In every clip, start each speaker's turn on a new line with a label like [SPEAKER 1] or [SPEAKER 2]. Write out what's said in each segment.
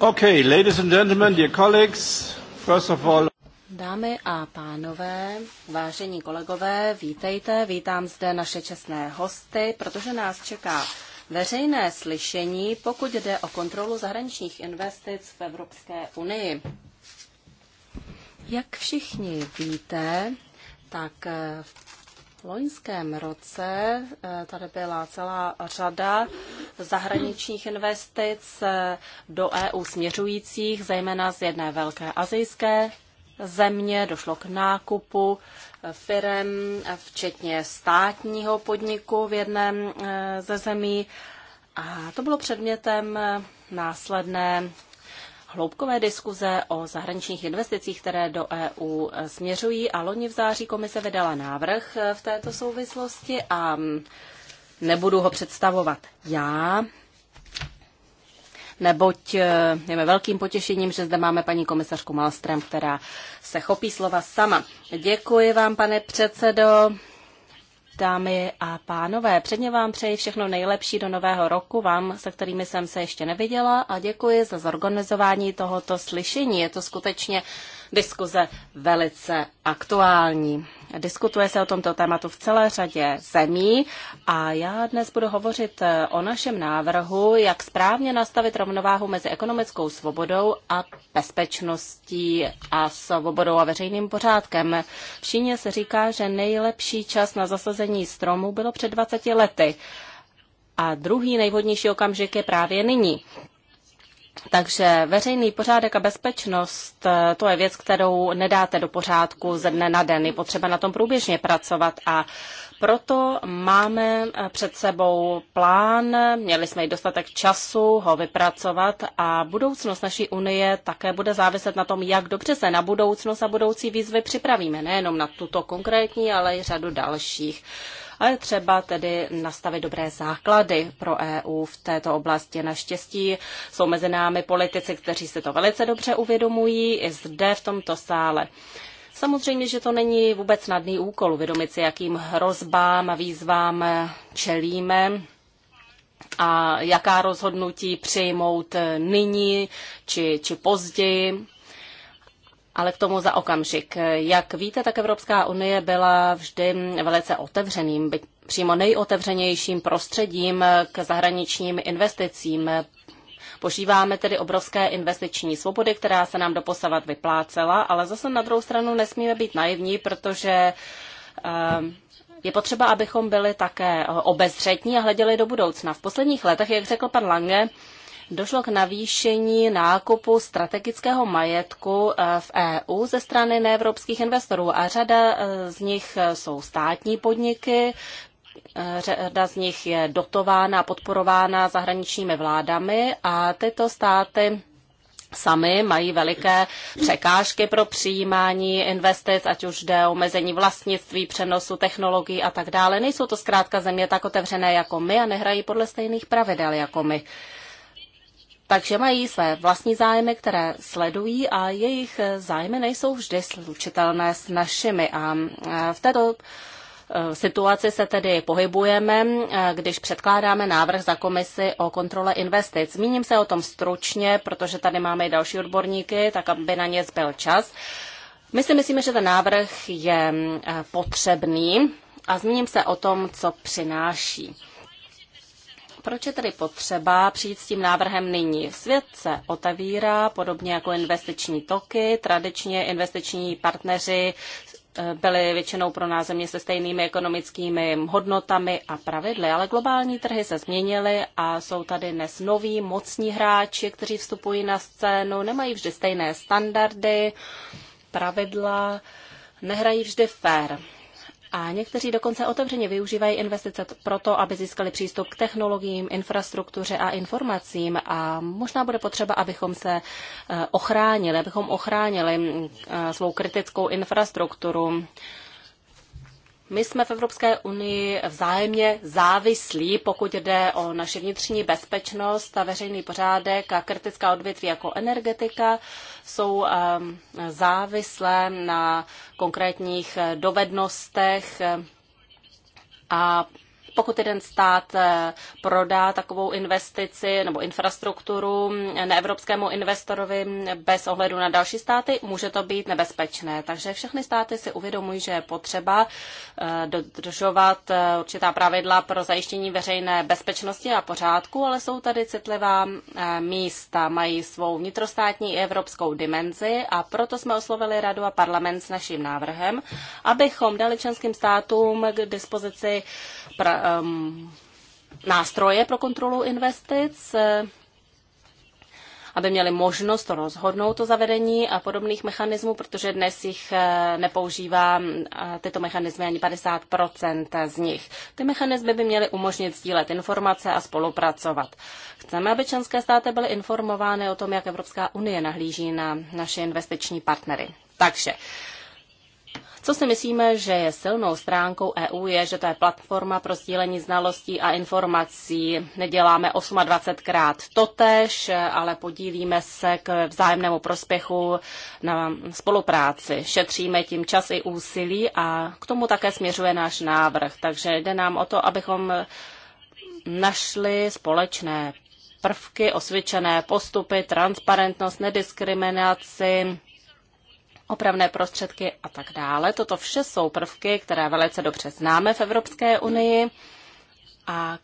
[SPEAKER 1] Okay, ladies and gentlemen, dear colleagues, first of all... Dámy a pánové, vážení kolegové, vítejte, vítám zde naše čestné hosty, protože nás čeká veřejné slyšení, pokud jde o kontrolu zahraničních investic v Evropské unii. Jak všichni víte, tak v loňském roce eh, tady byla celá řada zahraničních investic eh, do EU směřujících, zejména z jedné velké azijské země. Došlo k nákupu eh, firem, včetně státního podniku v jedné ze zemí. A to bylo předmětem následné hloubkové diskuze o zahraničních investicích, které do EU eh, směřují a loni v září komise vydala návrh eh, v této souvislosti a mm, nebudu ho představovat já, neboť eh, je mi velkým potěšením, že zde máme paní komisařku Malstrem, která se chopí slova sama. Děkuji vám, pane předsedo, Dámy a pánové, předně vám přeji všechno nejlepší do nového roku, vám, se kterými jsem se ještě neviděla a děkuji za zorganizování tohoto slyšení. Je to skutečně diskuze velice aktuální. Diskutuje se o tomto tématu v celé řadě zemí a já dnes budu hovořit eh, o našem návrhu, jak správně nastavit rovnováhu mezi ekonomickou svobodou a bezpečností a svobodou a veřejným pořádkem. V Číně se říká, že nejlepší čas na zasazení stromu bylo před 20 lety a druhý nejvhodnější okamžik je právě nyní. Takže veřejný pořádek a bezpečnost, eh, to je věc, kterou nedáte do pořádku ze dne na den. Je potřeba na tom průběžně pracovat a proto máme eh, před sebou plán, měli jsme i dostatek času ho vypracovat a budoucnost naší unie také bude záviset na tom, jak dobře se na budoucnost a budoucí výzvy připravíme, nejenom na tuto konkrétní, ale i řadu dalších a je třeba tedy nastavit dobré základy pro EU v této oblasti. Naštěstí jsou mezi námi politici, kteří si to velice dobře uvědomují i zde v tomto sále. Samozřejmě, že to není vůbec snadný úkol uvědomit si, jakým hrozbám a výzvám čelíme a jaká rozhodnutí přijmout nyní či, či později ale k tomu za okamžik. Jak víte, tak Evropská unie byla vždy velice otevřeným, byť přímo nejotevřenějším prostředím k zahraničním investicím. Požíváme tedy obrovské investiční svobody, která se nám doposavat vyplácela, ale zase na druhou stranu nesmíme být naivní, protože ehm, je potřeba, abychom byli také obezřetní a hleděli do budoucna. V posledních letech, jak řekl pan Lange, došlo k navýšení nákupu strategického majetku eh, v EU ze strany neevropských investorů a řada eh, z nich eh, jsou státní podniky, Řada z nich je dotována a podporována zahraničními vládami a tyto státy sami mají veliké překážky pro přijímání investic, ať už jde o omezení vlastnictví, přenosu technologií a tak dále. Nejsou to zkrátka země tak otevřené jako my a nehrají podle stejných pravidel jako my. Takže mají své vlastní zájmy, které sledují a jejich zájmy nejsou vždy slučitelné s našimi. A e, v této e, situaci se tedy pohybujeme, e, když předkládáme návrh za komisi o kontrole investic. Zmíním se o tom stručně, protože tady máme i další odborníky, tak aby na ně zbyl čas. My si myslíme, že ten návrh je potřebný a zmíním se o tom, co přináší. Proč je tedy potřeba přijít s tím návrhem nyní? Svět se otevírá, podobně jako investiční toky. Tradičně investiční partneři eh, byly většinou pro nás země se stejnými ekonomickými hodnotami a pravidly, ale globální trhy se změnily a jsou tady dnes noví mocní hráči, kteří vstupují na scénu, nemají vždy stejné standardy, pravidla, nehrají vždy fair. A někteří dokonce otevřeně využívají investice proto, aby získali přístup k technologiím, infrastruktuře a informacím. A možná bude potřeba, abychom se eh, ochránili, abychom ochránili mm, eh, svou kritickou infrastrukturu my jsme v Evropské unii vzájemně závislí, pokud jde o naše vnitřní bezpečnost a veřejný pořádek a kritická odvětví jako energetika jsou um, závislé na konkrétních eh, dovednostech eh, a pokud jeden stát eh, prodá takovou investici nebo infrastrukturu eh, neevropskému investorovi bez ohledu na další státy, může to být nebezpečné. Takže všechny státy si uvědomují, že je potřeba eh, dodržovat určitá pravidla pro zajištění veřejné bezpečnosti a pořádku, ale jsou tady citlivá místa, mají svou vnitrostátní i evropskou dimenzi a proto jsme oslovili radu a parlament s naším návrhem, abychom dali členským státům k dispozici Um, nástroje pro kontrolu investic, eh, aby měli možnost rozhodnout o zavedení a podobných mechanismů, protože dnes jich eh, nepoužívá tyto mechanismy ani 50 z nich. Ty mechanismy by měly umožnit sdílet informace a spolupracovat. Chceme, aby členské státy byly informovány o tom, jak Evropská unie nahlíží na naše investiční partnery. Takže co si myslíme, že je silnou stránkou EU, je, že to je platforma pro sdílení znalostí a informací. Neděláme 28krát totež, ale podílíme se k vzájemnému prospěchu na spolupráci. Šetříme tím čas i úsilí a k tomu také směřuje náš návrh. Takže jde nám o to, abychom našli společné prvky, osvědčené postupy, transparentnost, nediskriminaci, opravné prostředky a tak dále. Toto vše jsou prvky, které velice dobře známe v Evropské unii a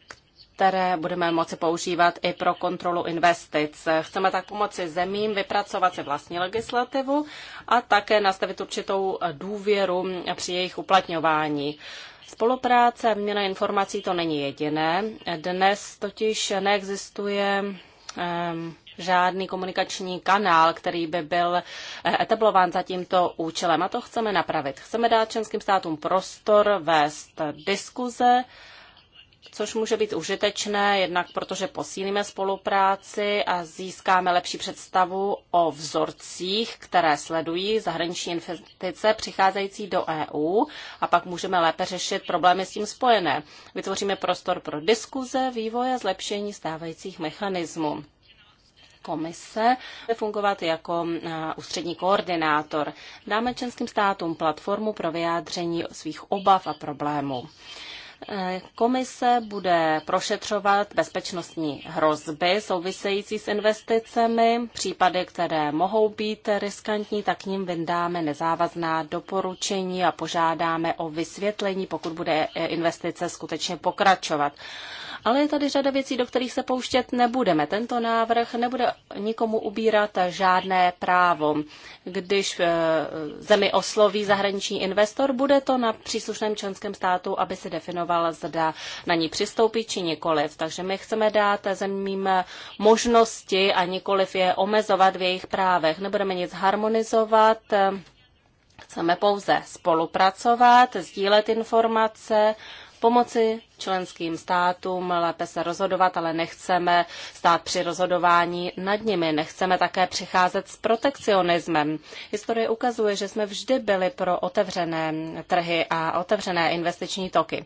[SPEAKER 1] které budeme moci používat i pro kontrolu investic. Chceme tak pomoci zemím vypracovat si vlastní legislativu a také nastavit určitou důvěru při jejich uplatňování. Spolupráce a výměna informací to není jediné. Dnes totiž neexistuje um, žádný komunikační kanál, který by byl eh, etablován za tímto účelem. A to chceme napravit. Chceme dát členským státům prostor vést diskuze, což může být užitečné, jednak protože posílíme spolupráci a získáme lepší představu o vzorcích, které sledují zahraniční investice přicházející do EU a pak můžeme lépe řešit problémy s tím spojené. Vytvoříme prostor pro diskuze, vývoje a zlepšení stávajících mechanismů komise bude fungovat jako eh, ústřední koordinátor. Dáme členským státům platformu pro vyjádření svých obav a problémů. Eh, komise bude prošetřovat bezpečnostní hrozby související s investicemi. Případy, které mohou být riskantní, tak k ním vydáme nezávazná doporučení a požádáme o vysvětlení, pokud bude investice skutečně pokračovat ale je tady řada věcí, do kterých se pouštět nebudeme. Tento návrh nebude nikomu ubírat žádné právo. Když eh, zemi osloví zahraniční investor, bude to na příslušném členském státu, aby se definoval, zda na ní přistoupí či nikoliv. Takže my chceme dát zemím možnosti a nikoliv je omezovat v jejich právech. Nebudeme nic harmonizovat, eh, chceme pouze spolupracovat, sdílet informace, pomoci členským státům lépe se rozhodovat, ale nechceme stát při rozhodování nad nimi. Nechceme také přicházet s protekcionismem. Historie ukazuje, že jsme vždy byli pro otevřené trhy a otevřené investiční toky.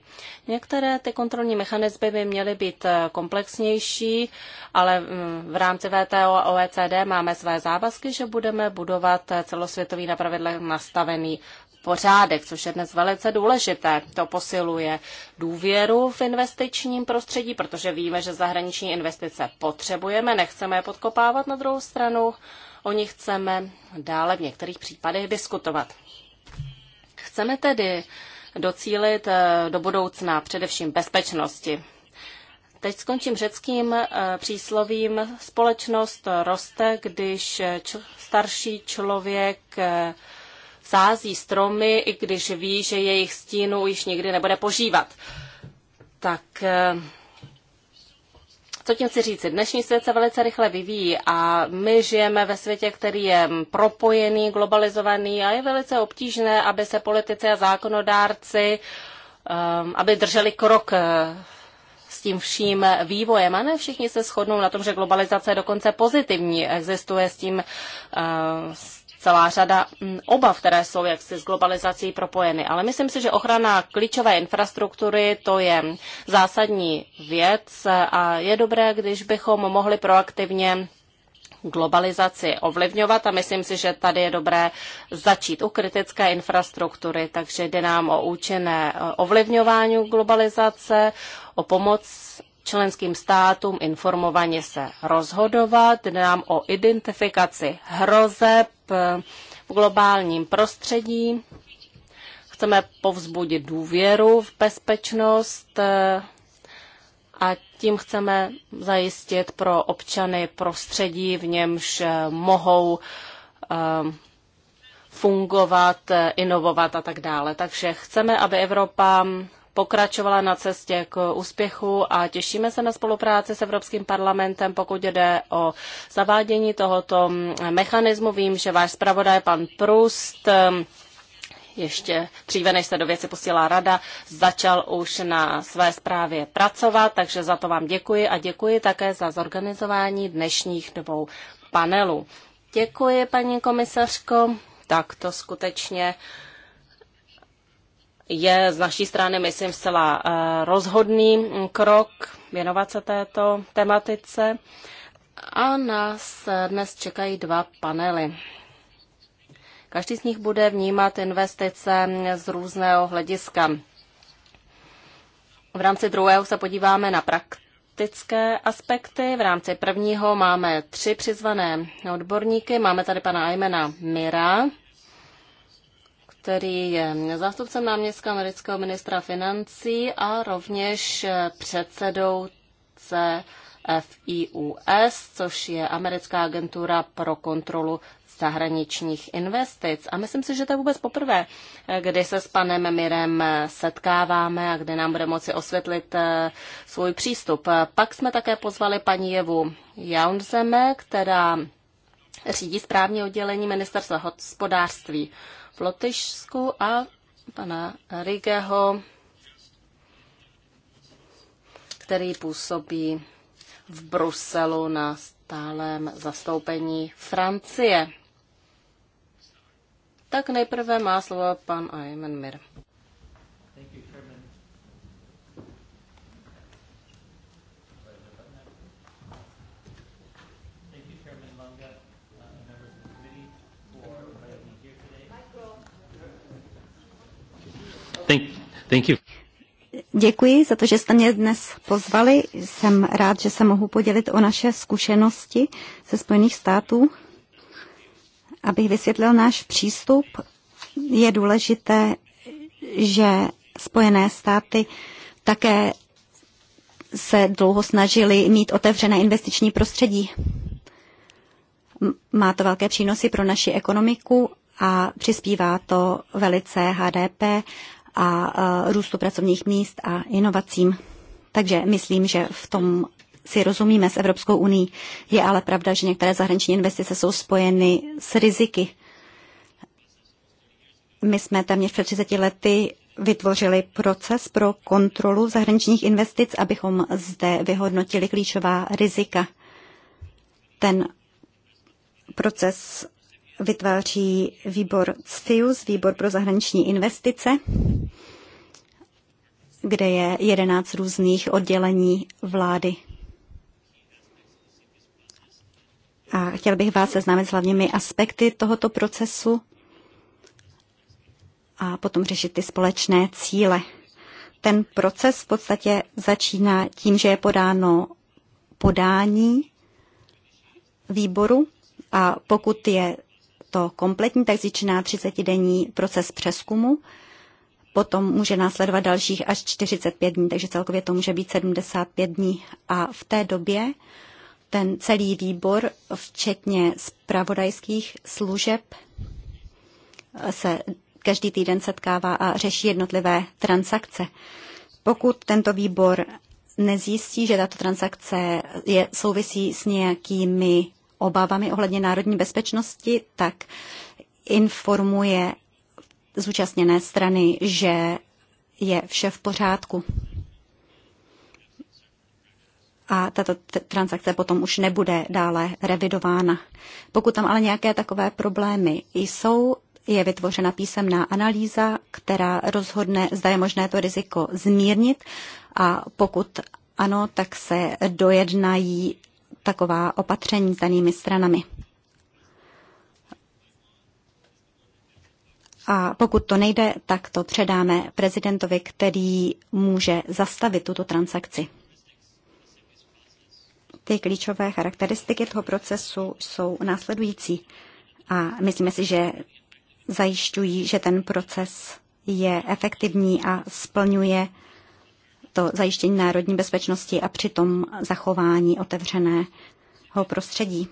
[SPEAKER 1] Některé ty kontrolní mechanizmy by měly být komplexnější, ale mm, v rámci VTO a OECD máme své závazky, že budeme budovat celosvětový na pravidlech nastavený pořádek, což je dnes velice důležité. To posiluje důvěru v investičním prostředí, protože víme, že zahraniční investice potřebujeme, nechceme je podkopávat na druhou stranu. O nich chceme dále v některých případech diskutovat. Chceme tedy docílit eh, do budoucna především bezpečnosti. Teď skončím řeckým eh, příslovím. Společnost roste, když starší člověk eh, sází stromy, i když ví, že jejich stínu již nikdy nebude požívat. Tak eh, co tím chci říct? Dnešní svět se velice rychle vyvíjí a my žijeme ve světě, který je propojený, globalizovaný a je velice obtížné, aby se politici a zákonodárci, ehm, aby drželi krok eh, s tím vším vývojem. A ne všichni se shodnou na tom, že globalizace je dokonce pozitivní. Existuje s tím, eh, s celá řada mm, obav, které jsou jaksi s globalizací propojeny. Ale myslím si, že ochrana klíčové infrastruktury to je zásadní věc a je dobré, když bychom mohli proaktivně globalizaci ovlivňovat a myslím si, že tady je dobré začít u kritické infrastruktury, takže jde nám o účinné eh, ovlivňování globalizace, o pomoc členským státům informovaně se rozhodovat. Jde nám o identifikaci hrozeb v globálním prostředí. Chceme povzbudit důvěru v bezpečnost eh, a tím chceme zajistit pro občany prostředí, v němž eh, mohou eh, fungovat, inovovat a tak dále. Takže chceme, aby Evropa pokračovala na cestě k úspěchu a těšíme se na spolupráci s Evropským parlamentem, pokud jde o zavádění tohoto mechanismu. Vím, že váš zpravodaj pan Prust ehm, ještě dříve, než se do věci pustila rada, začal už na své zprávě pracovat, takže za to vám děkuji a děkuji také za zorganizování dnešních dvou panelů. Děkuji, paní komisařko. Tak to skutečně uh, je z naší strany, myslím, zcela eh, rozhodný krok věnovat se této tematice. A nás dnes čekají dva panely. Každý z nich bude vnímat investice z různého hlediska. V rámci druhého se podíváme na praktické aspekty. V rámci prvního máme tři přizvané odborníky. Máme tady pana Ajmena Mira, který je zástupcem náměstka amerického ministra financí a rovněž předsedou CFIUS, což je americká agentura pro kontrolu zahraničních investic. A myslím si, že to je vůbec poprvé, kdy se s panem Mirem setkáváme a kdy nám bude moci osvětlit eh, svůj přístup. Pak jsme také pozvali paní Jevu Jaunzeme, která řídí správní oddělení ministerstva hospodářství v Lotyšsku a pana Rigeho, který působí v Bruselu na stálem zastoupení Francie. Tak nejprve má slovo pan Ayman Mir.
[SPEAKER 2] Thank, thank you.
[SPEAKER 3] Děkuji za to, že jste mě dnes pozvali. Jsem rád, že se mohu podělit o naše zkušenosti ze Spojených států. Abych vysvětlil náš přístup, je důležité, že Spojené státy také se dlouho snažili mít otevřené investiční prostředí. Má to velké přínosy pro naši ekonomiku a přispívá to velice HDP a e, růstu pracovních míst a inovacím. Takže myslím, že v tom si rozumíme s Evropskou uní. Je ale pravda, že některé zahraniční investice jsou spojeny s riziky. My jsme téměř před 30 lety vytvořili proces pro kontrolu zahraničních investic, abychom zde vyhodnotili klíčová rizika. Ten proces vytváří výbor CFIUS, výbor pro zahraniční investice, kde je jedenáct různých oddělení vlády. A chtěl bych vás seznámit s hlavními aspekty tohoto procesu a potom řešit ty společné cíle. Ten proces v podstatě začíná tím, že je podáno podání výboru a pokud je to kompletní, tak začíná 30-denní proces přeskumu. Potom může následovat dalších až 45 dní, takže celkově to může být 75 dní. A v té době ten celý výbor, včetně zpravodajských služeb, se každý týden setkává a řeší jednotlivé transakce. Pokud tento výbor nezjistí, že tato transakce je, souvisí s nějakými obávami ohledně národní bezpečnosti, tak informuje zúčastněné strany, že je vše v pořádku. A tato transakce potom už nebude dále revidována. Pokud tam ale nějaké takové problémy jsou, je vytvořena písemná analýza, která rozhodne, zda je možné to riziko zmírnit a pokud ano, tak se dojednají taková opatření s danými stranami. A pokud to nejde, tak to předáme prezidentovi, který může zastavit tuto transakci. Ty klíčové charakteristiky toho procesu jsou následující. A myslíme si, že zajišťují, že ten proces je efektivní a splňuje to zajištění národní bezpečnosti a přitom zachování otevřeného prostředí.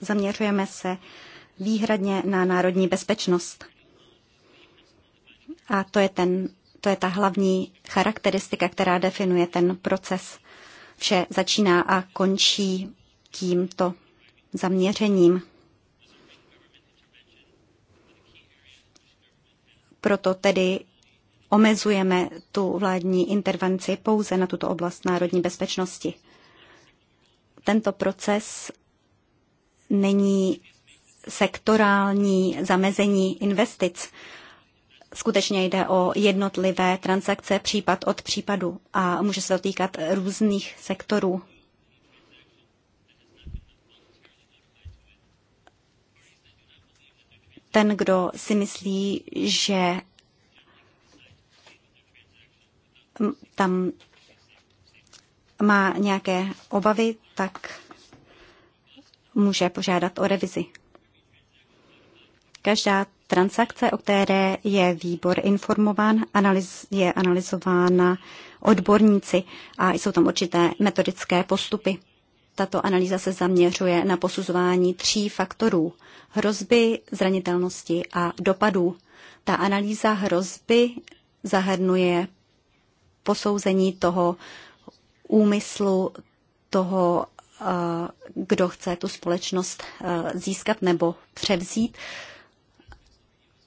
[SPEAKER 3] Zaměřujeme se výhradně na národní bezpečnost. A to je, ten, to je ta hlavní charakteristika, která definuje ten proces. Vše začíná a končí tímto zaměřením. Proto tedy omezujeme tu vládní intervenci pouze na tuto oblast národní bezpečnosti. Tento proces není sektorální zamezení investic. Skutečně jde o jednotlivé transakce případ od případu a může se dotýkat týkat různých sektorů. Ten, kdo si myslí, že tam má nějaké obavy, tak může požádat o revizi. Každá transakce, o které je výbor informován, je analyzována odborníci a jsou tam určité metodické postupy. Tato analýza se zaměřuje na posuzování tří faktorů hrozby, zranitelnosti a dopadů. Ta analýza hrozby zahrnuje posouzení toho úmyslu toho, eh, kdo chce tu společnost eh, získat nebo převzít,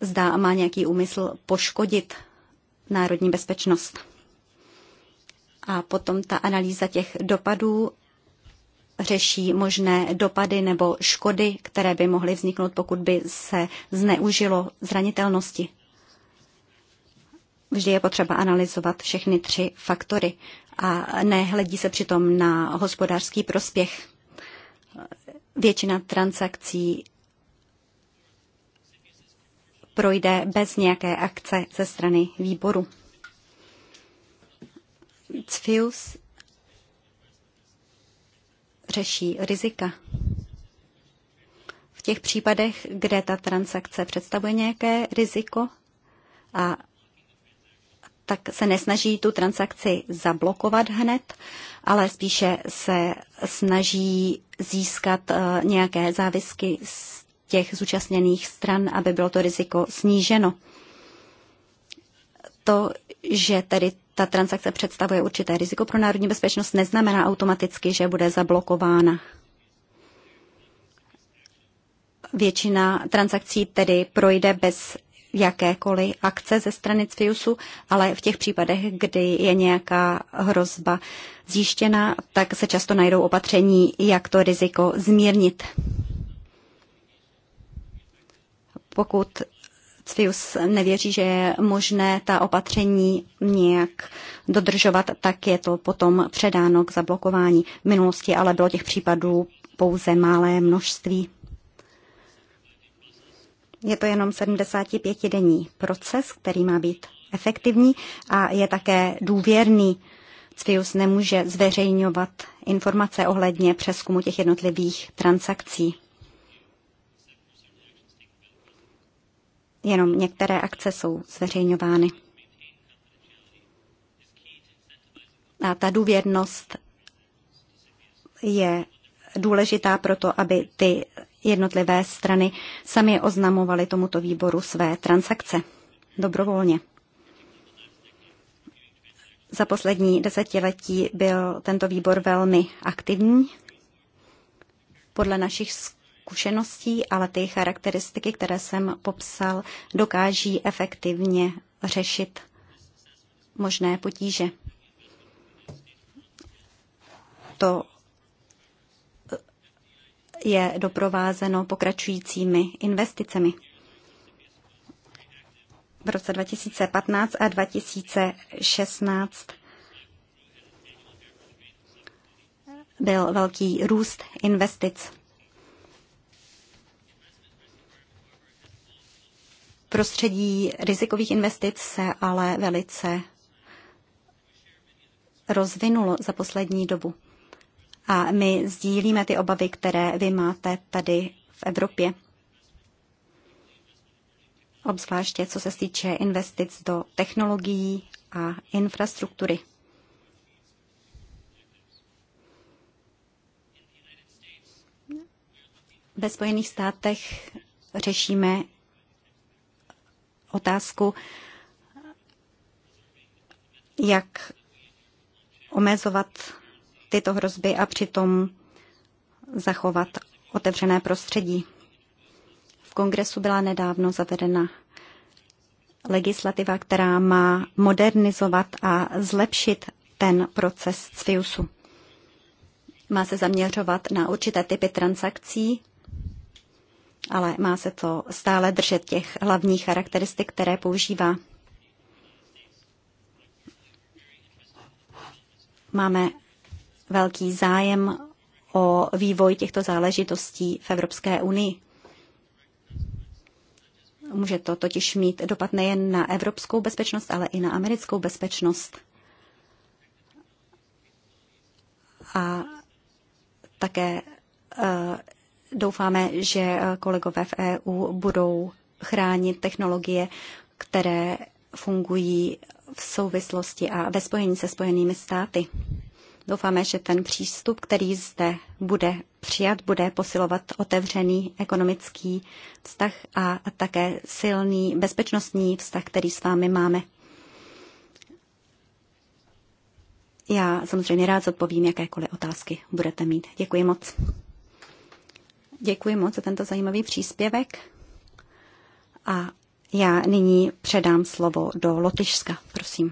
[SPEAKER 3] zdá a má nějaký úmysl poškodit národní bezpečnost. A potom ta analýza těch dopadů řeší možné dopady nebo škody, které by mohly vzniknout, pokud by se zneužilo zranitelnosti Vždy je potřeba analyzovat všechny tři faktory a nehledí se přitom na hospodářský prospěch. Většina transakcí projde bez nějaké akce ze strany výboru. CFIUS řeší rizika. V těch případech, kde ta transakce představuje nějaké riziko a tak se nesnaží tu transakci zablokovat hned, ale spíše se snaží získat eh, nějaké závisky z těch zúčastněných stran, aby bylo to riziko sníženo. To, že tedy ta transakce představuje určité riziko pro národní bezpečnost, neznamená automaticky, že bude zablokována. Většina transakcí tedy projde bez jakékoliv akce ze strany Cviusu, ale v těch případech, kdy je nějaká hrozba zjištěna, tak se často najdou opatření, jak to riziko zmírnit. Pokud Cvius nevěří, že je možné ta opatření nějak dodržovat, tak je to potom předáno k zablokování. V minulosti ale bylo těch případů pouze malé množství. Je to jenom 75-denní proces, který má být efektivní a je také důvěrný. Cvius nemůže zveřejňovat informace ohledně přeskumu těch jednotlivých transakcí. Jenom některé akce jsou zveřejňovány. A ta důvěrnost je důležitá proto, aby ty jednotlivé strany sami oznamovaly tomuto výboru své transakce dobrovolně. Za poslední desetiletí byl tento výbor velmi aktivní. Podle našich zkušeností, ale ty charakteristiky, které jsem popsal, dokáží efektivně řešit možné potíže. To je doprovázeno pokračujícími investicemi. V roce 2015 a 2016 byl velký růst investic. Prostředí rizikových investic se ale velice rozvinulo za poslední dobu a my sdílíme ty obavy, které vy máte tady v Evropě. Obzvláště co se týče investic do technologií a infrastruktury. Ve Spojených státech řešíme otázku, jak omezovat tyto hrozby a přitom zachovat otevřené prostředí. V kongresu byla nedávno zavedena legislativa, která má modernizovat a zlepšit ten proces CFIUSu. Má se zaměřovat na určité typy transakcí, ale má se to stále držet těch hlavních charakteristik, které používá. Máme velký zájem o vývoj těchto záležitostí v Evropské unii. Může to totiž mít dopad nejen na evropskou bezpečnost, ale i na americkou bezpečnost. A také eh, doufáme, že eh, kolegové v EU budou chránit technologie, které fungují v souvislosti a ve spojení se spojenými státy. Doufáme, že ten přístup, který zde bude přijat, bude posilovat otevřený ekonomický vztah a také silný bezpečnostní vztah, který s vámi máme. Já samozřejmě rád zodpovím jakékoliv otázky budete mít. Děkuji moc. Děkuji moc za tento zajímavý příspěvek. A já nyní předám slovo do Lotyšska, prosím.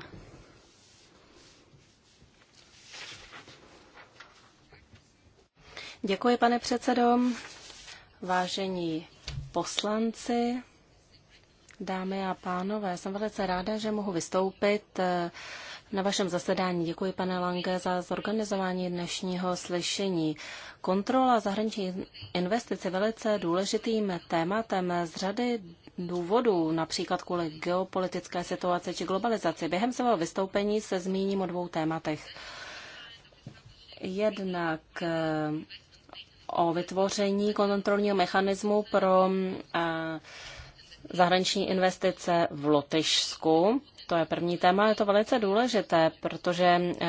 [SPEAKER 1] Děkuji, pane předsedo. Vážení poslanci, dámy a pánové, jsem velice ráda, že mohu vystoupit eh, na vašem zasedání. Děkuji, pane Lange, za zorganizování dnešního slyšení. Kontrola zahraniční investic je velice důležitým tématem z řady důvodů, například kvůli geopolitické situaci či globalizaci. Během svého vystoupení se zmíním o dvou tématech. Jednak eh, o vytvoření kontrolního mechanismu pro eh, zahraniční investice v Lotyšsku. To je první téma, je to velice důležité, protože eh,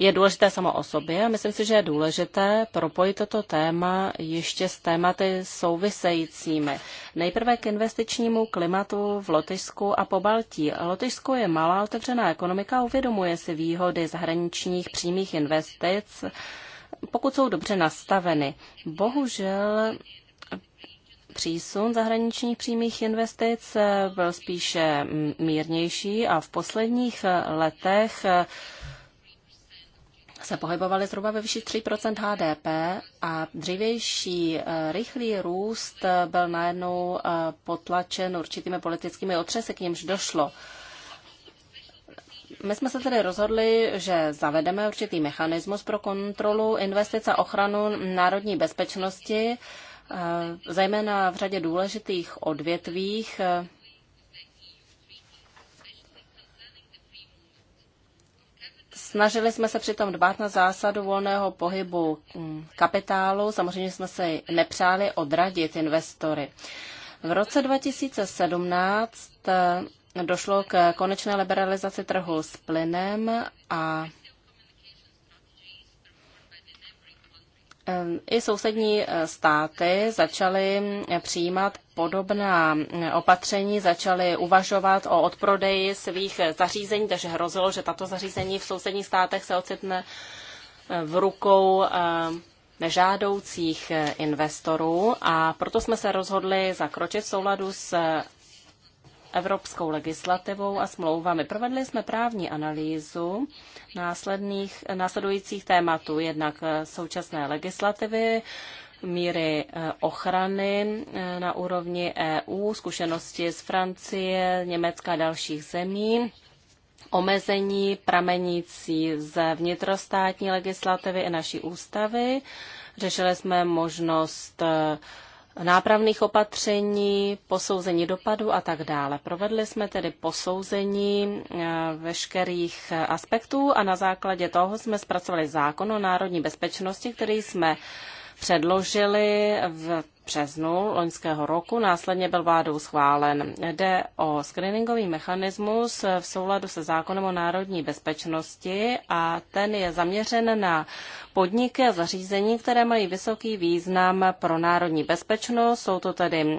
[SPEAKER 1] je důležité samo o sobě a myslím si, že je důležité propojit toto téma ještě s tématy souvisejícími. Nejprve k investičnímu klimatu v Lotyšsku a po Baltí. Lotyšsko je malá otevřená ekonomika, uvědomuje si výhody zahraničních přímých investic pokud jsou dobře nastaveny. Bohužel přísun zahraničních přímých investic eh, byl spíše mm, mírnější a v posledních eh, letech eh, se pohybovaly zhruba ve výši 3 HDP a dřívější rychlý růst byl najednou potlačen určitými politickými otřesy, k nímž došlo. My jsme se tedy rozhodli, že zavedeme určitý mechanismus pro kontrolu investic a ochranu národní bezpečnosti, eh, zejména v řadě důležitých odvětvích, eh, Snažili jsme se přitom dbát na zásadu volného pohybu hm, kapitálu. Samozřejmě jsme se nepřáli odradit investory. V roce 2017 došlo k konečné liberalizaci trhu s plynem a I sousední eh, státy začaly přijímat podobná eh, opatření, začaly uvažovat o odprodeji svých eh, zařízení, takže hrozilo, že tato zařízení v sousedních státech se ocitne v rukou nežádoucích investorů a proto jsme se rozhodli zakročit v souladu s evropskou legislativou a smlouvami. Provedli jsme právní analýzu následných, následujících tématů, jednak eh, současné legislativy, míry eh, ochrany eh, na úrovni EU, zkušenosti z Francie, Německa a dalších zemí, omezení pramenící z vnitrostátní legislativy i naší ústavy. Řešili jsme možnost uh, nápravných opatření, posouzení dopadu a tak dále. Provedli jsme tedy posouzení eh, veškerých aspektů a na základě toho jsme zpracovali zákon o národní bezpečnosti, který jsme předložili v březnu loňského roku, následně byl vládou schválen. Jde o screeningový mechanismus v souladu se zákonem o národní bezpečnosti a ten je zaměřen na podniky a zařízení, které mají vysoký význam pro národní bezpečnost. Jsou to tedy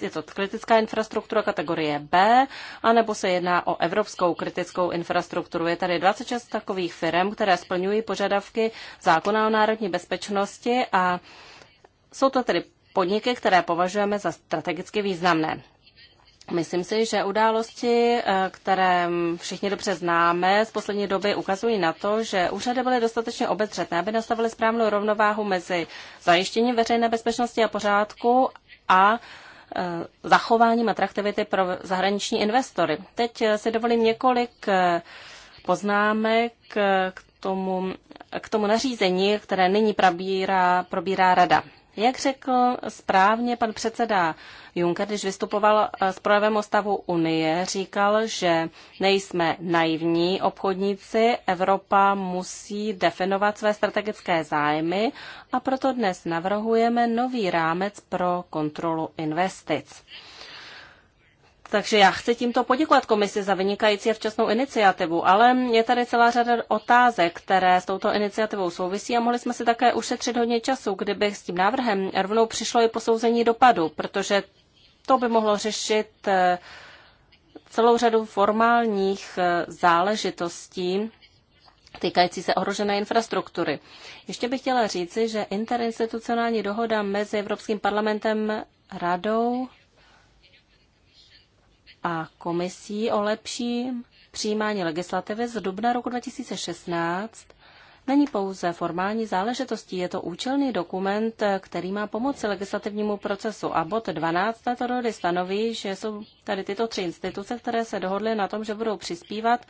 [SPEAKER 1] je to kritická infrastruktura kategorie B, anebo se jedná o evropskou kritickou infrastrukturu. Je tady 26 takových firm, které splňují požadavky zákona o národní bezpečnosti a jsou to tedy podniky, které považujeme za strategicky významné. Myslím si, že události, eh, které všichni dobře známe z poslední doby, ukazují na to, že úřady byly dostatečně obezřetné, aby nastavily správnou rovnováhu mezi zajištěním veřejné bezpečnosti a pořádku a eh, zachováním atraktivity pro zahraniční investory. Teď eh, si dovolím několik poznámek k tomu, k tomu nařízení, které nyní probírá, probírá rada. Jak řekl správně pan předseda Juncker, když vystupoval eh, s projevem o stavu Unie, říkal, že nejsme naivní obchodníci, Evropa musí definovat své strategické zájmy a proto dnes navrhujeme nový rámec pro kontrolu investic. Takže já chci tímto poděkovat komisi za vynikající a včasnou iniciativu, ale je tady celá řada otázek, které s touto iniciativou souvisí a mohli jsme si také ušetřit hodně času, kdyby s tím návrhem rovnou přišlo i posouzení dopadu, protože to by mohlo řešit eh, celou řadu formálních eh, záležitostí týkající se ohrožené infrastruktury. Ještě bych chtěla říci, že interinstitucionální dohoda mezi Evropským parlamentem, radou a komisí o lepším přijímání legislativy z dubna roku 2016 není pouze formální záležitostí, je to účelný dokument, který má pomoci legislativnímu procesu. A bod 12 této dohody stanoví, že jsou tady tyto tři instituce, které se dohodly na tom, že budou přispívat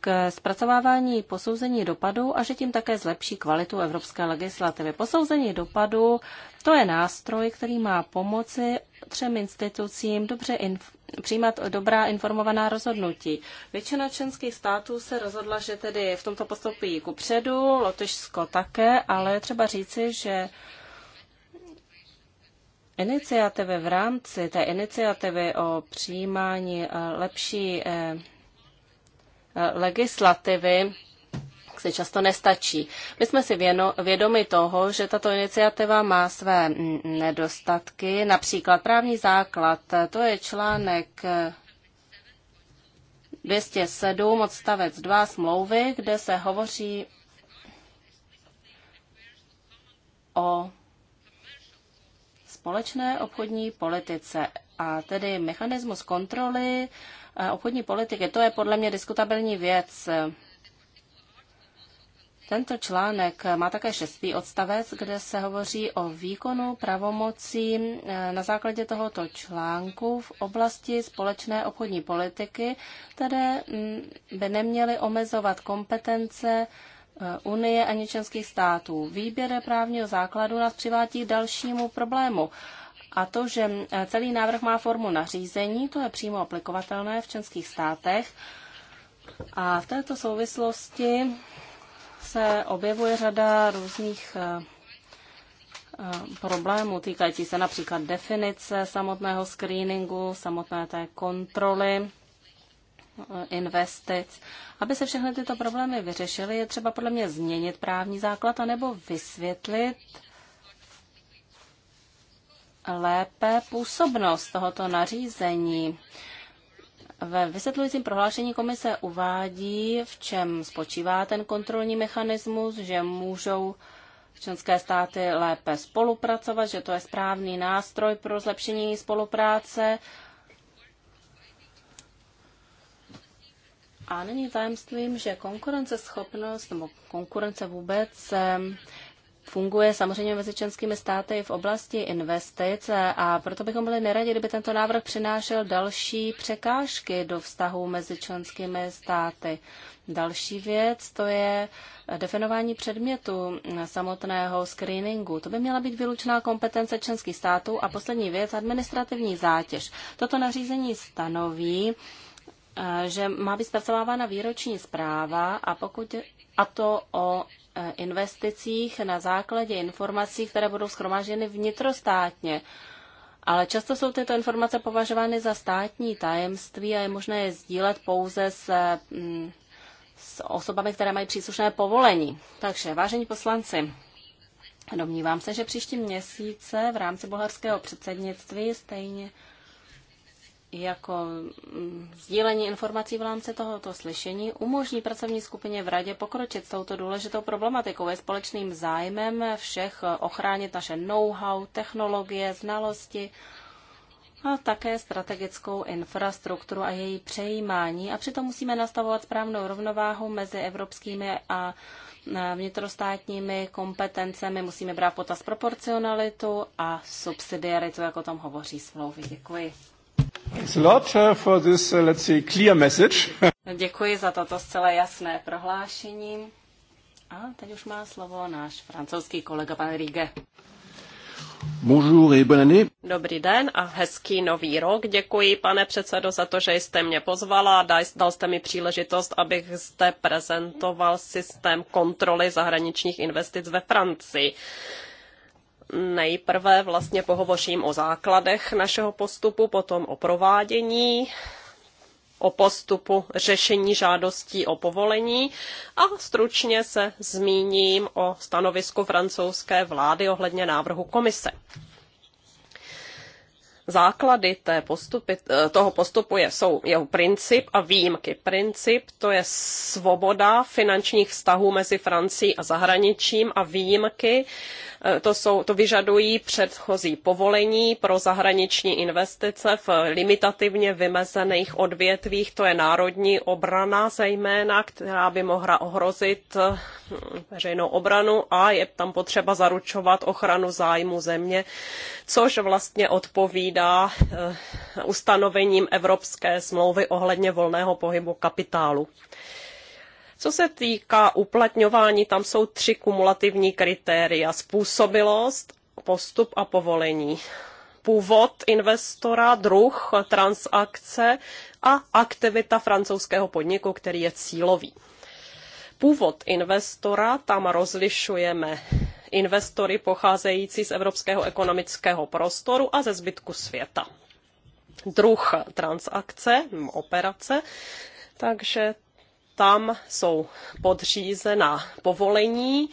[SPEAKER 1] k zpracovávání posouzení dopadu a že tím také zlepší kvalitu evropské legislativy. Posouzení dopadu to je nástroj, který má pomoci třem institucím dobře inf- přijímat dobrá informovaná rozhodnutí. Většina členských států se rozhodla, že tedy v tomto postupí ku předu, Lotyšsko také, ale třeba říci, že iniciativy v rámci té iniciativy o přijímání eh, lepší eh, Eh, legislativy se často nestačí. My jsme si věno, vědomi toho, že tato iniciativa má své mm, nedostatky, například právní základ, to je článek 207 eh, odstavec 2 smlouvy, kde se hovoří o společné obchodní politice a tedy mechanismus kontroly uh, obchodní politiky. To je podle mě diskutabilní věc. Tento článek má také šestý odstavec, kde se hovoří o výkonu pravomocí eh, na základě tohoto článku v oblasti společné obchodní politiky, které mm, by neměly omezovat kompetence eh, Unie ani členských států. Výběr právního základu nás přivádí k dalšímu problému a to, že eh, celý návrh má formu nařízení, to je přímo aplikovatelné v členských státech. A v této souvislosti se objevuje řada různých eh, eh, problémů týkající se například definice samotného screeningu, samotné té kontroly investic. Aby se všechny tyto problémy vyřešily, je třeba podle mě změnit právní základ anebo vysvětlit lépe působnost tohoto nařízení. Ve vysvětlujícím prohlášení komise uvádí, v čem spočívá ten kontrolní mechanismus, že můžou členské státy lépe spolupracovat, že to je správný nástroj pro zlepšení spolupráce. A není tajemstvím, že konkurenceschopnost nebo konkurence vůbec eh, funguje samozřejmě mezi členskými státy v oblasti investic a proto bychom byli neradi, kdyby tento návrh přinášel další překážky do vztahu mezi členskými státy. Další věc to je definování předmětu samotného screeningu. To by měla být vylučná kompetence členských států a poslední věc administrativní zátěž. Toto nařízení stanoví, eh, že má být zpracovávána výroční zpráva a pokud a to o Eh, investicích na základě informací, které budou schromážděny vnitrostátně. Ale často jsou tyto informace považovány za státní tajemství a je možné je sdílet pouze s, mm, s osobami, které mají příslušné povolení. Takže, vážení poslanci, domnívám se, že příští měsíce v rámci bulharského předsednictví stejně jako mm, sdílení informací v rámci tohoto slyšení umožní pracovní skupině v Radě pokročit s touto důležitou problematikou. Je společným zájmem všech ochránit naše know-how, technologie, znalosti a také strategickou infrastrukturu a její přejímání. A přitom musíme nastavovat správnou rovnováhu mezi evropskými a vnitrostátními kompetencemi. Musíme brát potaz proporcionalitu a subsidiaritu, jako tam hovoří smlouvy. Děkuji. Thanks a lot uh, for this, uh, let's say, clear message. No, děkuji za toto zcela jasné prohlášení. A teď už má slovo náš francouzský
[SPEAKER 2] kolega pan Rige.
[SPEAKER 1] Bonjour et bonne année.
[SPEAKER 2] Dobrý den a hezký nový rok. Děkuji, pane předsedo, za to, že jste mě pozvala a dal jste mi příležitost, abych zde prezentoval systém kontroly zahraničních investic ve Francii. Nejprve vlastně pohovořím o základech našeho postupu, potom o provádění, o postupu řešení žádostí o povolení a stručně se zmíním o stanovisku francouzské vlády ohledně návrhu komise. Základy té postupy, toho postupu je, jsou jeho princip a výjimky. Princip to je svoboda finančních vztahů mezi Francií a zahraničím a výjimky Eh, to, jsou, to vyžadují předchozí povolení pro zahraniční investice v limitativně vymezených odvětvích, to je národní obrana zejména, která by mohla ohrozit eh, veřejnou obranu a je tam potřeba zaručovat ochranu zájmu země, což vlastně odpovídá eh, ustanovením Evropské smlouvy ohledně volného pohybu kapitálu. Co se týká uplatňování, tam jsou tři kumulativní kritéria. Způsobilost, postup a povolení. Původ investora, druh transakce a aktivita francouzského podniku, který je cílový. Původ investora, tam rozlišujeme investory pocházející z evropského ekonomického prostoru a ze zbytku světa. Druh transakce, operace, takže tam jsou podřízena povolení,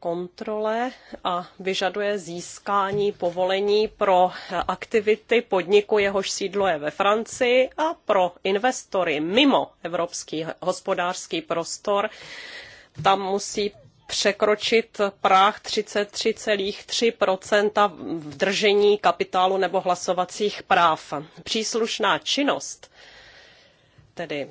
[SPEAKER 2] kontrole a vyžaduje získání povolení pro aktivity podniku, jehož sídlo je ve Francii a pro investory mimo evropský hospodářský prostor. Tam musí překročit práh 33,3 v držení kapitálu nebo hlasovacích práv. Příslušná činnost tedy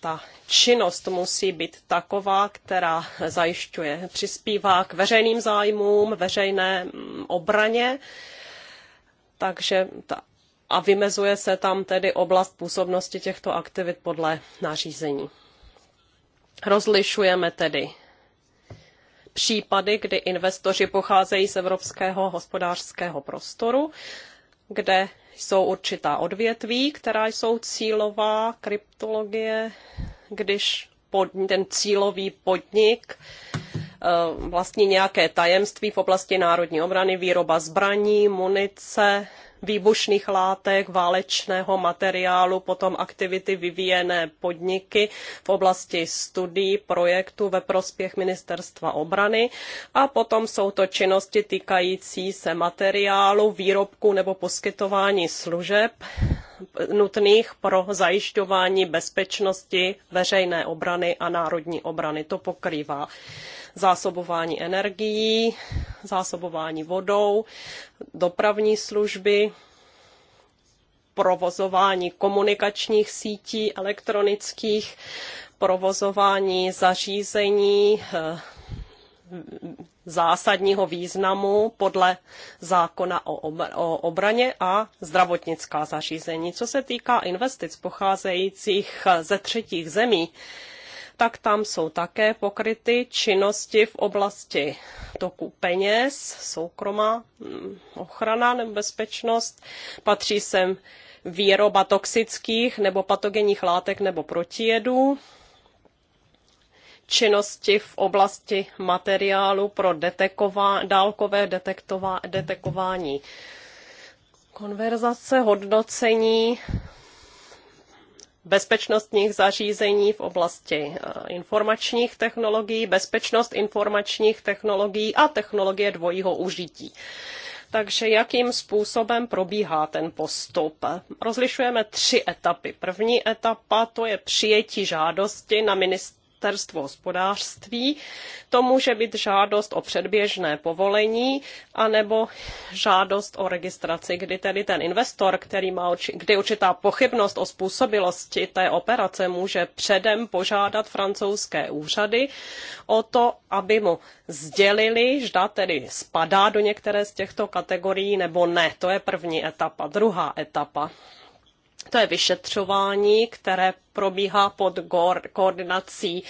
[SPEAKER 2] ta činnost musí být taková, která zajišťuje, přispívá k veřejným zájmům, veřejné mm, obraně, takže ta, a vymezuje se tam tedy oblast působnosti těchto aktivit podle nařízení. Rozlišujeme tedy případy, kdy investoři pocházejí z evropského hospodářského prostoru, kde jsou určitá odvětví, která jsou cílová kryptologie, když pod, ten cílový podnik vlastně nějaké tajemství v oblasti národní obrany, výroba zbraní, munice, výbušných látek, válečného materiálu, potom aktivity vyvíjené podniky v oblasti studií, projektů ve prospěch ministerstva obrany a potom jsou to činnosti týkající se materiálu, výrobku nebo poskytování služeb nutných pro zajišťování bezpečnosti veřejné obrany a národní obrany. To pokrývá zásobování energií, zásobování vodou, dopravní služby, provozování komunikačních sítí elektronických, provozování zařízení eh, zásadního významu podle zákona o obraně a zdravotnická zařízení. Co se týká investic pocházejících ze třetích zemí, tak tam jsou také pokryty činnosti v oblasti toku peněz, soukromá mm, ochrana nebo bezpečnost. Patří sem výroba toxických nebo patogenních látek nebo protijedů, činnosti v oblasti materiálu pro deteková, dálkové detektová, detekování konverzace, hodnocení bezpečnostních zařízení v oblasti eh, informačních technologií, bezpečnost informačních technologií a technologie dvojího užití. Takže jakým způsobem probíhá ten postup? Rozlišujeme tři etapy. První etapa to je přijetí žádosti na minister ministerstvo hospodářství. To může být žádost o předběžné povolení anebo žádost o registraci, kdy tedy ten investor, který má kdy určitá pochybnost o způsobilosti té operace, může předem požádat francouzské úřady o to, aby mu sdělili, zda tedy spadá do některé z těchto kategorií nebo ne. To je první etapa. Druhá etapa to je vyšetřování, které probíhá pod koordinací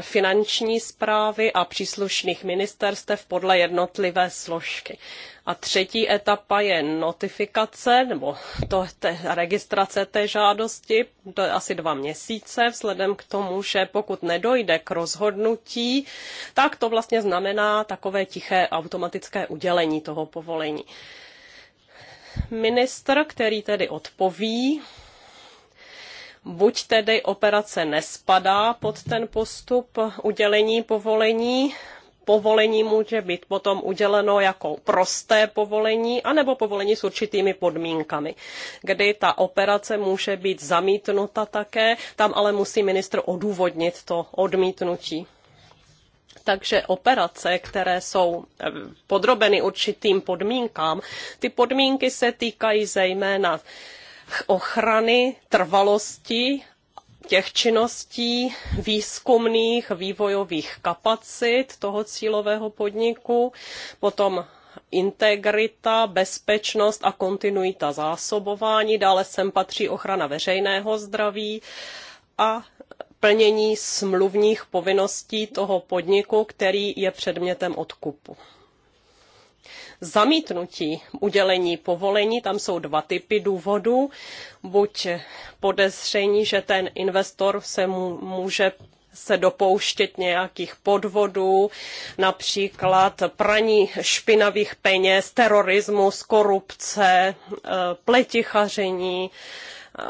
[SPEAKER 2] finanční zprávy a příslušných ministerstev podle jednotlivé složky. A třetí etapa je notifikace nebo to, te, registrace té žádosti, to je asi dva měsíce, vzhledem k tomu, že pokud nedojde k rozhodnutí, tak to vlastně znamená takové tiché automatické udělení toho povolení ministr, který tedy odpoví, buď tedy operace nespadá pod ten postup udělení povolení, povolení může být potom uděleno jako prosté povolení, anebo povolení s určitými podmínkami, kdy ta operace může být zamítnuta také, tam ale musí ministr odůvodnit to odmítnutí takže operace, které jsou eh, podrobeny určitým podmínkám, ty podmínky se týkají zejména ochrany, trvalosti těch činností, výzkumných, vývojových kapacit toho cílového podniku, potom integrita, bezpečnost a kontinuita zásobování, dále sem patří ochrana veřejného zdraví a plnění smluvních povinností toho podniku, který je předmětem odkupu. Zamítnutí udělení povolení, tam jsou dva typy důvodů. Buď podezření, že ten investor se může se dopouštět nějakých podvodů, například praní špinavých peněz, terorismus, korupce, e, pletichaření,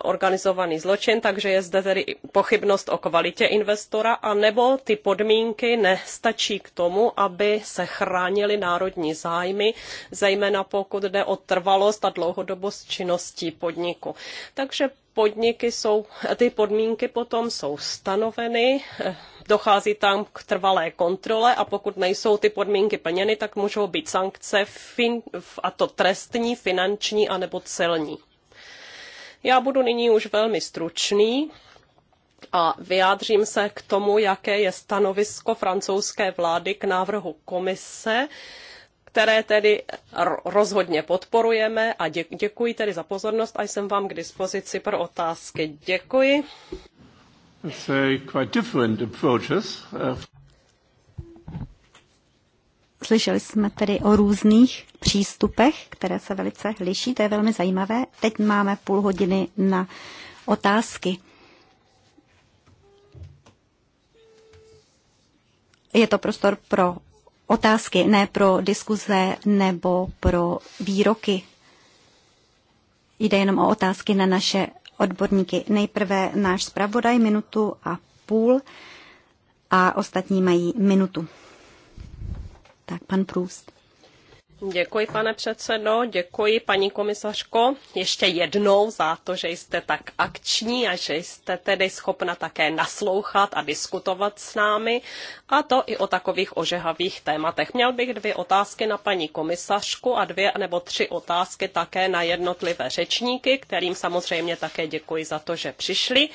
[SPEAKER 2] organizovaný zločin, takže je zde tedy pochybnost o kvalitě investora, anebo ty podmínky nestačí k tomu, aby se chránily národní zájmy, zejména pokud jde o trvalost a dlouhodobost činností podniku. Takže podniky jsou, ty podmínky potom jsou stanoveny, dochází tam k trvalé kontrole a pokud nejsou ty podmínky plněny, tak můžou být sankce fin, a to trestní, finanční anebo celní. Já budu nyní už velmi stručný a vyjádřím se k tomu, jaké je stanovisko francouzské vlády k návrhu komise, které tedy rozhodně podporujeme a děkuji tedy za pozornost a jsem vám k dispozici pro otázky. Děkuji.
[SPEAKER 3] Slyšeli jsme tedy o různých přístupech, které se velice liší, to je velmi zajímavé. Teď máme půl hodiny na otázky. Je to prostor pro otázky, ne pro diskuze nebo pro výroky. Jde jenom o otázky na naše odborníky. Nejprve náš zpravodaj minutu a půl a ostatní mají minutu. Tak pan Průst.
[SPEAKER 2] Děkuji, pane předsedo, děkuji, paní komisařko, ještě jednou za to, že jste tak akční a že jste tedy schopna také naslouchat a diskutovat s námi, a to i o takových ožehavých tématech. Měl bych dvě otázky na paní komisařku a dvě nebo tři otázky také na jednotlivé řečníky, kterým samozřejmě také děkuji za to, že přišli. Uh,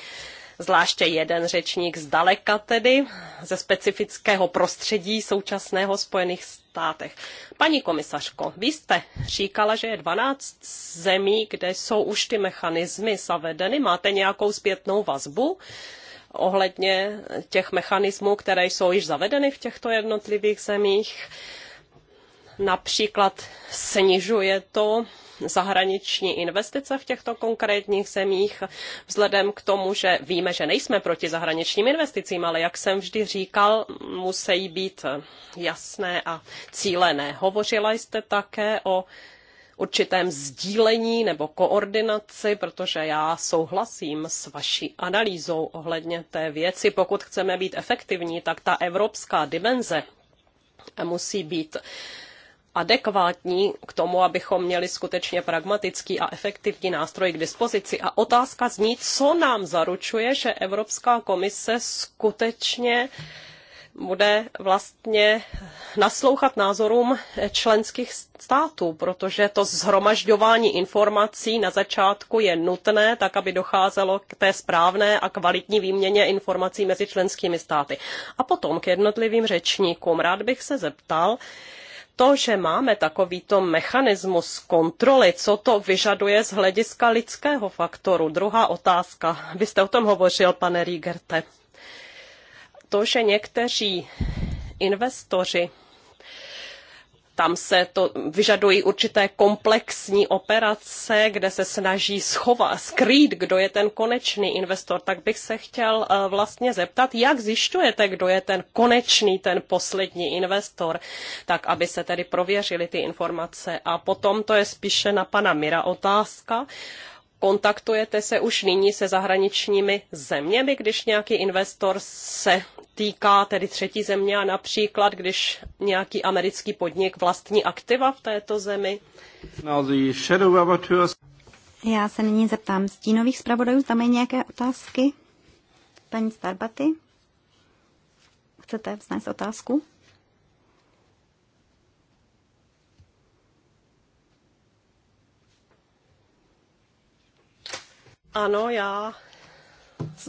[SPEAKER 2] zvláště jeden řečník zdaleka tedy ze specifického prostředí současného Spojených státech. Paní komisařko, vy jste říkala, že je 12 zemí, kde jsou už ty mechanismy zavedeny. Máte nějakou zpětnou vazbu? ohledně těch mechanismů, které jsou již zavedeny v těchto jednotlivých zemích. Například snižuje to zahraniční investice v těchto konkrétních zemích, vzhledem k tomu, že víme, že nejsme proti zahraničním investicím, ale jak jsem vždy říkal, musí být jasné a cílené. Hovořila jste také o určitém sdílení nebo koordinaci, protože já souhlasím s vaší analýzou ohledně té věci. Pokud chceme být efektivní, tak ta evropská dimenze musí být uh, adekvátní k tomu, abychom měli skutečně pragmatický a efektivní nástroj k dispozici. A otázka zní, co nám zaručuje, že Evropská komise skutečně bude vlastně naslouchat názorům členských států, protože to zhromažďování informací na začátku je nutné, tak aby docházelo k té správné a kvalitní výměně informací mezi členskými státy. A potom k jednotlivým řečníkům. Rád bych se zeptal, to, že máme takovýto mechanismus kontroly, co to vyžaduje z hlediska lidského faktoru? Druhá otázka. Vy jste o tom hovořil, pane Rígerte. To, že někteří investoři tam se to vyžadují určité komplexní operace, kde se snaží schovat, skrýt, kdo je ten konečný investor. Tak bych se chtěl eh, vlastně zeptat, jak zjišťujete, kdo je ten konečný, ten poslední investor, tak aby se tedy prověřily ty informace. A potom to je spíše na pana Mira otázka. Uh, kontaktujete se už nyní se zahraničními zeměmi, když nějaký investor se týká tedy třetí země a například, když nějaký americký podnik vlastní aktiva v této zemi?
[SPEAKER 3] Já se nyní zeptám stínových zpravodajů, zda mají nějaké otázky? Paní Starbaty, chcete vznést otázku?
[SPEAKER 2] Ano, já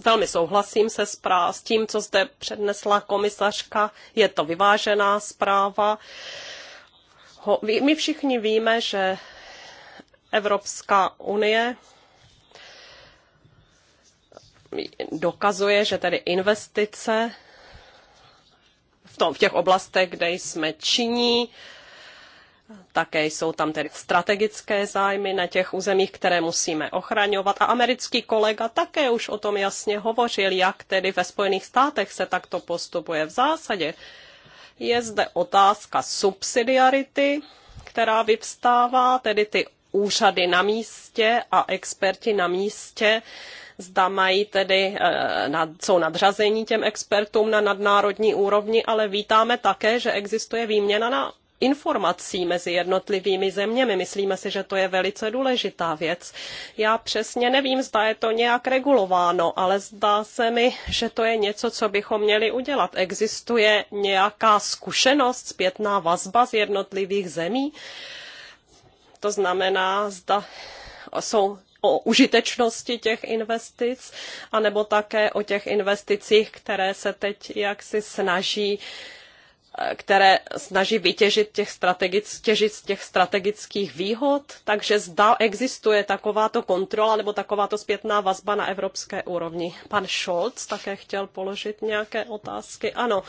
[SPEAKER 2] velmi souhlasím se zpráv, s tím, co zde přednesla komisařka. Je to vyvážená zpráva. My všichni víme, že Evropská unie dokazuje, že tedy investice v, tom, v těch oblastech, kde jsme činí, také jsou tam tedy strategické zájmy na těch územích, které musíme ochraňovat. A americký kolega také už o tom jasně hovořil, jak tedy ve Spojených státech se takto postupuje v zásadě. Je zde otázka subsidiarity, která vyvstává, tedy ty úřady na místě a experti na místě, zda mají tedy, eh, jsou nadřazení těm expertům na nadnárodní úrovni, ale vítáme také, že existuje výměna na informací mezi jednotlivými zeměmi. Myslíme si, že to je velice důležitá věc. Já přesně nevím, zda je to nějak regulováno, ale zdá se mi, že to je něco, co bychom měli udělat. Existuje nějaká zkušenost, zpětná vazba z jednotlivých zemí? To znamená, zda jsou o užitečnosti těch investic, anebo také o těch investicích, které se teď jaksi snaží které snaží vytěžit těch strategic, těžit z těch strategických výhod, takže zda existuje takováto kontrola nebo takováto zpětná vazba na evropské úrovni. Pan Scholz také chtěl položit nějaké otázky. Ano,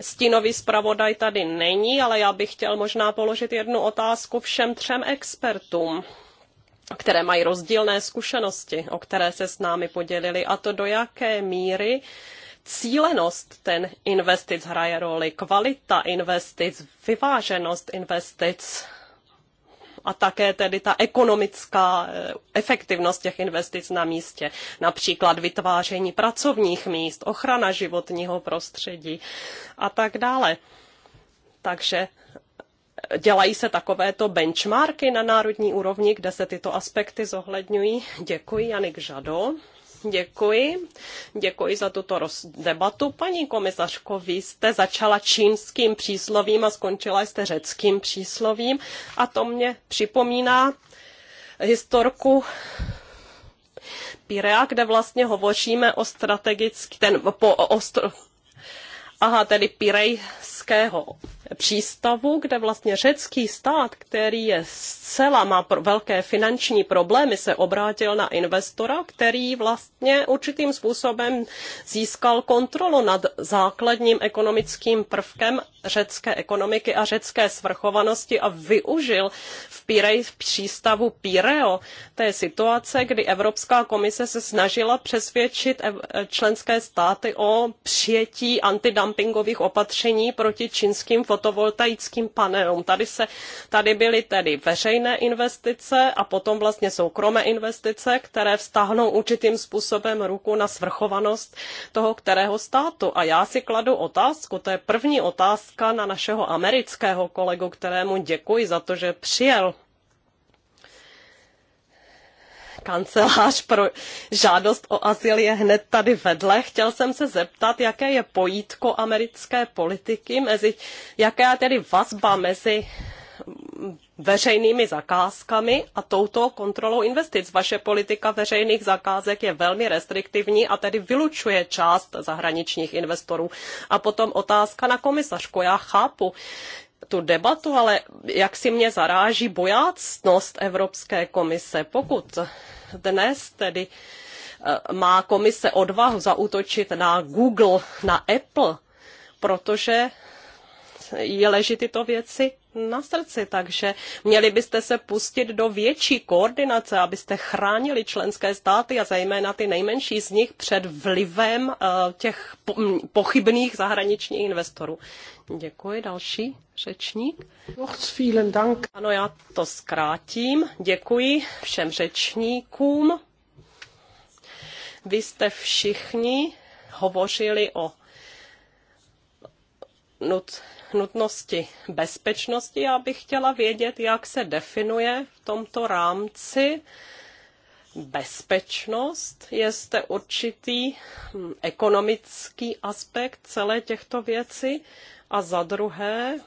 [SPEAKER 2] stínový zpravodaj tady není, ale já bych chtěl možná položit jednu otázku všem třem expertům které mají rozdílné zkušenosti, o které se s námi podělili, a to do jaké míry cílenost ten investic hraje roli, kvalita investic, vyváženost investic a také tedy ta ekonomická eh, efektivnost těch investic na místě, například vytváření pracovních míst, ochrana životního prostředí a tak dále. Takže eh, dělají se takovéto benchmarky na národní úrovni, kde se tyto aspekty zohledňují. Děkuji, Janik Žado. Děkuji. Děkuji za tuto debatu. Paní komisařko, vy jste začala čínským příslovím a skončila jste řeckým příslovím a to mě připomíná historku Pirea, kde vlastně hovoříme o strategický, ten, po, o, o, aha, tedy Pirejského přístavu, kde vlastně řecký stát, který je zcela, má pro velké finanční problémy, se obrátil na investora, který vlastně určitým způsobem získal kontrolu nad základním ekonomickým prvkem řecké ekonomiky a řecké svrchovanosti a využil v, Pírej, v přístavu Pireo té situace, kdy Evropská komise se snažila přesvědčit členské státy o přijetí antidampingových antidumpingových opatření proti čínským fotovoltaickým panelům. Tady, se, tady byly tedy veřejné investice a potom vlastně soukromé investice, které vztahnou určitým způsobem ruku na svrchovanost toho kterého státu. A já si kladu otázku, to je první otázka na našeho amerického kolegu, kterému děkuji za to, že přijel kancelář pro žádost o azyl je hned tady vedle. Chtěl jsem se zeptat, jaké je pojítko americké politiky, mezi, jaká je tedy vazba mezi veřejnými zakázkami a touto kontrolou investic. Vaše politika veřejných zakázek je velmi restriktivní a tedy vylučuje část zahraničních investorů. A potom otázka na komisařku. Já chápu, tu debatu, ale jak si mě zaráží bojácnost Evropské komise. Pokud dnes tedy eh, má komise odvahu zaútočit na Google, na Apple, protože je leží tyto věci na srdci, takže měli byste se pustit do větší koordinace, abyste chránili členské státy a zejména ty nejmenší z nich před vlivem eh, těch pochybných zahraničních investorů. Děkuji. Další řečník. Vielen Dank. Ano, já to zkrátím. Děkuji všem řečníkům. Vy jste všichni hovořili o nut, nutnosti bezpečnosti. Já bych chtěla vědět, jak se definuje v tomto rámci bezpečnost, je zde určitý hm, ekonomický aspekt celé těchto věcí a za druhé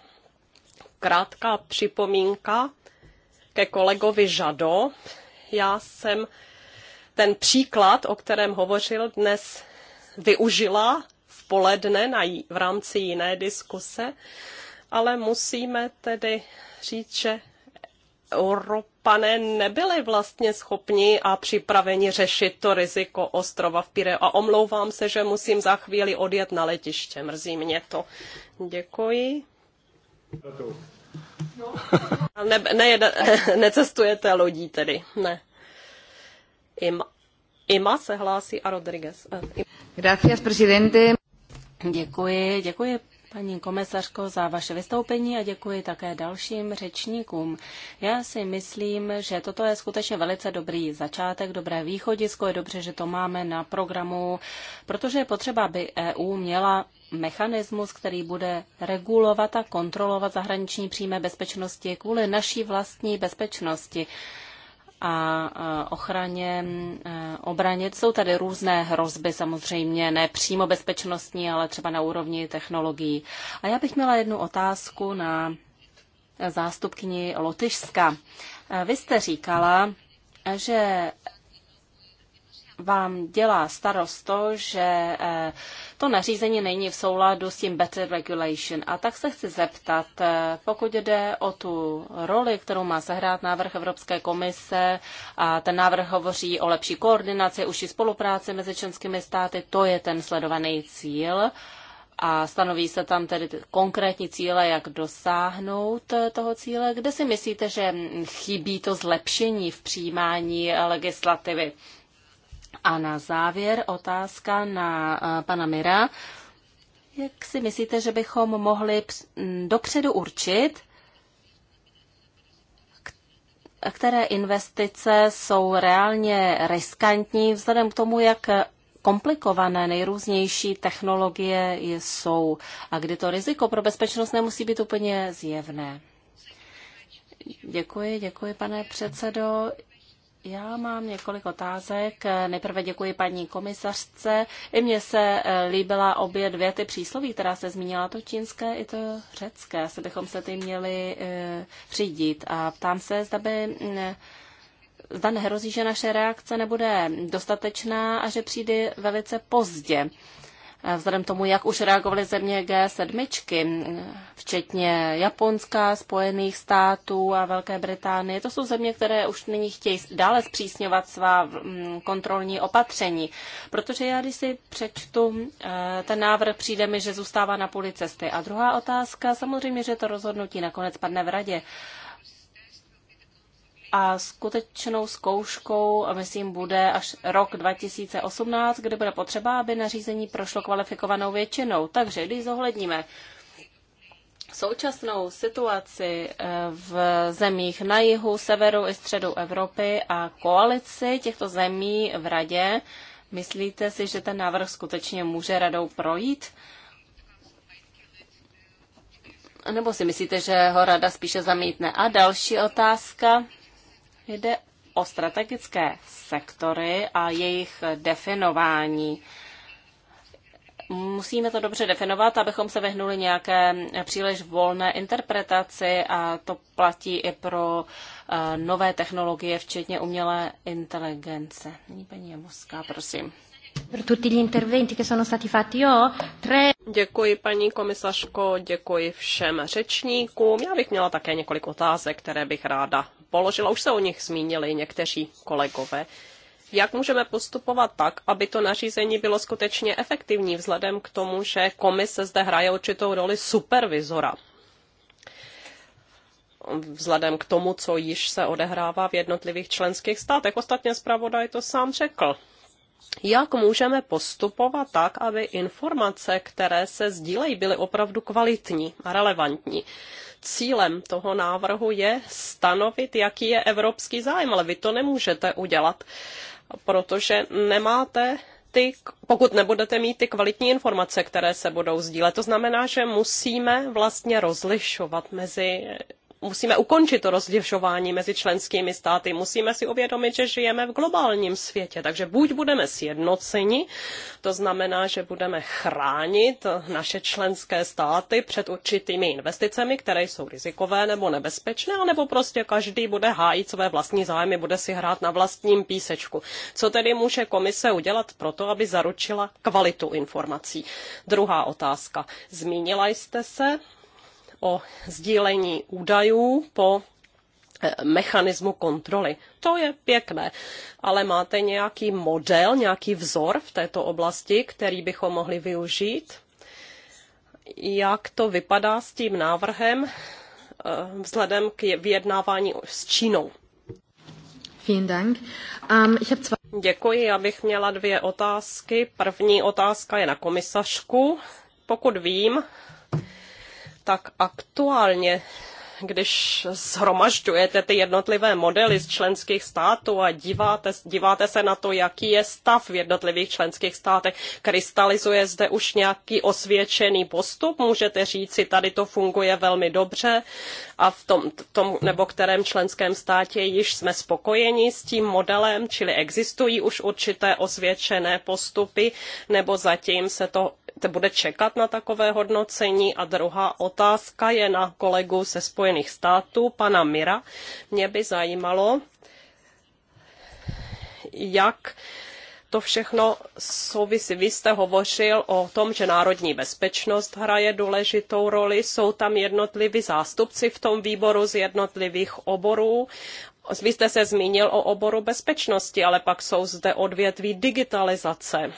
[SPEAKER 2] krátká připomínka ke kolegovi Žado. Já jsem ten příklad, o kterém hovořil dnes, využila v poledne v rámci jiné diskuse, ale musíme tedy říct, že Europané nebyli vlastně schopni a připraveni řešit to riziko ostrova v Pire. A omlouvám se, že musím za chvíli odjet na letiště. Mrzí mě to. Děkuji. No. Ne, ne, necestujete lodí tedy, ne. Ima, Ima se hlásí a Rodriguez. Eh,
[SPEAKER 1] Gracias, presidente. Děkuji, děkuji paní komisařko za vaše vystoupení a děkuji také dalším řečníkům. Já si myslím, že toto je skutečně velice dobrý začátek, dobré východisko, je dobře, že to máme na programu, protože je potřeba, aby EU měla mechanismus, který bude regulovat a kontrolovat zahraniční přímé bezpečnosti kvůli naší vlastní bezpečnosti a ochraně e, obraně. Jsou tady různé hrozby, samozřejmě ne přímo bezpečnostní, ale třeba na úrovni technologií. A já bych měla jednu otázku na zástupkyni Lotyšska. E, vy jste říkala, že vám dělá starost to, že eh, to nařízení není v souladu s tím Better Regulation. A tak se chci zeptat, eh, pokud jde o tu roli, kterou má sehrát návrh Evropské komise, a ten návrh hovoří o lepší koordinaci, užší spolupráci mezi členskými státy, to je ten sledovaný cíl a stanoví se tam tedy konkrétní cíle, jak dosáhnout eh, toho cíle. Kde si myslíte, že chybí to zlepšení v přijímání legislativy? A na závěr otázka na eh, pana Mira. Jak si myslíte, že bychom mohli mm, dopředu určit, které investice jsou reálně riskantní vzhledem k tomu, jak komplikované nejrůznější technologie jsou a kdy to riziko pro bezpečnost nemusí být úplně zjevné. Děkuji, děkuji, pane předsedo. Já mám několik otázek. Nejprve děkuji paní komisařce. I mně se eh, líbila obě dvě ty přísloví, která se zmínila, to čínské i to řecké. Asi bychom se ty měli eh, řídit. A ptám se, zda by mm, zda nehrozí, že naše reakce nebude dostatečná a že přijde velice pozdě vzhledem tomu, jak už reagovaly země G7, včetně Japonska, Spojených států a Velké Británie. To jsou země, které už nyní chtějí dále zpřísňovat svá mm, kontrolní opatření. Protože já, když si přečtu eh, ten návrh, přijde mi, že zůstává na půli cesty. A druhá otázka, samozřejmě, že to rozhodnutí nakonec padne v radě a skutečnou zkouškou, myslím, bude až rok 2018, kde bude potřeba, aby nařízení prošlo kvalifikovanou většinou. Takže když zohledníme současnou situaci eh, v zemích na jihu, severu i středu Evropy a koalici těchto zemí v radě, myslíte si, že ten návrh skutečně může radou projít? Nebo si myslíte, že ho rada spíše zamítne? A další otázka. Jde o strategické sektory a jejich definování. Musíme to dobře definovat, abychom se vyhnuli nějaké příliš volné interpretaci a to platí i pro eh, nové technologie, včetně umělé
[SPEAKER 2] inteligence. Paní Jamovská, prosím. Děkuji paní komisařko, děkuji všem řečníkům. Já bych měla také několik otázek, které bych ráda položila. Už se o nich zmínili někteří kolegové. Jak můžeme postupovat tak, aby to nařízení bylo skutečně efektivní, vzhledem k tomu, že komise zde hraje určitou roli supervizora? vzhledem k tomu, co již se odehrává v jednotlivých členských státech. Ostatně zpravodaj to sám řekl jak můžeme postupovat tak, aby informace, které se sdílejí, byly opravdu kvalitní a relevantní. Cílem toho návrhu je stanovit, jaký je evropský zájem, ale vy to nemůžete udělat, protože nemáte ty, pokud nebudete mít ty kvalitní informace, které se budou sdílet. To znamená, že musíme vlastně rozlišovat mezi musíme ukončit to rozděžování mezi členskými státy. Musíme si uvědomit, že žijeme v globálním světě, takže buď budeme sjednoceni, to znamená, že budeme chránit naše členské státy před určitými investicemi, které jsou rizikové nebo nebezpečné, nebo prostě každý bude hájit své vlastní zájmy, bude si hrát na vlastním písečku. Co tedy může komise udělat pro to, aby zaručila kvalitu informací? Druhá otázka. Zmínila jste se o sdílení údajů po eh, mechanismu kontroly. To je pěkné, ale máte nějaký model, nějaký vzor v této oblasti, který bychom mohli využít? Jak to vypadá s tím návrhem eh, vzhledem k vyjednávání s Čínou? Ähm, Děkuji, já bych měla dvě otázky. První otázka je na komisařku. Pokud vím, tak aktuálně když zhromažďujete ty jednotlivé modely z členských států a díváte, díváte se na to, jaký je stav v jednotlivých členských státech, krystalizuje zde už nějaký osvědčený postup? Můžete říci, tady to funguje velmi dobře a v tom, tom nebo kterém členském státě již jsme spokojeni s tím modelem, čili existují už určité osvědčené postupy, nebo zatím se to bude čekat na takové hodnocení? A druhá otázka je na kolegu ze Spojených států, pana Mira. Mě by zajímalo, jak to všechno souvisí. Vy jste hovořil o tom, že národní bezpečnost hraje důležitou roli. Jsou tam jednotliví zástupci v tom výboru z jednotlivých oborů. Vy jste se zmínil o oboru bezpečnosti, ale pak jsou zde odvětví digitalizace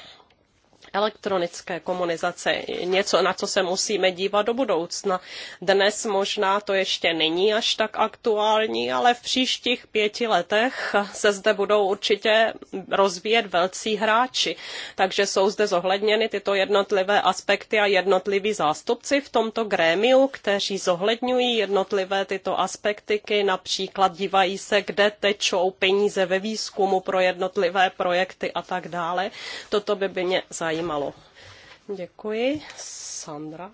[SPEAKER 2] elektronické komunizace, něco, na co se musíme dívat do budoucna. Dnes možná to ještě není až tak aktuální, ale v příštích pěti letech se zde budou určitě rozvíjet velcí hráči. Takže jsou zde zohledněny tyto jednotlivé aspekty a jednotliví zástupci v tomto grémiu, kteří zohledňují jednotlivé tyto aspektiky, například dívají se, kde tečou peníze ve výzkumu pro jednotlivé projekty a tak dále. Toto by mě zajímalo zajímalo. Děkuji. Sandra.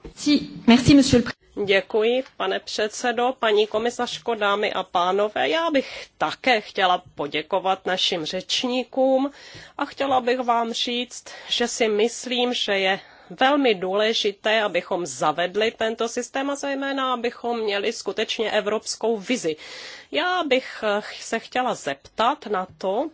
[SPEAKER 2] Merci, monsieur Děkuji, pane předsedo, paní komisařko, dámy a pánové. Já bych také chtěla poděkovat našim řečníkům a chtěla bych vám říct, že si myslím, že je velmi důležité, abychom zavedli tento systém a zejména, abychom měli skutečně evropskou vizi. Já bych se chtěla zeptat na to,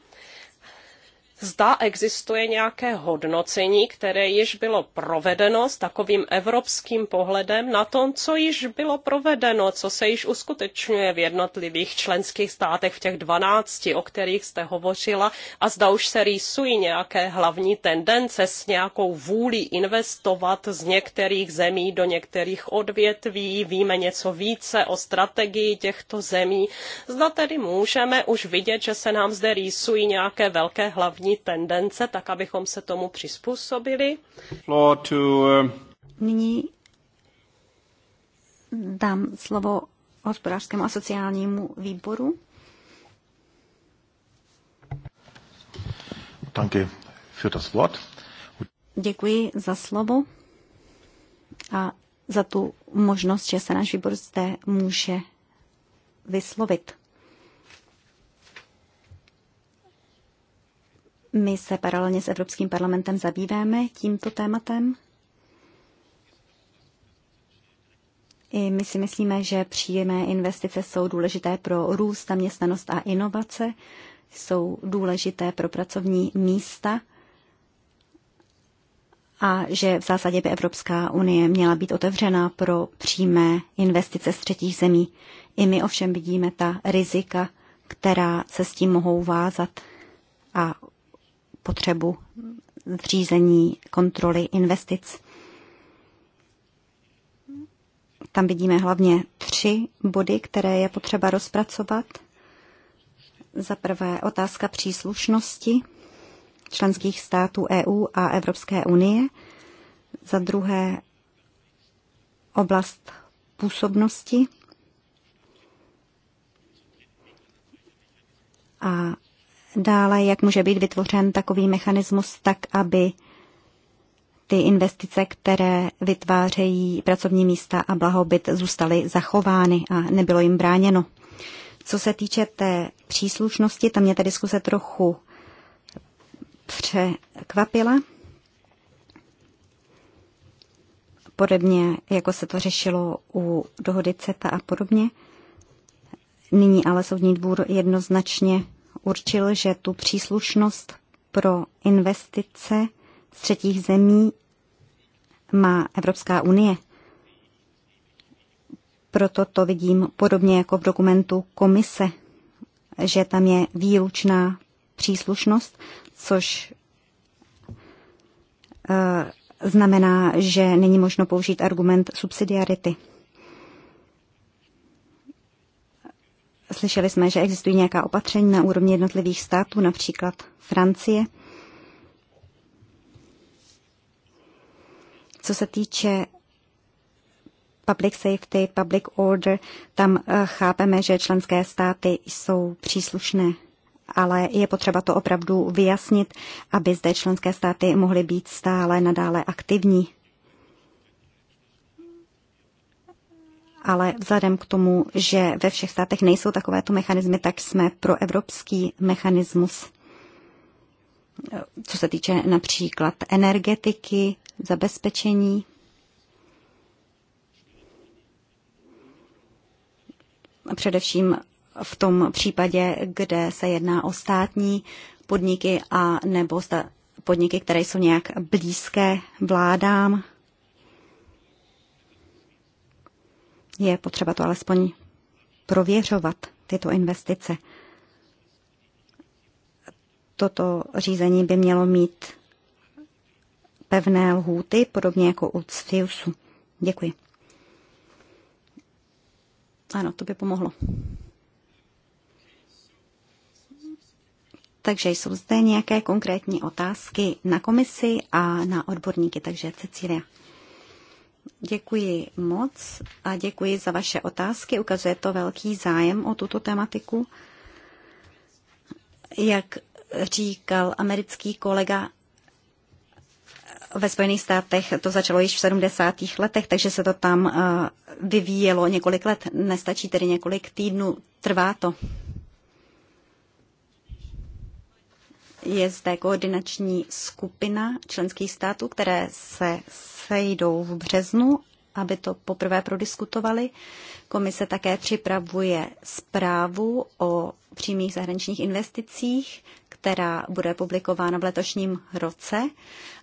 [SPEAKER 2] Zda existuje nějaké hodnocení, které již bylo provedeno s takovým evropským pohledem na to, co již bylo provedeno, co se již uskutečňuje v jednotlivých členských státech, v těch 12, o kterých jste hovořila, a zda už se rýsují nějaké hlavní tendence s nějakou vůlí investovat z některých zemí do některých odvětví, víme něco více o strategii těchto zemí. Zda tedy můžeme už vidět, že se nám zde rýsují nějaké velké hlavní západní tendence, tak abychom se tomu přizpůsobili.
[SPEAKER 1] Eh,
[SPEAKER 3] Nyní dám slovo hospodářskému a sociálnímu výboru.
[SPEAKER 2] Danke für das Wort.
[SPEAKER 3] Děkuji za slovo a za tu možnost, že se náš výbor zde může vyslovit. My se paralelně s Evropským parlamentem zabýváme tímto tématem. I my si myslíme, že příjemné investice jsou důležité pro růst, zaměstnanost a inovace, jsou důležité pro pracovní místa a že v zásadě by Evropská unie měla být otevřená pro přímé investice z třetích zemí. I my ovšem vidíme ta rizika, která se s tím mohou vázat a potřebu zřízení kontroly investic. Tam vidíme hlavně tři body, které je potřeba rozpracovat. Za prvé otázka příslušnosti členských států EU a Evropské unie. Za druhé oblast působnosti a Dále, jak může být vytvořen takový mechanismus tak, aby ty investice, které vytvářejí pracovní místa a blahobyt, zůstaly zachovány a nebylo jim bráněno. Co se týče té příslušnosti, tam mě ta diskuse trochu překvapila. Podobně, jako se to řešilo u dohody CETA a podobně. Nyní ale soudní dvůr jednoznačně určil, že tu příslušnost pro investice z třetích zemí má Evropská unie. Proto to vidím podobně jako v dokumentu komise, že tam je výlučná příslušnost, což e, znamená, že není možno použít argument subsidiarity. Slyšeli jsme, že existují nějaká opatření na úrovni jednotlivých států, například Francie. Co se týče public safety, public order, tam eh, chápeme, že členské státy jsou příslušné, ale je potřeba to opravdu vyjasnit, aby zde členské státy mohly být stále nadále aktivní. ale vzhledem k tomu, že ve všech státech nejsou takovéto mechanismy, tak jsme pro evropský mechanismus, co se týče například energetiky, zabezpečení. Především v tom případě, kde se jedná o státní podniky a nebo podniky, které jsou nějak blízké vládám. Je potřeba to alespoň prověřovat, tyto investice. Toto řízení by mělo mít pevné lhůty, podobně jako u CFIUSu. Děkuji. Ano, to by pomohlo. Takže jsou zde nějaké konkrétní otázky na komisi a na odborníky, takže Cecília. Děkuji moc a děkuji za vaše otázky. Ukazuje to velký zájem o tuto tematiku. Jak říkal americký kolega, ve Spojených státech to začalo již v 70. letech, takže se to tam eh, vyvíjelo několik let. Nestačí tedy několik týdnů, trvá to. Je zde koordinační skupina členských států, které se sejdou v březnu, aby to poprvé prodiskutovali. Komise také připravuje zprávu o přímých zahraničních investicích, která bude publikována v letošním roce,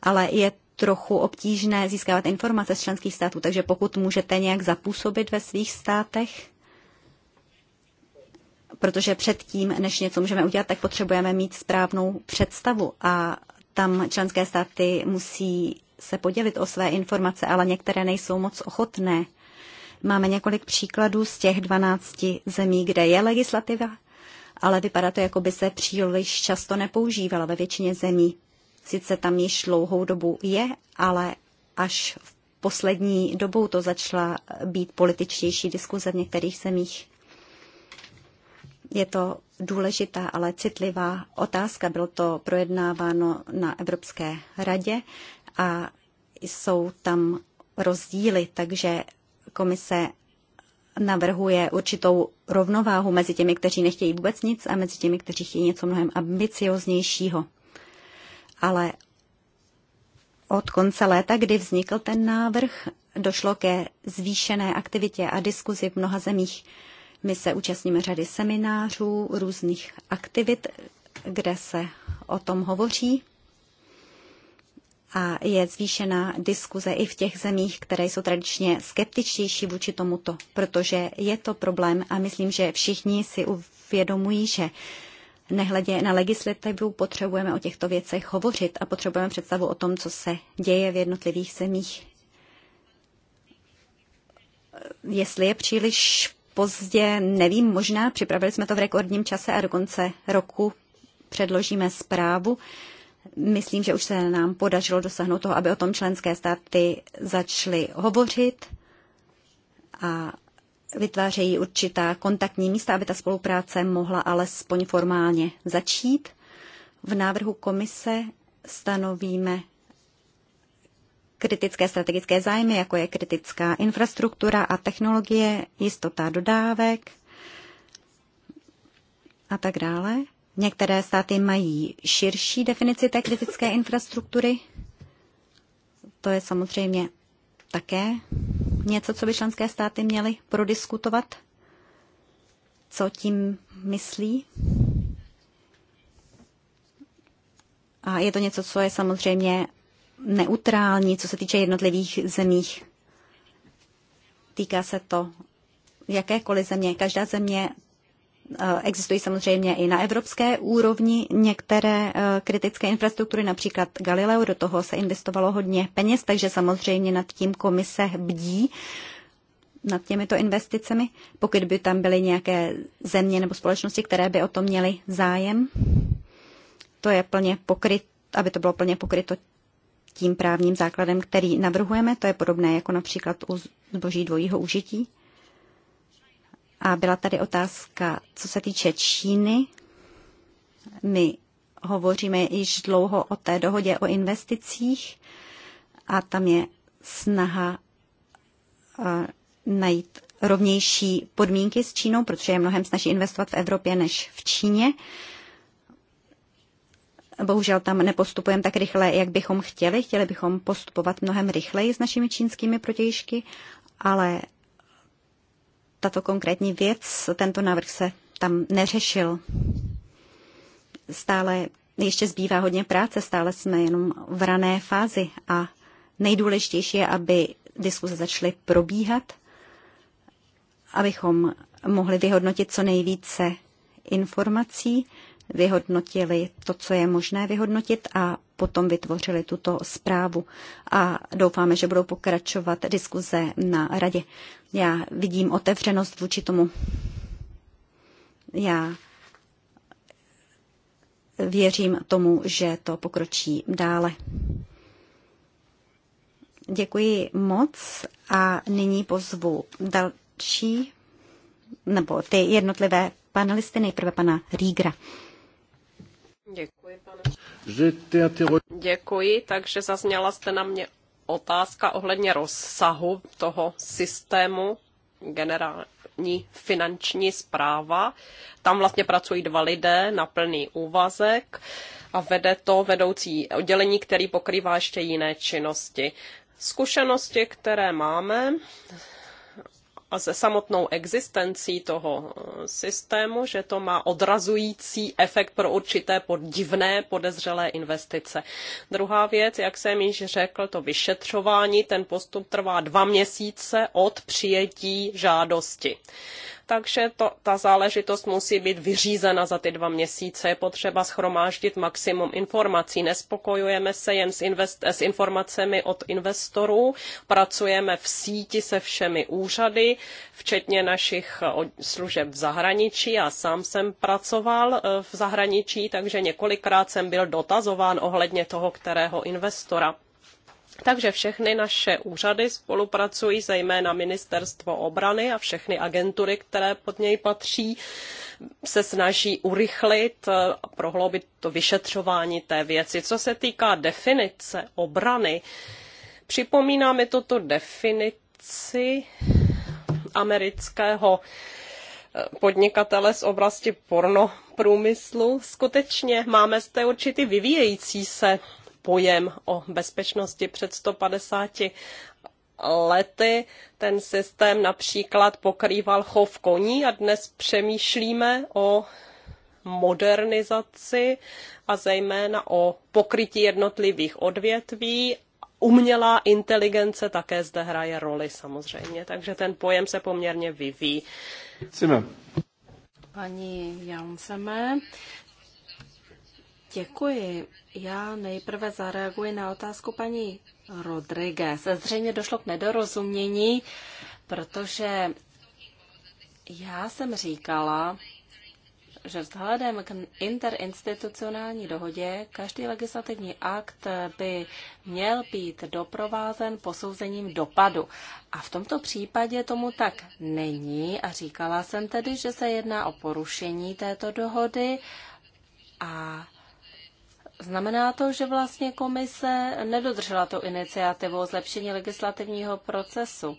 [SPEAKER 3] ale je trochu obtížné získávat informace z členských států, takže pokud můžete nějak zapůsobit ve svých státech, protože předtím, než něco můžeme udělat, tak potřebujeme mít správnou představu a tam členské státy musí se podělit o své informace, ale některé nejsou moc ochotné. Máme několik příkladů z těch 12 zemí, kde je legislativa, ale vypadá to, jako by se příliš často nepoužívala ve většině zemí. Sice tam již dlouhou dobu je, ale až v poslední dobou to začala být političtější diskuze v některých zemích. Je to důležitá, ale citlivá otázka. Bylo to projednáváno na Evropské radě a jsou tam rozdíly, takže komise navrhuje určitou rovnováhu mezi těmi, kteří nechtějí vůbec nic a mezi těmi, kteří chtějí něco mnohem ambicioznějšího. Ale od konce léta, kdy vznikl ten návrh, došlo ke zvýšené aktivitě a diskuzi v mnoha zemích. My se účastníme řady seminářů, různých aktivit, kde se o tom hovoří a je zvýšená diskuze i v těch zemích, které jsou tradičně skeptičtější vůči tomuto, protože je to problém a myslím, že všichni si uvědomují, že nehledě na legislativu potřebujeme o těchto věcech hovořit a potřebujeme představu o tom, co se děje v jednotlivých zemích. Jestli je příliš pozdě, nevím, možná připravili jsme to v rekordním čase a do konce roku předložíme zprávu. Myslím, že už se nám podařilo dosáhnout toho, aby o tom členské státy začaly hovořit a vytvářejí určitá kontaktní místa, aby ta spolupráce mohla alespoň formálně začít. V návrhu komise stanovíme kritické strategické zájmy, jako je kritická infrastruktura a technologie, jistota dodávek a tak dále. Některé státy mají širší definici té kritické infrastruktury. To je samozřejmě také něco, co by členské státy měly prodiskutovat. Co tím myslí? A je to něco, co je samozřejmě neutrální, co se týče jednotlivých zemích. Týká se to jakékoliv země. Každá země eh, existují samozřejmě i na evropské úrovni některé eh, kritické infrastruktury, například Galileo, do toho se investovalo hodně peněz, takže samozřejmě nad tím komise bdí nad těmito investicemi, pokud by tam byly nějaké země nebo společnosti, které by o to měly zájem. To je plně pokryt, aby to bylo plně pokryto tím právním základem, který navrhujeme. To je podobné jako například u zboží dvojího užití. A byla tady otázka, co se týče Číny. My hovoříme již dlouho o té dohodě o investicích a tam je snaha eh, najít rovnější podmínky s Čínou, protože je mnohem snaží investovat v Evropě než v Číně. Uh, Bohužel tam nepostupujeme tak rychle, jak bychom chtěli. Chtěli bychom postupovat mnohem rychleji s našimi čínskými protějšky, ale tato konkrétní věc, tento návrh se tam neřešil. Stále ještě zbývá hodně práce, stále jsme jenom v rané fázi a nejdůležitější je, aby diskuze začaly probíhat, abychom mohli vyhodnotit co nejvíce informací vyhodnotili to, co je možné vyhodnotit a potom vytvořili tuto zprávu a doufáme, že budou pokračovat diskuze na radě. Já vidím otevřenost vůči tomu. Já věřím tomu, že to pokročí dále. Děkuji moc a nyní pozvu další nebo ty jednotlivé panelisty, nejprve pana Rígra.
[SPEAKER 2] Děkuji, pane. Děkuji, takže zazněla jste na mě otázka ohledně rozsahu toho systému generální finanční zpráva. Tam vlastně pracují dva lidé na plný úvazek a vede to vedoucí oddělení, který pokrývá ještě jiné činnosti. Zkušenosti, které máme a se samotnou existencí toho eh, systému, že to má odrazující efekt pro určité podivné podezřelé investice. Druhá věc, jak jsem již řekl, to vyšetřování, ten postup trvá dva měsíce od přijetí žádosti takže to, ta záležitost musí být vyřízena za ty dva měsíce. Je potřeba schromáždit maximum informací. Nespokojujeme se jen s, invest, s informacemi od investorů, pracujeme v síti se všemi úřady, včetně našich eh, služeb v zahraničí. Já sám jsem pracoval eh, v zahraničí, takže několikrát jsem byl dotazován ohledně toho, kterého investora. Takže všechny naše úřady spolupracují, zejména ministerstvo obrany a všechny agentury, které pod něj patří, se snaží urychlit eh, a prohloubit to vyšetřování té věci. Co se týká definice obrany, připomíná mi toto definici amerického eh, podnikatele z oblasti pornoprůmyslu. Skutečně máme zde určitý vyvíjející se pojem o bezpečnosti před 150 lety ten systém například pokrýval chov koní a dnes přemýšlíme o modernizaci a zejména o pokrytí jednotlivých odvětví. Umělá inteligence také zde hraje roli samozřejmě, takže ten pojem se poměrně vyvíjí. Paní Janseme,
[SPEAKER 1] Děkuji. Já nejprve zareaguji na otázku paní Rodriguez. Zřejmě došlo k nedorozumění, protože já jsem říkala, že vzhledem k interinstitucionální dohodě každý legislativní akt by měl být doprovázen posouzením dopadu. A v tomto případě tomu tak není a říkala jsem tedy, že se jedná o porušení této dohody a Znamená to, že vlastně komise nedodržela tu iniciativu o zlepšení legislativního procesu.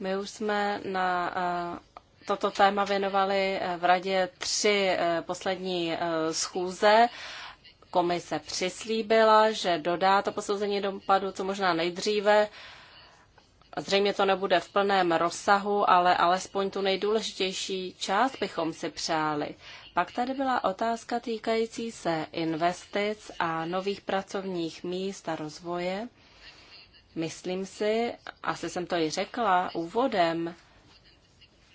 [SPEAKER 1] My už jsme na eh, toto téma věnovali eh, v radě tři eh, poslední schůze. Komise přislíbila, že dodá to posouzení dopadu co možná nejdříve. Zřejmě to nebude v plném rozsahu, ale alespoň tu nejdůležitější část bychom si přáli. Pak tady byla otázka týkající se investic a nových pracovních míst a rozvoje. Myslím si, asi jsem to i řekla úvodem,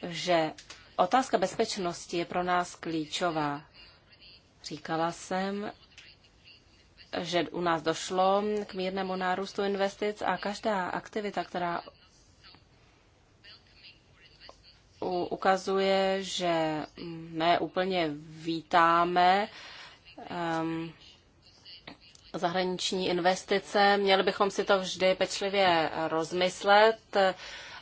[SPEAKER 1] že otázka bezpečnosti je pro nás klíčová. Říkala jsem, že u nás došlo k mírnému nárůstu investic a každá aktivita, která ukazuje, že ne úplně vítáme um, zahraniční investice. Měli bychom si to vždy pečlivě rozmyslet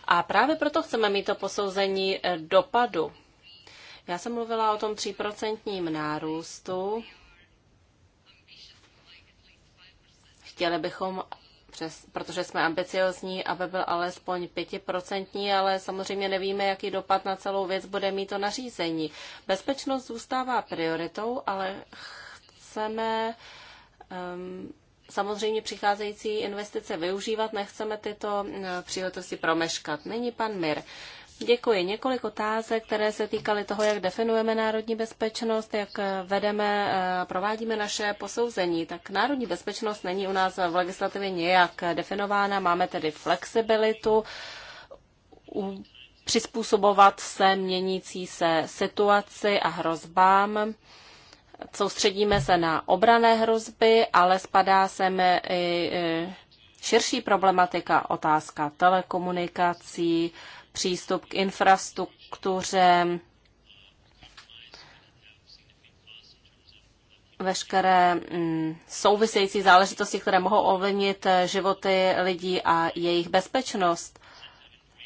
[SPEAKER 1] a právě proto chceme mít to posouzení dopadu. Já jsem mluvila o tom 3% nárůstu. Chtěli bychom, přes, protože jsme ambiciozní, aby byl alespoň pětiprocentní, ale samozřejmě nevíme, jaký dopad na celou věc bude mít to nařízení. Bezpečnost zůstává prioritou, ale chceme um, samozřejmě přicházející investice využívat, nechceme tyto eh, příležitosti promeškat. Není pan Mir. Uh, Děkuji. Několik otázek, které se týkaly toho, jak definujeme národní bezpečnost, jak vedeme, eh, provádíme naše posouzení. Tak národní bezpečnost není u nás v legislativě nějak definována, máme tedy flexibilitu přizpůsobovat se měnící se situaci a hrozbám. Soustředíme se na obrané hrozby, ale spadá sem i širší problematika, otázka telekomunikací, přístup k infrastruktuře, veškeré mm, související záležitosti, které mohou ovlivnit eh, životy lidí a jejich bezpečnost.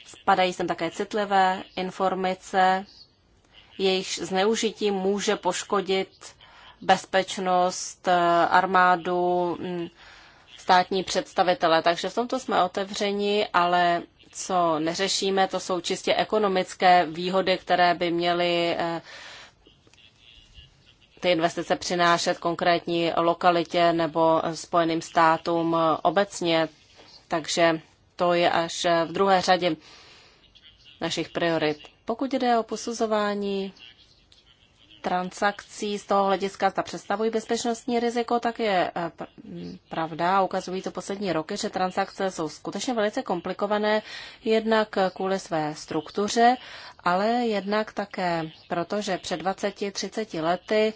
[SPEAKER 1] Spadají sem také citlivé informace, jejichž zneužití může poškodit bezpečnost, eh, armádu, mm, státní představitele. Takže v tomto jsme otevřeni, ale co neřešíme, to jsou čistě ekonomické výhody, které by měly eh, ty investice přinášet konkrétní lokalitě nebo Spojeným státům obecně. Takže to je až v druhé řadě našich priorit. Pokud jde o posuzování transakcí z toho hlediska ta představují bezpečnostní riziko, tak je eh, hm, pravda. Ukazují to poslední roky, že transakce jsou skutečně velice komplikované, jednak kvůli své struktuře, ale jednak také proto, že před 20-30 lety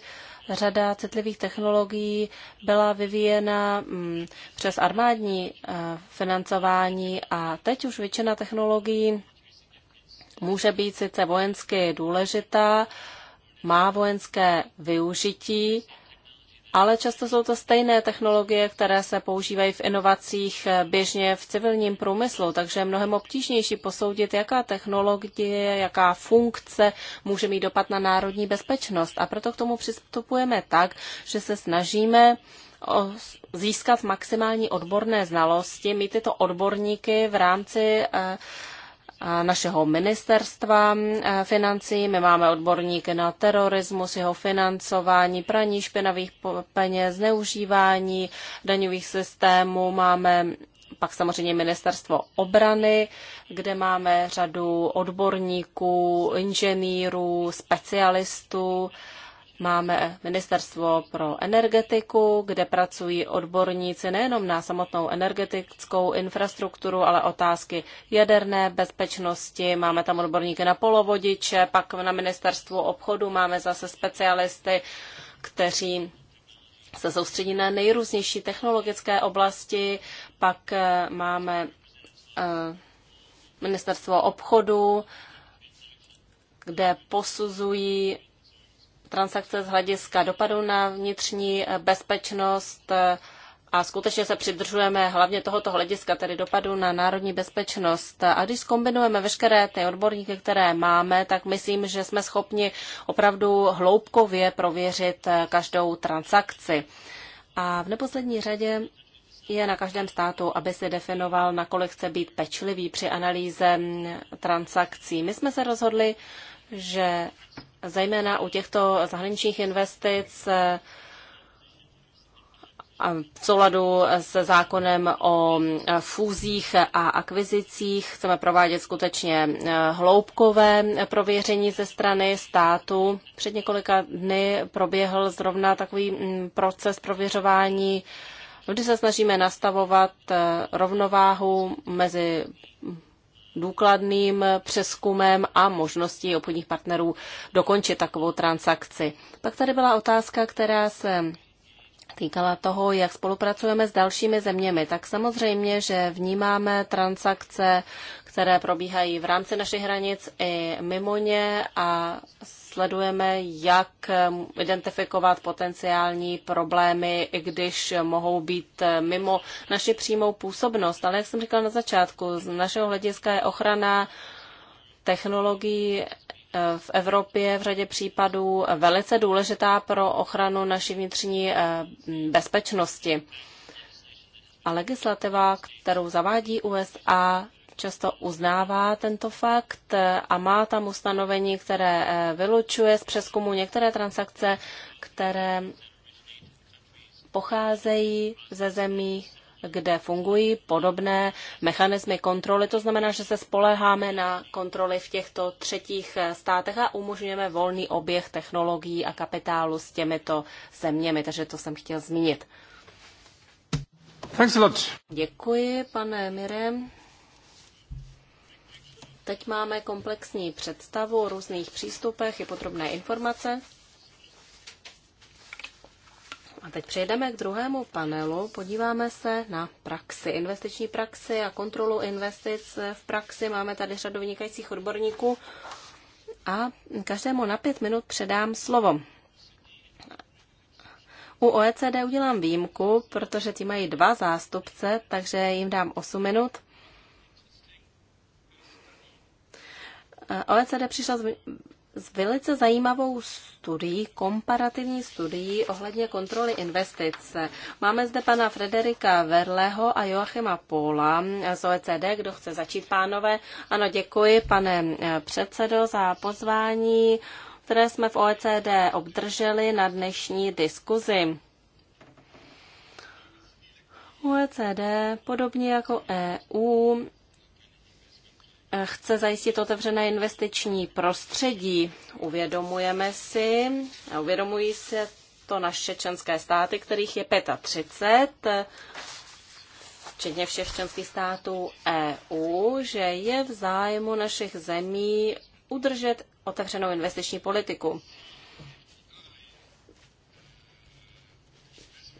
[SPEAKER 1] řada citlivých technologií byla vyvíjena hm, přes armádní eh, financování a teď už většina technologií může být sice vojensky důležitá, má vojenské využití, ale často jsou to stejné technologie, které se používají v inovacích běžně v civilním průmyslu, takže je mnohem obtížnější posoudit, jaká technologie, jaká funkce může mít dopad na národní bezpečnost. A proto k tomu přistupujeme tak, že se snažíme získat maximální odborné znalosti, mít tyto odborníky v rámci eh, našeho ministerstva e, financí. My máme odborníky na terorismus, jeho financování, praní špinavých peněz, zneužívání daňových systémů. Máme pak samozřejmě ministerstvo obrany, kde máme řadu odborníků, inženýrů, specialistů, Máme Ministerstvo pro energetiku, kde pracují odborníci nejenom na samotnou energetickou infrastrukturu, ale otázky jaderné bezpečnosti. Máme tam odborníky na polovodiče, pak na Ministerstvu obchodu máme zase specialisty, kteří se soustředí na nejrůznější technologické oblasti. Pak eh, máme eh, Ministerstvo obchodu, kde posuzují transakce z hlediska dopadu na vnitřní eh, bezpečnost eh, a skutečně se přidržujeme hlavně tohoto hlediska, tedy dopadu na národní bezpečnost. A když kombinujeme veškeré ty odborníky, které máme, tak myslím, že jsme schopni opravdu hloubkově prověřit eh, každou transakci. A v neposlední řadě je na každém státu, aby si definoval, nakolik chce být pečlivý při analýze mm, transakcí. My jsme se rozhodli, že zejména u těchto zahraničních investic eh, v souladu se zákonem o eh, fúzích a akvizicích chceme provádět skutečně eh, hloubkové prověření ze strany státu. Před několika dny proběhl zrovna takový mm, proces prověřování, kdy se snažíme nastavovat rovnováhu mezi důkladným přeskumem a možností obchodních partnerů dokončit takovou transakci. Pak tady byla otázka, která se týkala toho, jak spolupracujeme s dalšími zeměmi, tak samozřejmě, že vnímáme transakce které probíhají v rámci našich hranic i mimo ně a sledujeme, jak um, identifikovat potenciální problémy, i když mohou být eh, mimo naši přímou působnost. Ale jak jsem říkal na začátku, z našeho hlediska je ochrana technologií eh, v Evropě v řadě případů velice důležitá pro ochranu naší vnitřní eh, bezpečnosti. A legislativa, kterou zavádí USA, často uznává tento fakt a má tam ustanovení, které eh, vylučuje z přeskumu některé transakce, které pocházejí ze zemí, kde fungují podobné mechanismy kontroly. To znamená, že se spoleháme na kontroly v těchto třetích eh, státech a umožňujeme volný oběh technologií a kapitálu s těmito zeměmi. Takže to jsem chtěl zmínit. Thanks a lot. Děkuji, pane Mirem. Teď máme komplexní představu o různých přístupech i podrobné informace. A teď přejdeme k druhému panelu. Podíváme se na praxi, investiční praxi a kontrolu investic v praxi. Máme tady řadu vynikajících odborníků a každému na pět minut předám slovo. U OECD udělám výjimku, protože ti mají dva zástupce, takže jim dám 8 minut. OECD přišla s velice zajímavou studií, komparativní studií ohledně kontroly investic. Máme zde pana Frederika Verleho a Joachima Pola z OECD. Kdo chce začít, pánové? Ano, děkuji, pane eh, předsedo, za pozvání, které jsme v OECD obdrželi na dnešní diskuzi. OECD, podobně jako EU, chce zajistit otevřené investiční prostředí. Uvědomujeme si, uvědomují se to naše členské státy, kterých je 35, včetně všech členských států EU, že je v zájmu našich zemí udržet otevřenou investiční politiku.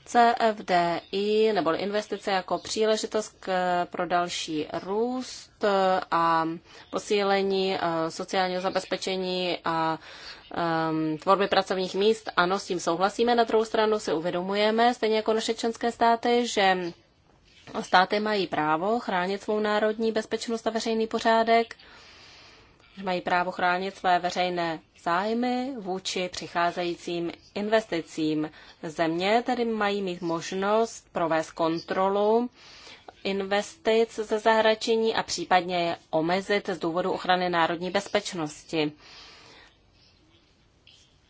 [SPEAKER 1] CFDI nebo investice jako příležitost k, pro další růst e, a posílení e, sociálního zabezpečení a um, tvorby pracovních míst. Ano, s tím souhlasíme. Na druhou stranu si uvědomujeme, stejně jako naše členské státy, že státy mají právo chránit svou národní bezpečnost a veřejný pořádek, že mají právo chránit své veřejné zájmy vůči přicházejícím investicím. Země tedy mají mít možnost provést kontrolu investic ze zahraničí a případně je omezit z důvodu ochrany národní bezpečnosti.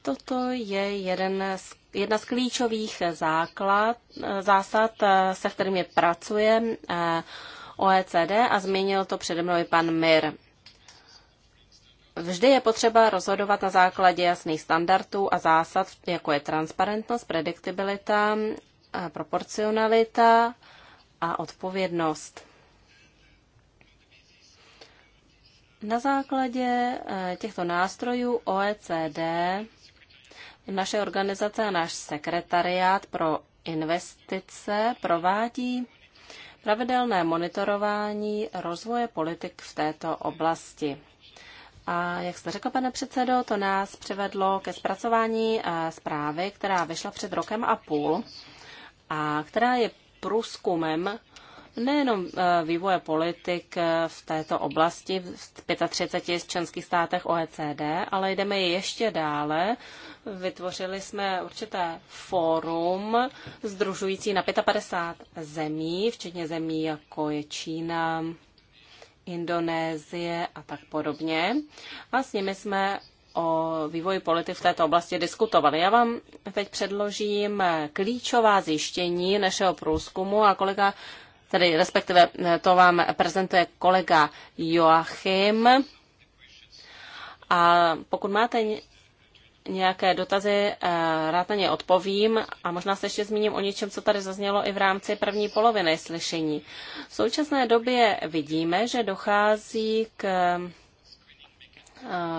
[SPEAKER 1] Toto je jeden z, jedna z klíčových základ, zásad, se kterými pracuje eh, OECD a zmínil to přede mnou i pan Mir. Vždy je potřeba rozhodovat na základě jasných standardů a zásad, jako je transparentnost, prediktibilita, proporcionalita a odpovědnost. Na základě e, těchto nástrojů OECD naše organizace a náš sekretariát pro investice provádí pravidelné monitorování rozvoje politik v této oblasti. A jak jste řekl, pane předsedo, to nás přivedlo ke zpracování eh, zprávy, která vyšla před rokem a půl a která je průzkumem nejenom eh, vývoje politik eh, v této oblasti v 35 z členských státech OECD, ale jdeme ještě dále. Vytvořili jsme určité fórum združující na 55 zemí, včetně zemí jako je Čína, Indonésie a tak podobně. A s nimi jsme o vývoji politiky v této oblasti diskutovali. Já vám teď předložím klíčová zjištění našeho průzkumu a kolega, tedy respektive to vám prezentuje kolega Joachim. A pokud máte nějaké dotazy, eh, rád na ně odpovím a možná se ještě zmíním o něčem, co tady zaznělo i v rámci první poloviny slyšení. V současné době vidíme, že dochází k, eh,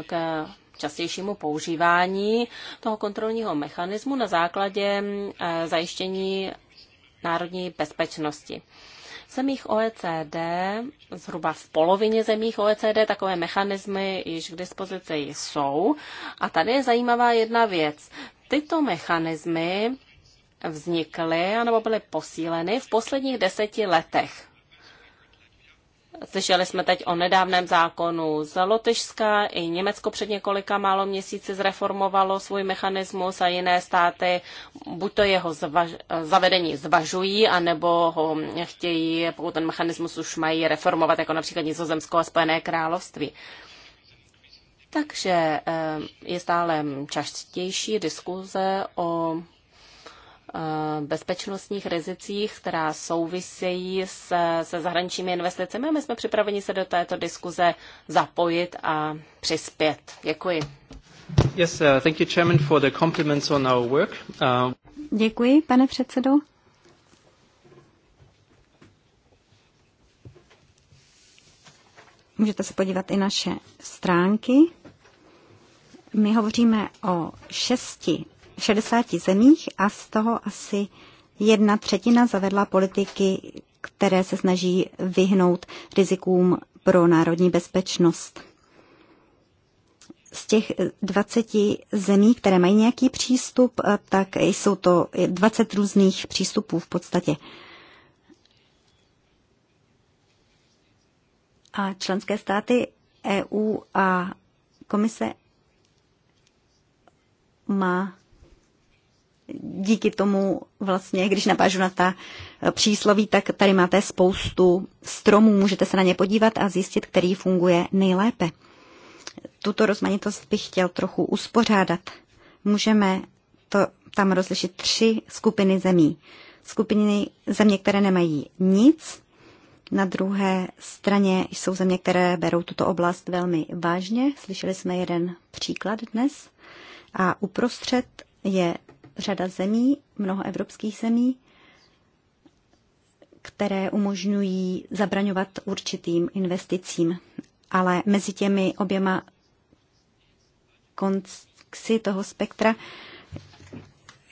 [SPEAKER 1] k častějšímu používání toho kontrolního mechanismu na základě eh, zajištění národní bezpečnosti zemích OECD, zhruba v polovině zemích OECD, takové mechanismy již k dispozici jsou. A tady je zajímavá jedna věc. Tyto mechanismy vznikly anebo byly posíleny v posledních deseti letech. Slyšeli jsme teď o nedávném zákonu z Lotyšska. I Německo před několika málo měsíci zreformovalo svůj mechanismus a jiné státy buď to jeho zvaž- zavedení zvažují, anebo ho chtějí, pokud ten mechanismus už mají reformovat, jako například Nizozemsko a Spojené království. Takže eh, je stále častější diskuze o Eh, bezpečnostních rizicích, která souvisejí se, se zahraničními investicemi. My jsme připraveni se do této diskuze zapojit a přispět. Děkuji. Yes, uh, thank you, Chairman, for the compliments on our work. Uh... Děkuji, pane předsedo.
[SPEAKER 3] Můžete se podívat i naše stránky. My hovoříme o šesti 60 zemích a z toho asi jedna třetina zavedla politiky, které se snaží vyhnout rizikům pro národní bezpečnost. Z těch 20 eh, zemí, které mají nějaký přístup, eh, tak jsou to 20 eh, různých přístupů v podstatě. A členské státy EU a komise má díky tomu vlastně, když napážu na ta přísloví, tak tady máte spoustu stromů, můžete se na ně podívat a zjistit, který funguje nejlépe. Tuto rozmanitost bych chtěl trochu uspořádat. Můžeme to tam rozlišit tři skupiny zemí. Skupiny země, které nemají nic, na druhé straně jsou země, které berou tuto oblast velmi vážně. Slyšeli jsme jeden příklad dnes. A uprostřed je řada zemí, mnoho evropských zemí, které umožňují zabraňovat určitým investicím. Ale mezi těmi oběma konci toho spektra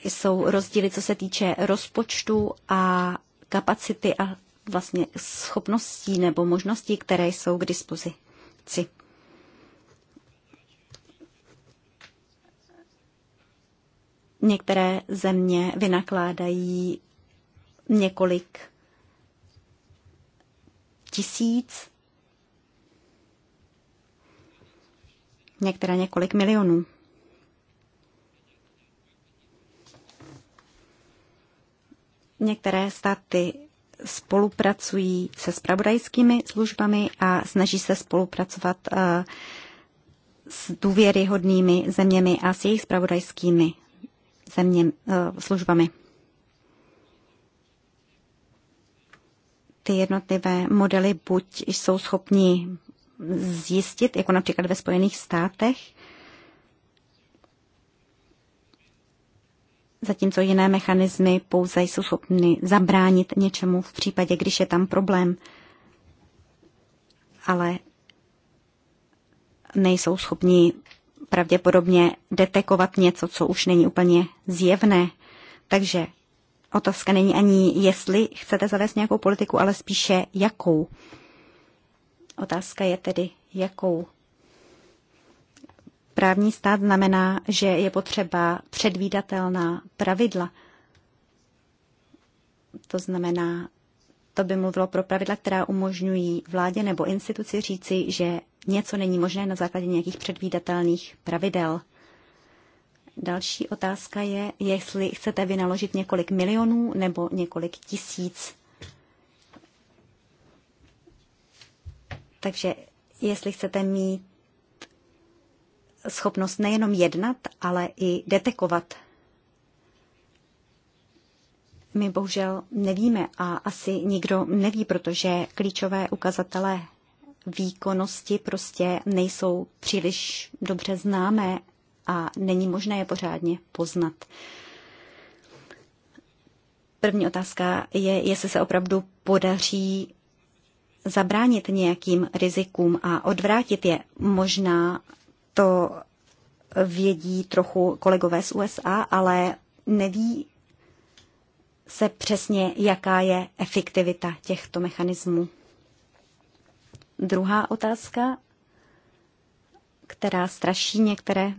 [SPEAKER 3] jsou rozdíly, co se týče rozpočtu a kapacity a vlastně schopností nebo možností, které jsou k dispozici. Některé země vynakládají několik tisíc, některé několik milionů. Některé státy spolupracují se spravodajskými službami a snaží se spolupracovat eh, s důvěryhodnými zeměmi a s jejich spravodajskými země, eh, službami. Ty jednotlivé modely buď jsou schopni zjistit, jako například ve Spojených státech, zatímco jiné mechanismy pouze jsou schopny zabránit něčemu v případě, když je tam problém, ale nejsou schopni pravděpodobně detekovat něco, co už není úplně zjevné. Takže otázka není ani, jestli chcete zavést nějakou politiku, ale spíše jakou. Otázka je tedy, jakou. Právní stát znamená, že je potřeba předvídatelná pravidla. To znamená, to by mluvilo pro pravidla, která umožňují vládě nebo instituci říci, že něco není možné na základě nějakých předvídatelných pravidel. Další otázka je, jestli chcete vynaložit několik milionů nebo několik tisíc. Takže jestli chcete mít schopnost nejenom jednat, ale i detekovat. My bohužel nevíme a asi nikdo neví, protože klíčové ukazatele výkonnosti prostě nejsou příliš dobře známé a není možné je pořádně poznat. První otázka je, jestli se opravdu podaří zabránit nějakým rizikům a odvrátit je. Možná to vědí trochu kolegové z USA, ale neví se přesně, jaká je efektivita těchto mechanismů. Druhá otázka, která straší některé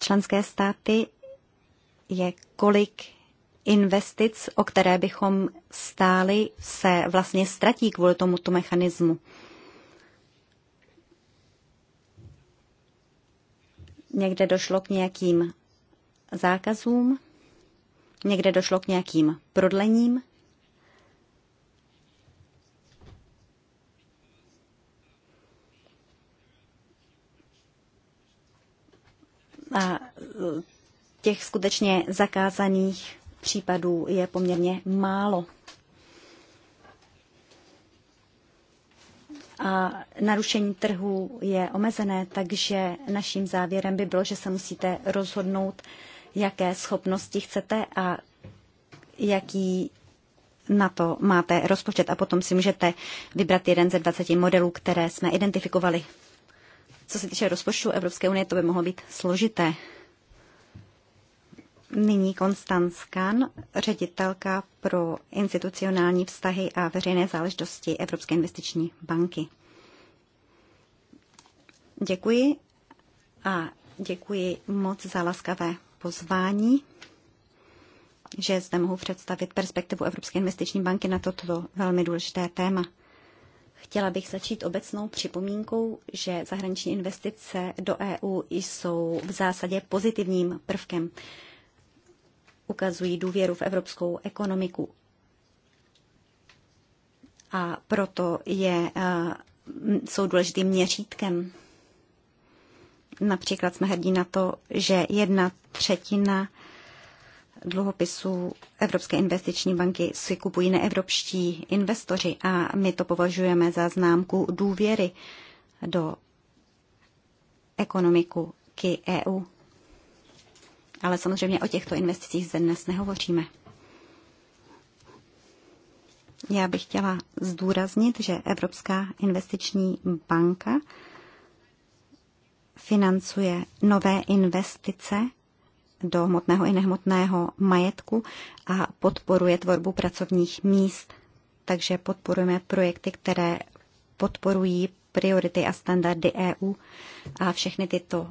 [SPEAKER 3] členské státy, je kolik investic, o které bychom stáli, se vlastně ztratí kvůli tomuto mechanismu. Někde došlo k nějakým zákazům, někde došlo k nějakým prodlením E, těch skutečně zakázaných případů je poměrně málo. a narušení trhu je omezené, takže naším závěrem by bylo, že se musíte rozhodnout, jaké schopnosti chcete a jaký na to máte rozpočet a potom si můžete vybrat jeden ze 20 modelů, které jsme identifikovali. Co se týče rozpočtu Evropské unie, to by mohlo být složité. Nyní Konstanc Kan, ředitelka pro institucionální vztahy a veřejné záležitosti Evropské investiční banky. Děkuji a děkuji moc za laskavé pozvání, že zde mohu představit perspektivu Evropské investiční banky na toto velmi důležité téma. Chtěla bych začít obecnou připomínkou, že zahraniční investice do EU jsou v zásadě pozitivním prvkem. Ukazují důvěru v evropskou ekonomiku. A proto je, eh, jsou důležitým měřítkem. Například jsme hrdí na to, že jedna třetina dluhopisů Evropské investiční banky si kupují neevropští investoři a my to považujeme za známku důvěry do ekonomiku e k EU. Ale samozřejmě o těchto investicích zde dnes nehovoříme. Já bych chtěla zdůraznit, že Evropská investiční banka financuje nové investice do hmotného i nehmotného majetku a podporuje tvorbu pracovních míst. Takže podporujeme projekty, které podporují priority a standardy EU a všechny tyto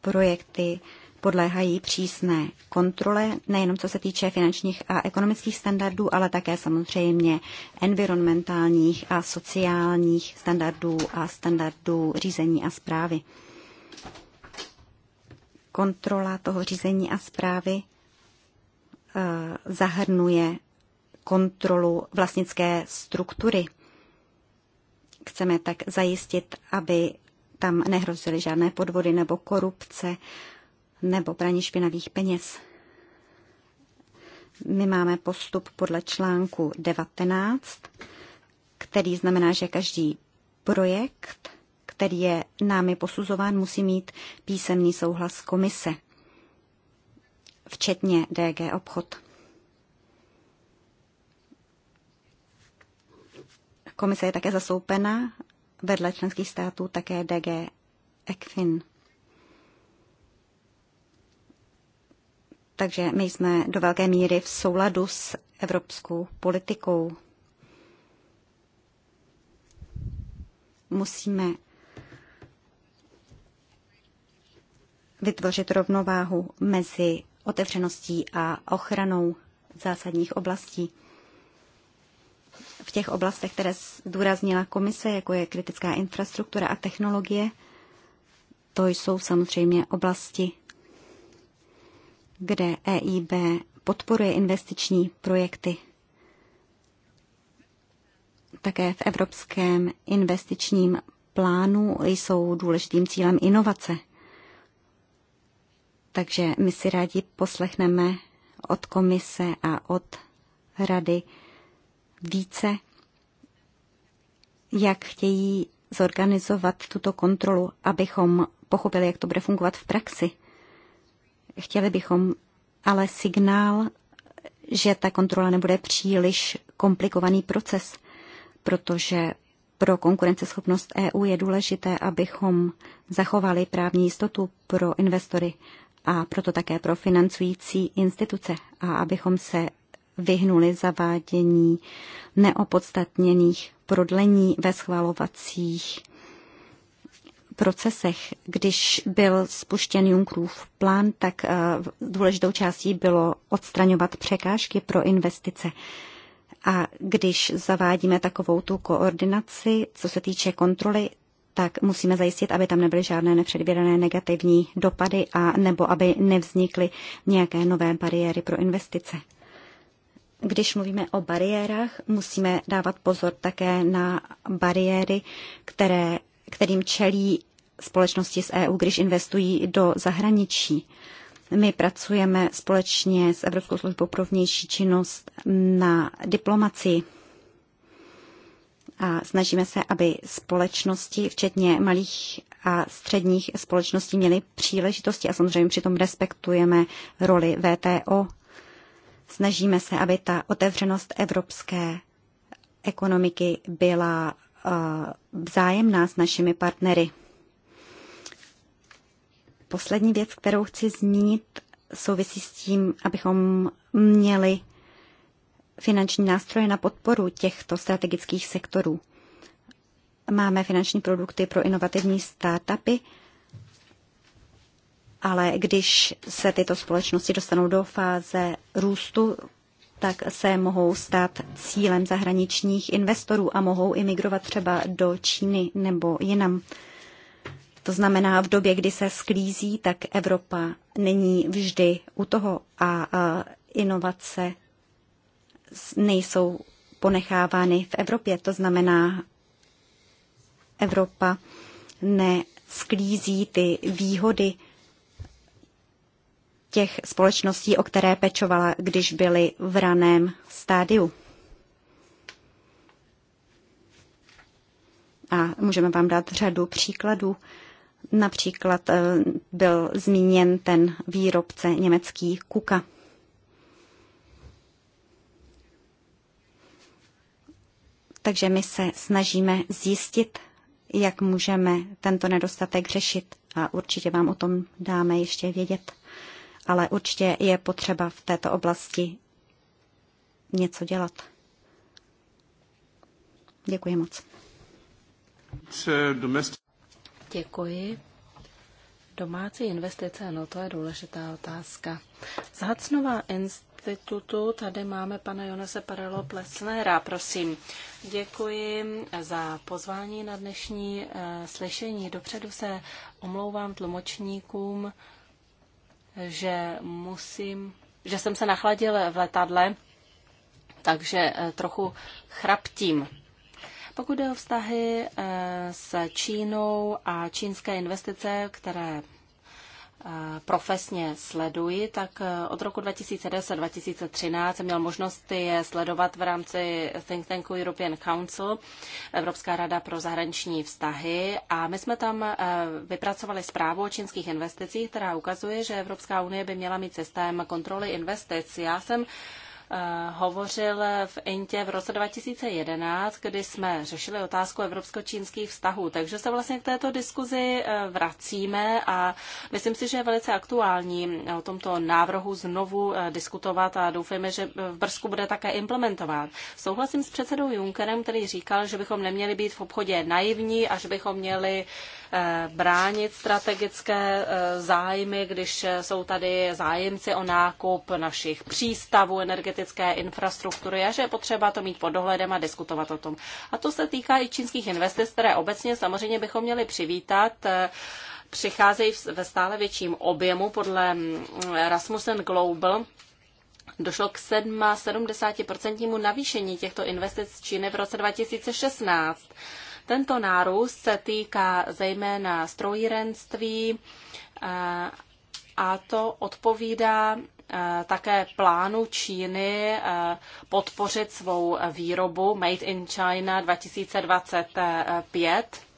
[SPEAKER 3] projekty podléhají přísné kontrole, nejenom co se týče finančních a ekonomických standardů, ale také samozřejmě environmentálních a sociálních standardů a standardů řízení a zprávy kontrola toho řízení a zprávy eh, zahrnuje kontrolu vlastnické struktury. Chceme tak zajistit, aby tam nehrozily žádné podvody nebo korupce nebo praní špinavých peněz. My máme postup podle článku 19, který znamená, že každý projekt který je námi posuzován, musí mít písemný souhlas komise, včetně DG obchod. Komise je také zastoupena vedle členských států také DG ECFIN. Takže my jsme do velké míry v souladu s evropskou politikou. Musíme vytvořit rovnováhu mezi otevřeností a ochranou zásadních oblastí. V těch oblastech, které zdůraznila komise, jako je kritická infrastruktura a technologie, to jsou samozřejmě oblasti, kde EIB podporuje investiční projekty. Také v Evropském investičním plánu jsou důležitým cílem inovace – takže my si rádi poslechneme od komise a od rady více, jak chtějí zorganizovat tuto kontrolu, abychom pochopili, jak to bude fungovat v praxi. Chtěli bychom ale signál, že ta kontrola nebude příliš komplikovaný proces, protože pro konkurenceschopnost EU je důležité, abychom zachovali právní jistotu pro investory a proto také pro financující instituce a abychom se vyhnuli zavádění neopodstatněných prodlení ve schvalovacích procesech. Když byl spuštěn Junckerův plán, tak eh, důležitou částí bylo odstraňovat překážky pro investice. A když zavádíme takovou tu koordinaci, co se týče kontroly, tak musíme zajistit, aby tam nebyly žádné nepředvídané negativní dopady a nebo aby nevznikly nějaké nové bariéry pro investice. Když mluvíme o bariérách, musíme dávat pozor také na bariéry, které, kterým čelí společnosti z EU, když investují do zahraničí. My pracujeme společně s Evropskou službou pro vnější činnost na diplomacii a snažíme se, aby společnosti, včetně malých a středních společností, měly příležitosti a samozřejmě přitom respektujeme roli VTO. Snažíme se, aby ta otevřenost evropské ekonomiky byla eh, vzájemná s našimi partnery. Poslední věc, kterou chci zmínit, souvisí s tím, abychom měli finanční nástroje na podporu těchto strategických sektorů. Máme finanční produkty pro inovativní startupy, ale když se tyto společnosti dostanou do fáze růstu, tak se mohou stát cílem zahraničních investorů a mohou imigrovat třeba do Číny nebo jinam. To znamená, v době, kdy se sklízí, tak Evropa není vždy u toho a inovace nejsou ponechávány v Evropě. To znamená, Evropa nesklízí ty výhody těch společností, o které pečovala, když byly v raném stádiu. A můžeme vám dát řadu příkladů. Například eh, byl zmíněn ten výrobce německý Kuka. Takže my se snažíme zjistit, jak můžeme tento nedostatek řešit a určitě vám o tom dáme ještě vědět. Ale určitě je potřeba v této oblasti něco
[SPEAKER 1] dělat. Děkuji moc. Děkuji. Domácí investice, no to je důležitá otázka. Zhacnová inst- institutu. Tady máme pana Jonese Parelo Plesnera, prosím. Děkuji za pozvání na dnešní eh, slyšení. Dopředu se omlouvám tlumočníkům, že musím, že jsem se nachladil v letadle, takže eh, trochu chraptím. Pokud jde o vztahy eh, s Čínou a čínské investice, které profesně sleduji, tak e, od roku 2010-2013 jsem měl možnost je sledovat v rámci Think Tanku European Council, Evropská rada pro zahraniční vztahy a my jsme tam e, vypracovali zprávu o čínských investicích, která ukazuje, že Evropská unie by měla mít systém kontroly investic. Já jsem Eh, hovořil v Intě v roce 2011, kdy jsme řešili otázku evropsko-čínských vztahů. Takže se vlastně k této diskuzi eh, vracíme a myslím si, že je velice aktuální eh, o tomto návrhu znovu diskutovat a doufejme, že v Brzku bude také implementován. Souhlasím s předsedou Junckerem, který říkal, že bychom neměli být v obchodě naivní a že bychom měli uh, Eh, bránit strategické eh, zájmy, když jsou tady zájemci o nákup našich přístavů, energetické infrastruktury a že je potřeba to mít pod dohledem a diskutovat o tom. A to se týká i čínských investic, které obecně samozřejmě bychom měli přivítat eh, přicházejí ve stále větším objemu podle mm, Rasmussen Global. Došlo k 70% navýšení těchto investic Číny v roce 2016. Tento nárůst se týká zejména strojírenství eh, a to odpovídá eh, také plánu Číny eh, podpořit svou výrobu Made in China 2025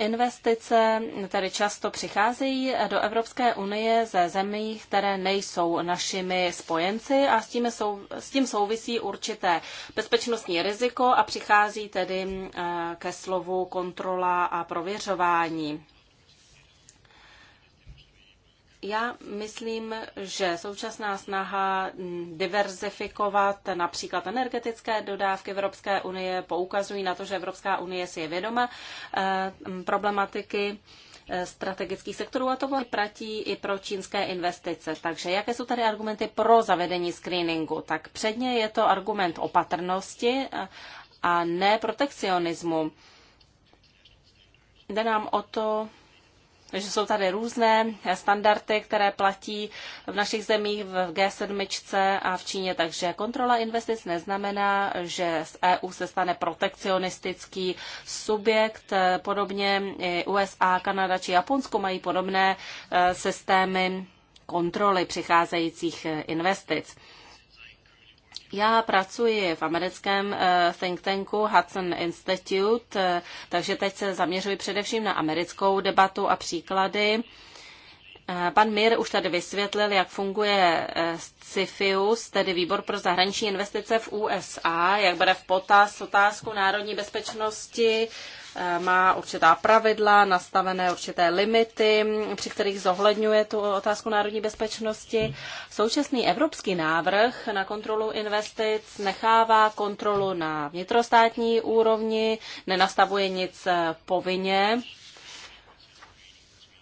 [SPEAKER 1] Investice tedy často přicházejí do Evropské unie ze zemí, které nejsou našimi spojenci a s tím, sou, s tím souvisí určité bezpečnostní riziko a přichází tedy eh, ke slovu kontrola a prověřování. Já myslím, že současná snaha diverzifikovat například energetické dodávky Evropské unie poukazují na to, že Evropská unie si je vědoma eh, problematiky eh, strategických sektorů a to platí i pro čínské investice. Takže jaké jsou tady argumenty pro zavedení screeningu? Tak předně je to argument opatrnosti a ne protekcionismu. Jde nám o to že jsou tady různé standardy, které platí v našich zemích v G7 a v Číně, takže kontrola investic neznamená, že z EU se stane protekcionistický subjekt. Podobně USA, Kanada či Japonsko mají podobné eh, systémy kontroly přicházejících eh, investic. Já pracuji v americkém eh, think tanku Hudson Institute, eh, takže teď se zaměřuji především na americkou debatu a příklady Eh, pan Mir už tady vysvětlil, jak funguje CIFIUS, eh, tedy Výbor pro zahraniční investice v USA, jak bere v potaz otázku národní bezpečnosti, eh, má určitá pravidla, nastavené určité limity, při kterých zohledňuje tu otázku národní bezpečnosti. Současný evropský návrh na kontrolu investic nechává kontrolu na vnitrostátní úrovni, nenastavuje nic povinně,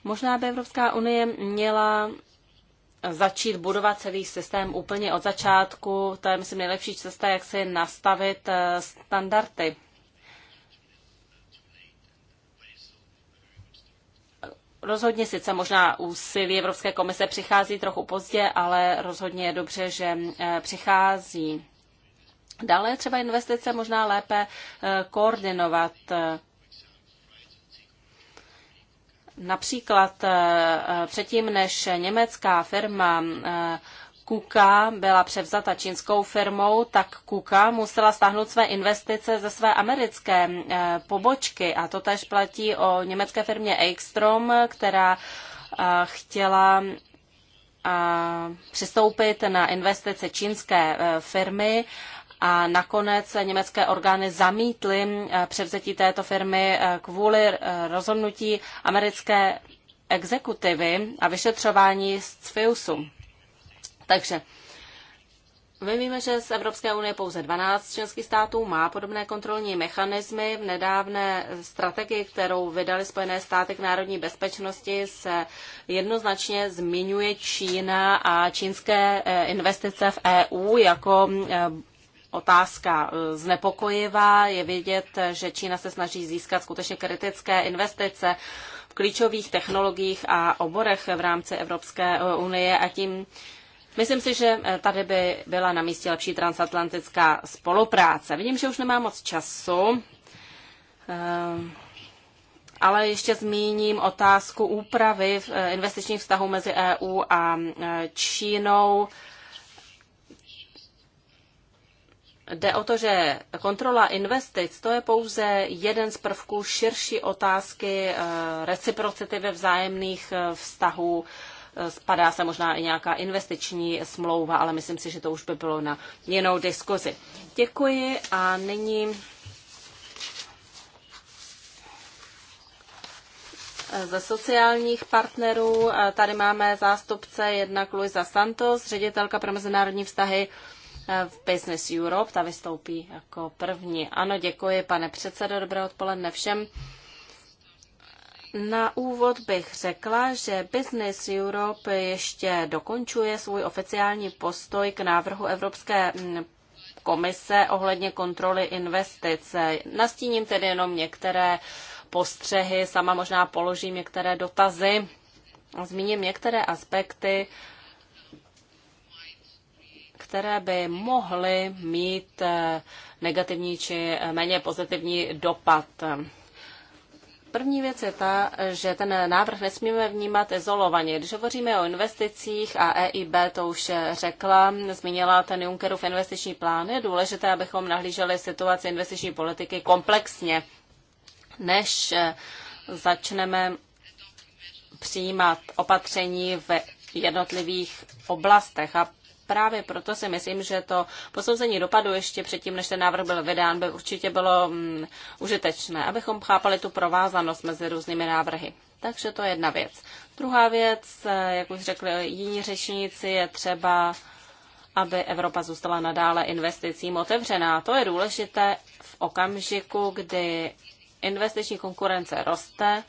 [SPEAKER 1] Možná by Evropská unie měla začít budovat celý systém úplně od začátku. To je, myslím, nejlepší cesta, jak si nastavit eh, standardy. Rozhodně sice možná úsilí Evropské komise přichází trochu pozdě, ale rozhodně je dobře, že eh, přichází. Dále třeba investice možná lépe eh, koordinovat Například eh, eh, předtím, než německá firma eh, Kuka byla převzata čínskou firmou, tak Kuka musela stáhnout své investice ze své americké pobočky a to tež platí o německé firmě Ekstrom, která chtěla přistoupit na investice čínské firmy a nakonec německé orgány zamítly eh, převzetí této firmy eh, kvůli eh, rozhodnutí americké exekutivy a vyšetřování z CFIUSu. Takže my víme, že z Evropské unie pouze 12 členských států má podobné kontrolní mechanismy. V nedávné strategii, kterou vydali Spojené státy k národní bezpečnosti, se jednoznačně zmiňuje Čína a čínské investice v EU jako otázka e, znepokojivá. Je vidět, že Čína se snaží získat skutečně kritické investice v klíčových technologiích a oborech v rámci Evropské e, unie a tím Myslím si, že e, tady by byla na místě lepší transatlantická spolupráce. Vidím, že už nemá moc času, ale ještě zmíním otázku úpravy investičních vztahů mezi EU a Čínou. jde o to, že kontrola investic to je pouze jeden z prvků širší otázky eh, reciprocity ve vzájemných eh, vztahů. Eh, spadá se možná i nějaká investiční smlouva, ale myslím si, že to už by bylo na jinou diskuzi. Děkuji a nyní ze sociálních partnerů. Tady máme zástupce jednak Luisa Santos, ředitelka pro mezinárodní vztahy v Business Europe. Ta vystoupí jako první. Ano, děkuji, pane předsedo, dobré odpoledne všem. Na úvod bych řekla, že Business Europe ještě dokončuje svůj oficiální postoj k návrhu Evropské mm, komise ohledně kontroly investice. Nastíním tedy jenom některé postřehy, sama možná položím některé dotazy, zmíním některé aspekty, které by mohly mít eh, negativní či eh, méně pozitivní dopad. První věc je ta, že ten návrh nesmíme vnímat izolovaně. Když hovoříme o investicích a EIB to už eh, řekla, zmínila ten Junckerův investiční plán, je důležité, abychom nahlíželi situaci investiční politiky komplexně, než začneme přijímat opatření v jednotlivých oblastech. A právě proto si myslím, že to posouzení dopadu ještě předtím, než ten návrh byl vydán, by určitě bylo mm, užitečné, abychom chápali tu provázanost mezi různými návrhy. Takže to je jedna věc. Druhá věc, eh, jak už řekli jiní řečníci, je třeba aby Evropa zůstala nadále investicím otevřená. To je důležité v okamžiku, kdy investiční konkurence roste.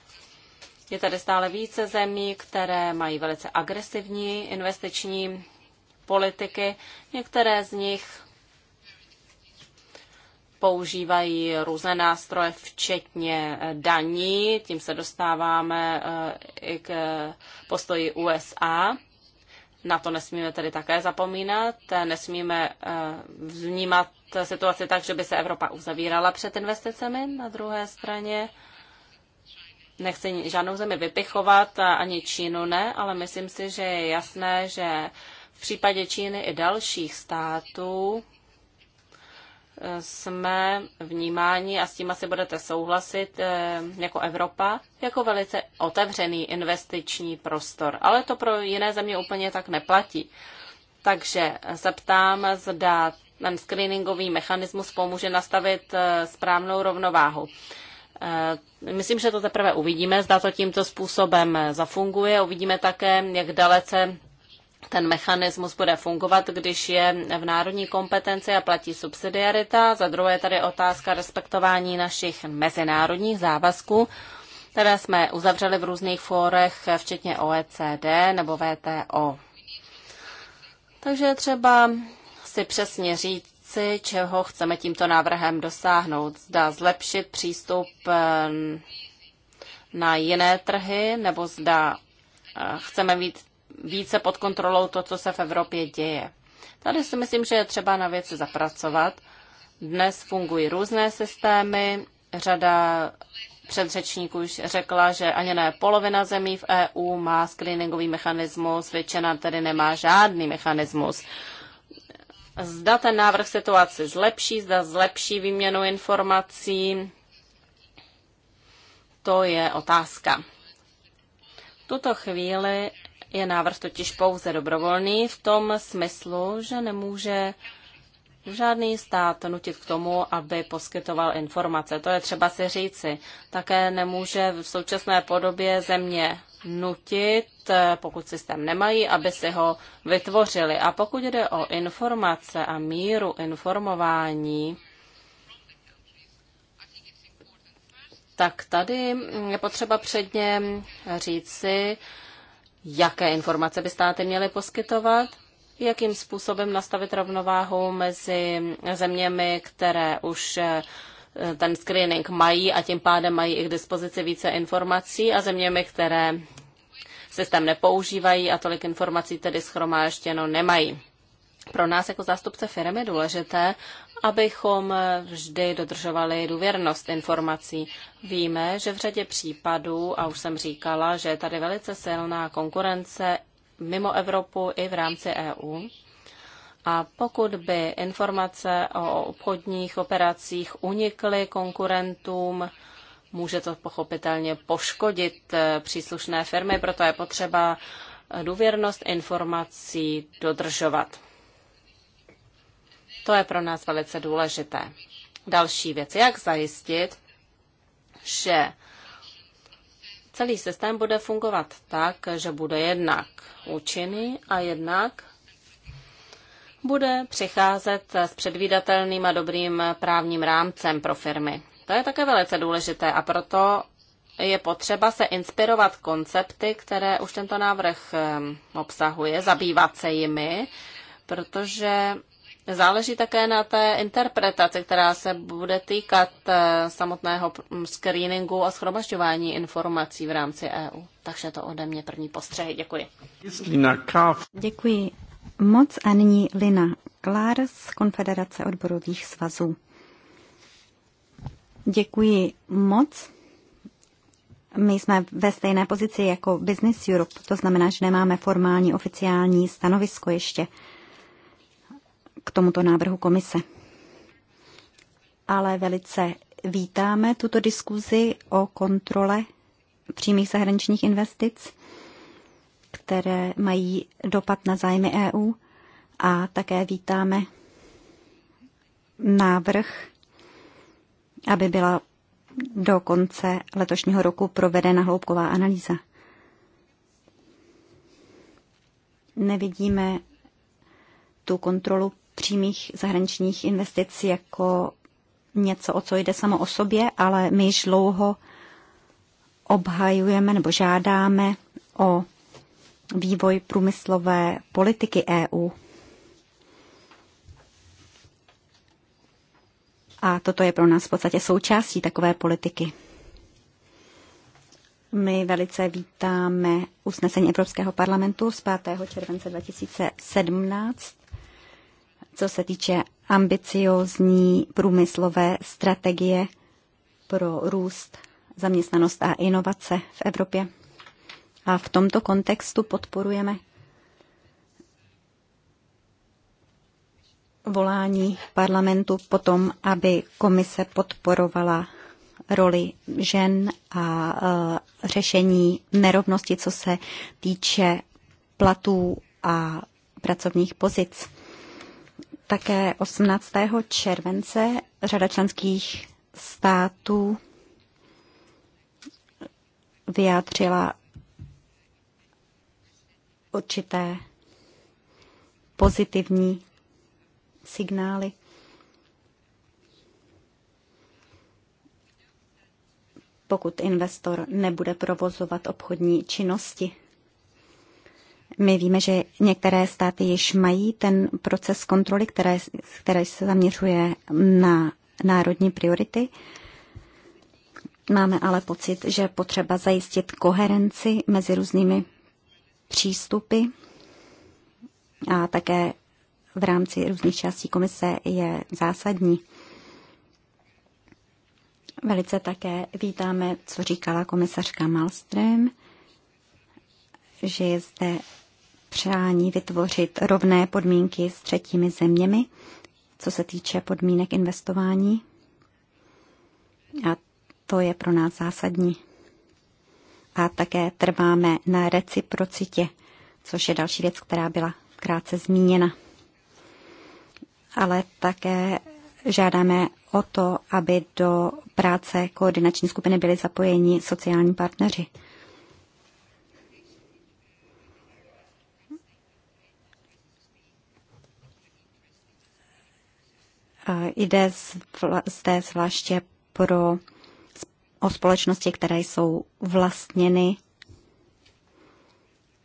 [SPEAKER 1] Je tady stále více zemí, které mají velice agresivní investiční politiky. Některé z nich používají různé nástroje, včetně eh, daní. Tím se dostáváme eh, i k eh, postoji USA. Na to nesmíme tedy také zapomínat. Nesmíme vnímat situaci tak, že by se Evropa uzavírala před investicemi. Na druhé straně nechci žádnou zemi vypichovat, ani Čínu ne, ale myslím si, že je jasné, že v případě Číny i dalších států eh, jsme vnímáni, a s tím asi budete souhlasit, eh, jako Evropa, jako velice otevřený investiční prostor. Ale to pro jiné země úplně tak neplatí. Takže se ptám, zda ten screeningový mechanismus pomůže nastavit eh, správnou rovnováhu. Myslím, že to teprve uvidíme, zda to tímto způsobem zafunguje. Uvidíme také, jak dalece ten mechanismus bude fungovat, když je v národní kompetenci a platí subsidiarita. Za druhé je tady otázka respektování našich mezinárodních závazků, které jsme uzavřeli v různých fórech, včetně OECD nebo VTO. Takže je třeba si přesně říci, čeho chceme tímto návrhem dosáhnout. Zda zlepšit přístup ehm, na jiné trhy, nebo zda eh, chceme mít více pod kontrolou to, co se v Evropě děje. Tady si myslím, že je třeba na věci zapracovat. Dnes fungují různé systémy, řada předřečníků už řekla, že ani ne polovina zemí v EU má screeningový mechanismus, většina tedy nemá žádný mechanismus. Zda ten návrh situaci zlepší, zda zlepší výměnu informací, to je otázka. V tuto chvíli je návrh totiž pouze dobrovolný v tom smyslu, že nemůže žádný stát nutit k tomu, aby poskytoval informace. To je třeba si říci. Také nemůže v současné podobě země nutit, pokud systém nemají, aby si ho vytvořili. A pokud jde o informace a míru informování, tak tady je potřeba předně říci, jaké informace by státy měly poskytovat, jakým způsobem nastavit rovnováhu mezi zeměmi, které už eh, ten screening mají a tím pádem mají i k dispozici více informací a zeměmi, které systém nepoužívají a tolik informací tedy schromážděno nemají. Pro nás jako zástupce firmy je důležité, abychom vždy dodržovali důvěrnost informací. Víme, že v řadě případů, a už jsem říkala, že je tady velice silná konkurence mimo Evropu i v rámci EU. A pokud by informace o obchodních operacích unikly konkurentům, může to pochopitelně poškodit eh, příslušné firmy, proto je potřeba důvěrnost informací dodržovat. To je pro nás velice důležité. Další věc, jak zajistit, že celý systém bude fungovat tak, že bude jednak účinný a jednak bude přicházet s předvídatelným a dobrým právním rámcem pro firmy. To je také velice důležité a proto je potřeba se inspirovat koncepty, které už tento návrh obsahuje, zabývat se jimi, protože Záleží také na té interpretaci, která se bude týkat eh, samotného screeningu a schromažďování informací v rámci EU. Takže to ode mě první postřehy. Děkuji. Děkuji
[SPEAKER 3] moc a nyní Lina Klár z Konfederace odborových svazů. Děkuji moc. My jsme ve stejné pozici jako Business Europe, to znamená, že nemáme formální oficiální stanovisko ještě k tomuto návrhu komise. Ale velice vítáme tuto diskuzi o kontrole přímých zahraničních investic, které mají dopad na zájmy EU a také vítáme návrh, aby byla do konce letošního roku provedena hloubková analýza. Nevidíme tu kontrolu přímých zahraničních investic jako něco, o co jde samo o sobě, ale my již dlouho obhajujeme nebo žádáme o vývoj průmyslové politiky EU. A toto je pro nás v podstatě součástí takové politiky. My velice vítáme usnesení Evropského parlamentu z 5. července 2017 co se týče ambiciozní průmyslové strategie pro růst, zaměstnanost a inovace v Evropě. A v tomto kontextu podporujeme volání parlamentu potom, aby komise podporovala roli žen a uh, řešení nerovnosti, co se týče platů a pracovních pozic. Také 18. července řada členských států vyjádřila určité pozitivní signály. pokud investor nebude provozovat obchodní činnosti. My víme, že některé státy již mají ten proces kontroly, které, které se zaměřuje na národní priority. Máme ale pocit, že potřeba zajistit koherenci mezi různými přístupy a také v rámci různých částí komise je zásadní. Velice také vítáme, co říkala komisařka Malström, že je zde přání vytvořit rovné podmínky s třetími zeměmi, co se týče podmínek investování. A to je pro nás zásadní. A také trváme na reciprocitě, což je další věc, která byla krátce zmíněna. Ale také žádáme o to, aby do práce koordinační skupiny byly zapojeni sociální partneři. Eh, jde zde zvláště pro, o společnosti, které jsou vlastněny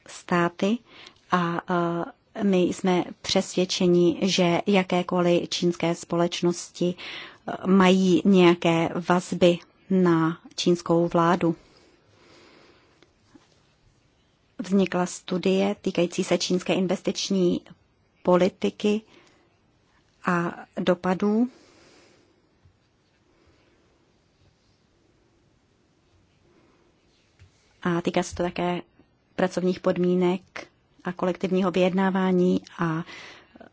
[SPEAKER 3] státy a eh, my jsme přesvědčeni, že jakékoliv čínské společnosti eh, mají nějaké vazby na čínskou vládu. Vznikla studie týkající se čínské investiční politiky a dopadů. A týká se to také pracovních podmínek a kolektivního vyjednávání a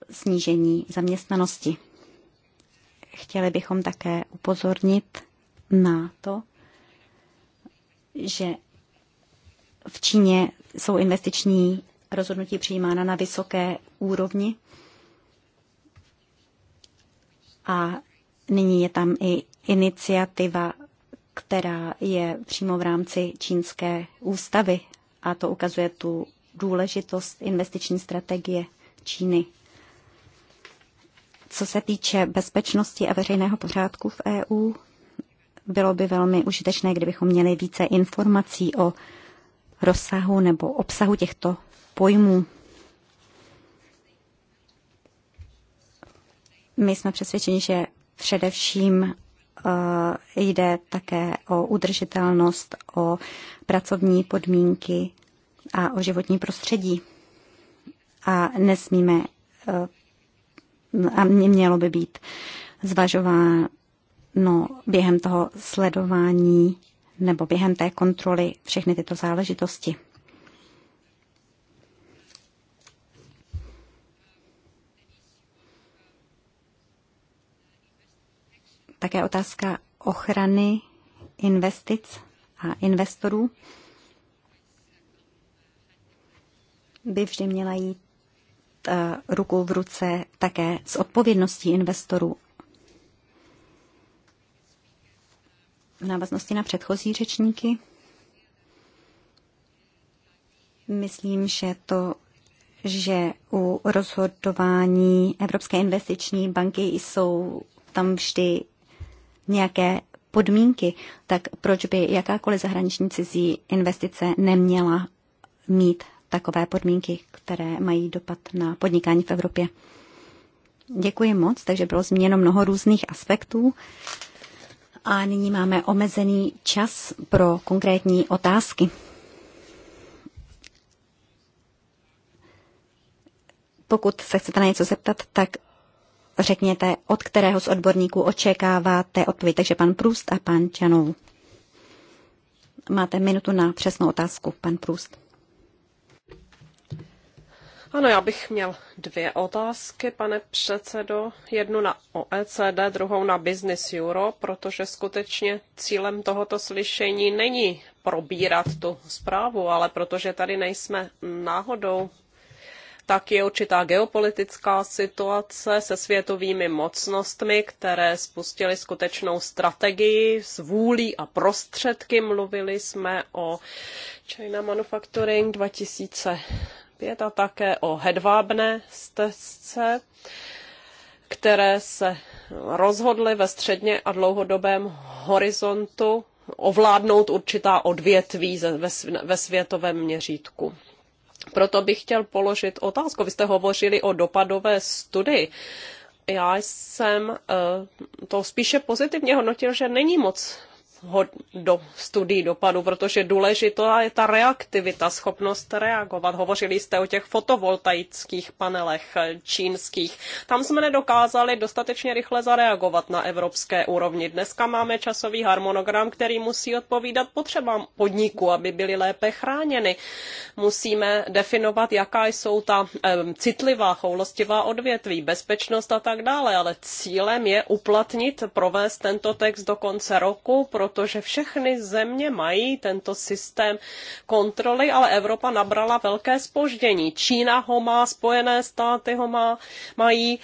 [SPEAKER 3] snížení zaměstnanosti. Chtěli bychom také upozornit na to, že v Číně jsou investiční rozhodnutí přijímána na vysoké úrovni a nyní je tam i iniciativa, která je přímo v rámci čínské ústavy a to ukazuje tu důležitost investiční strategie Číny. Co se týče bezpečnosti a veřejného pořádku v EU, bylo by velmi užitečné, kdybychom měli více informací o rozsahu nebo obsahu těchto pojmů. My jsme přesvědčeni, že především eh, jde také o udržitelnost, o pracovní podmínky a o životní prostředí. A nesmíme eh, a mělo by být zvažováno během toho sledování nebo během té kontroly všechny tyto záležitosti. Také otázka ochrany investic a investorů by vždy měla jít e, ruku v ruce také s odpovědností investorů. V návaznosti na předchozí řečníky myslím, že to, že u rozhodování Evropské investiční banky jsou tam vždy nějaké podmínky, tak proč by jakákoliv zahraniční cizí investice neměla mít takové podmínky, které mají dopad na podnikání v Evropě? Děkuji moc, takže bylo změněno mnoho různých aspektů. A nyní máme omezený čas pro konkrétní otázky. Pokud se chcete na něco zeptat, tak řekněte, od kterého z odborníků očekáváte odpověď. Takže pan Průst a pan Čanou. Máte minutu na přesnou otázku, pan Průst.
[SPEAKER 2] Ano, já bych měl dvě otázky, pane předsedo. Jednu na OECD, druhou na Business Euro, protože skutečně cílem tohoto slyšení není probírat tu zprávu, ale protože tady nejsme náhodou, tak je určitá geopolitická situace se světovými mocnostmi, které spustily skutečnou strategii s vůlí a prostředky. Mluvili jsme o China Manufacturing 2005 a také o hedvábné stezce které se rozhodly ve středně a dlouhodobém horizontu ovládnout určitá odvětví ve světovém měřítku. Proto bych chtěl položit otázku. Vy jste hovořili o dopadové studii. Já jsem eh, to spíše pozitivně hodnotil, že není moc do studií dopadu, protože důležitá je ta reaktivita, schopnost reagovat. Hovořili jste o těch fotovoltaických panelech čínských. Tam jsme nedokázali dostatečně rychle zareagovat na evropské úrovni. Dneska máme časový harmonogram, který musí odpovídat potřebám podniku, aby byly lépe chráněny. Musíme definovat, jaká jsou ta um, citlivá, choulostivá odvětví, bezpečnost a tak dále, ale cílem je uplatnit, provést tento text do konce roku, pro protože všechny země mají tento systém kontroly, ale Evropa nabrala velké spoždění. Čína ho má, Spojené státy ho má, mají. Uh,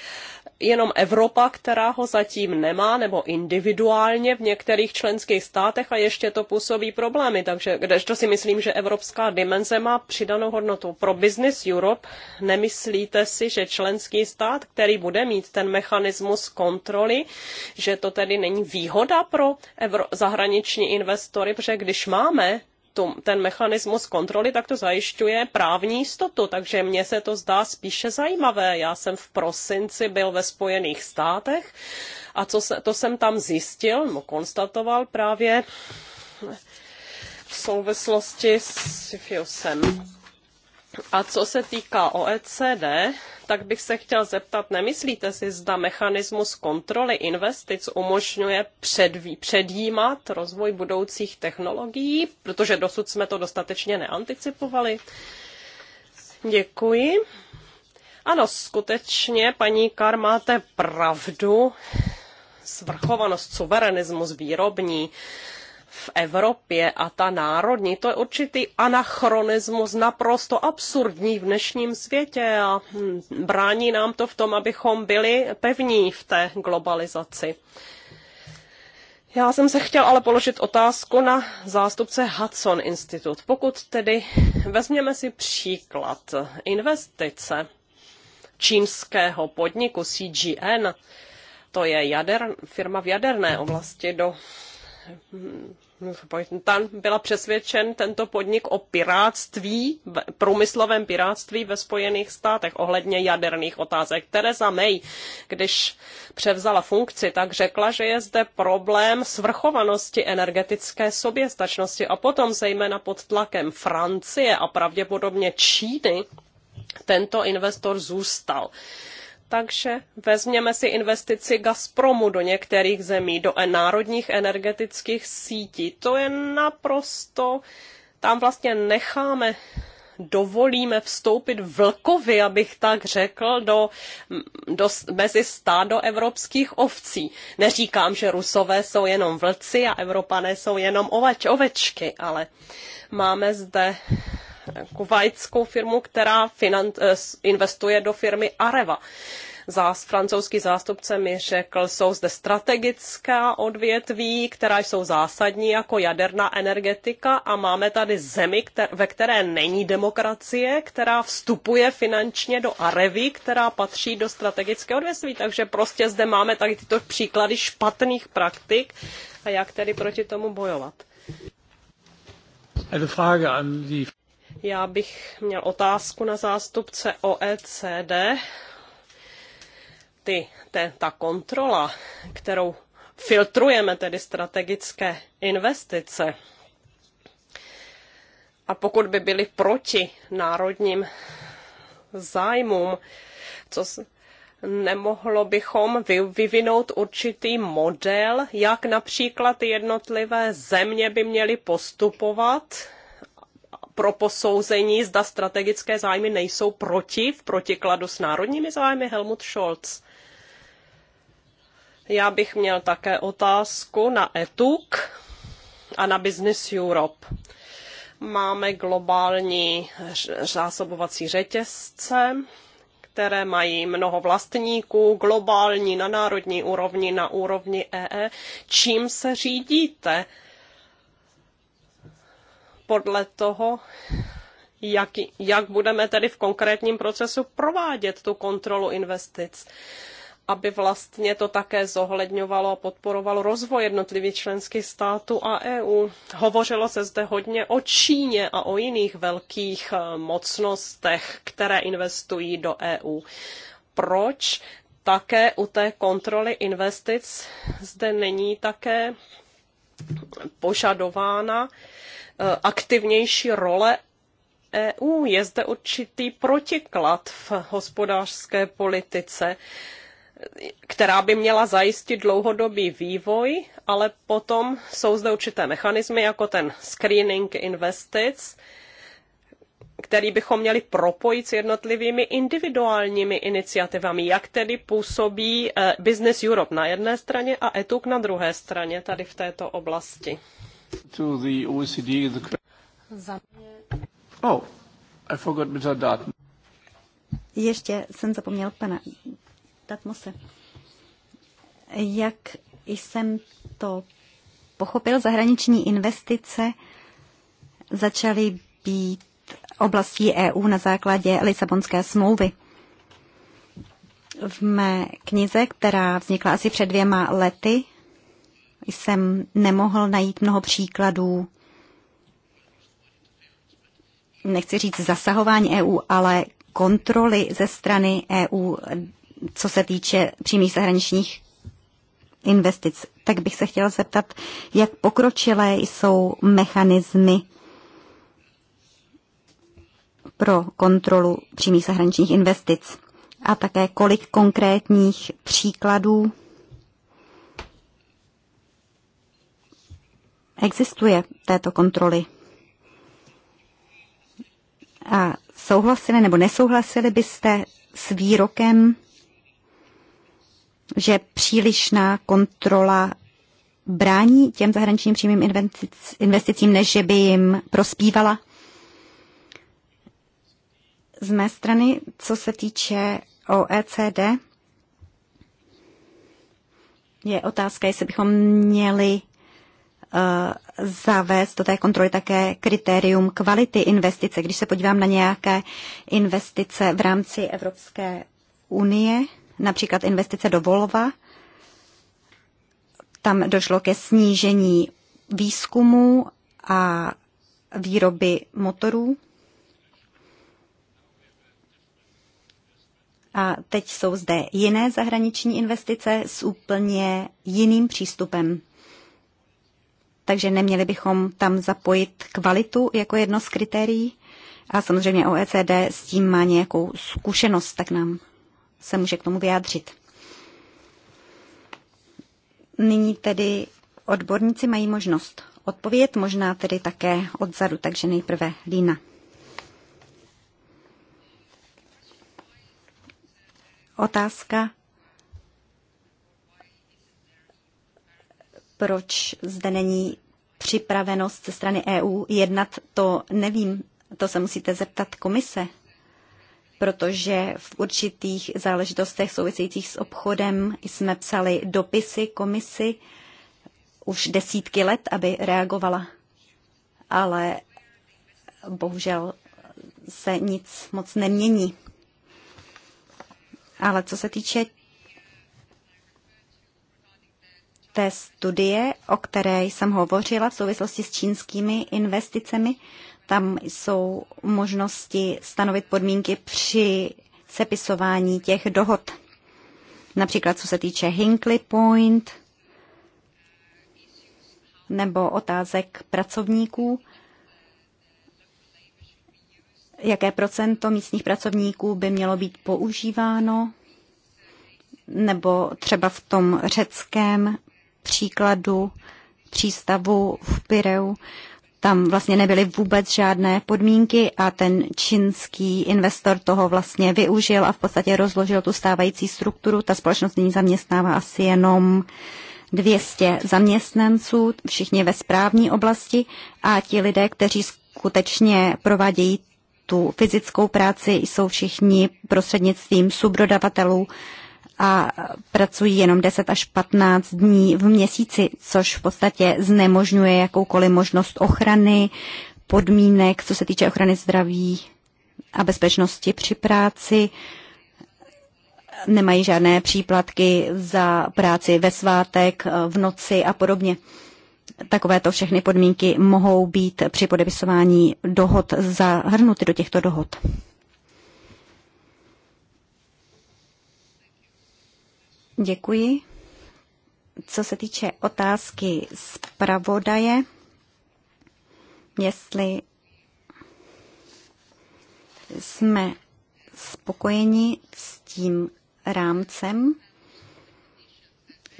[SPEAKER 2] jenom Evropa, která ho zatím nemá, nebo individuálně v některých členských státech a ještě to působí problémy. Takže kdežto si myslím, že evropská dimenze má přidanou hodnotu. Pro Business Europe nemyslíte si, že členský stát, který bude mít ten mechanismus kontroly, že to tedy není výhoda pro zahraniční investory, protože když máme tu, ten mechanismus kontroly, tak to zajišťuje právní jistotu, takže mně se to zdá spíše zajímavé. Já jsem v prosinci byl ve Spojených státech a co se, to jsem tam zjistil, no, konstatoval právě v souvislosti s Fiosem a co se týká OECD, tak bych se chtěl zeptat, nemyslíte si, zda mechanismus kontroly investic umožňuje předví, předjímat rozvoj budoucích technologií, protože dosud jsme to dostatečně neanticipovali? Děkuji. Ano, skutečně, paní Kar, máte pravdu. Svrchovanost, suverenismus výrobní v Evropě a ta národní, to je určitý anachronismus naprosto absurdní v dnešním světě a hm, brání nám to v tom, abychom byli pevní v té globalizaci. Já jsem se chtěl ale položit otázku na zástupce Hudson Institute. Pokud tedy vezměme si příklad investice čínského podniku CGN, to je jader, firma v jaderné oblasti do tam byla přesvědčen tento podnik o piráctví, průmyslovém piráctví ve Spojených státech ohledně jaderných otázek. Teresa May, když převzala funkci, tak řekla, že je zde problém svrchovanosti energetické soběstačnosti a potom zejména pod tlakem Francie a pravděpodobně Číny tento investor zůstal. Takže vezměme si investici Gazpromu do některých zemí, do e- národních energetických sítí. To je naprosto, tam vlastně necháme dovolíme vstoupit vlkovi, abych tak řekl, do, do, mezi stádo evropských ovcí. Neříkám, že rusové jsou jenom vlci a evropané jsou jenom ovač, ovečky, ale máme zde kuvajskou firmu, která eh, investuje do firmy Areva. Zás, francouzský zástupce mi řekl, jsou zde strategická odvětví, která jsou zásadní jako jaderná energetika a máme tady zemi, kter- ve které není demokracie, která vstupuje finančně do Arevy, která patří do strategického odvětví. Takže prostě zde máme tady tyto příklady špatných praktik a jak tedy proti tomu bojovat. Eine Frage an die já bych měl otázku na zástupce OECD. Ty, te, ta kontrola, kterou filtrujeme tedy strategické investice, a pokud by byly proti národním zájmům, co nemohlo bychom vyvinout určitý model, jak například jednotlivé země by měly postupovat pro posouzení, zda strategické zájmy nejsou proti, v protikladu s národními zájmy Helmut Scholz. Já bych měl také otázku na ETUK a na Business Europe. Máme globální zásobovací řetězce, které mají mnoho vlastníků, globální, na národní úrovni, na úrovni EE. E. Čím se řídíte? podle toho, jak, jak budeme tedy v konkrétním procesu provádět tu kontrolu investic, aby vlastně to také zohledňovalo a podporovalo rozvoj jednotlivých členských států a EU. Hovořilo se zde hodně o Číně a o jiných velkých eh, mocnostech, které investují do EU. Proč také u té kontroly investic zde není také požadována Eh, aktivnější role EU. Je zde určitý protiklad v hospodářské politice, která by měla zajistit dlouhodobý vývoj, ale potom jsou zde určité mechanismy, jako ten screening investic, který bychom měli propojit s jednotlivými individuálními iniciativami, jak tedy působí eh, Business Europe na jedné straně a ETUK na druhé straně tady v této oblasti.
[SPEAKER 1] To the OECD, the... Oh, I forgot Mr.
[SPEAKER 2] Ještě jsem zapomněl pana
[SPEAKER 3] Datmose. Jak jsem to pochopil, zahraniční investice začaly být oblastí EU na základě Lisabonské smlouvy. V mé knize, která vznikla asi před dvěma lety, jsem nemohl najít mnoho příkladů, nechci říct zasahování EU, ale kontroly ze strany EU, co se týče přímých zahraničních investic. Tak bych se chtěla zeptat, jak pokročilé jsou mechanismy pro kontrolu přímých zahraničních investic a také kolik konkrétních příkladů existuje této kontroly. A souhlasili nebo nesouhlasili byste s výrokem, že přílišná kontrola brání těm zahraničním přímým investicím, než že by jim prospívala? Z mé strany, co se týče OECD, je otázka, jestli bychom měli Eh, zavést do té kontroly také kritérium kvality investice. Když se podívám na nějaké investice v rámci Evropské unie, například investice do Volva, tam došlo ke snížení výzkumu a výroby motorů. A teď jsou zde jiné zahraniční investice s úplně jiným přístupem takže neměli bychom tam zapojit kvalitu jako jedno z kritérií. A samozřejmě OECD s tím má nějakou zkušenost, tak nám se může k tomu vyjádřit. Nyní tedy odborníci mají možnost odpovědět, možná tedy také odzadu, takže nejprve Lína. Otázka proč zde není připravenost ze strany EU jednat, to nevím. To se musíte zeptat komise, protože v určitých záležitostech souvisejících s obchodem jsme psali dopisy komisi už desítky let, aby reagovala. Ale bohužel se nic moc nemění. Ale co se týče té studie, o které jsem hovořila v souvislosti s čínskými investicemi. Tam jsou možnosti stanovit podmínky při sepisování těch dohod. Například co se týče Hinkley Point nebo otázek pracovníků, jaké procento místních pracovníků by mělo být používáno, nebo třeba v tom řeckém příkladu přístavu v Pireu, tam vlastně nebyly vůbec žádné podmínky a ten čínský investor toho vlastně využil a v podstatě rozložil tu stávající strukturu. Ta společnost nyní zaměstnává asi jenom 200 zaměstnanců, všichni ve správní oblasti a ti lidé, kteří skutečně provádějí tu fyzickou práci, jsou všichni prostřednictvím subrodavatelů a pracují jenom 10 až 15 dní v měsíci, což v podstatě znemožňuje jakoukoliv možnost ochrany, podmínek, co se týče ochrany zdraví a bezpečnosti při práci. Nemají žádné příplatky za práci ve svátek, v noci a podobně. Takovéto všechny podmínky mohou být při podepisování dohod zahrnuty do těchto dohod. Děkuji. Co se týče otázky zpravodaje, jestli jsme spokojeni s tím rámcem.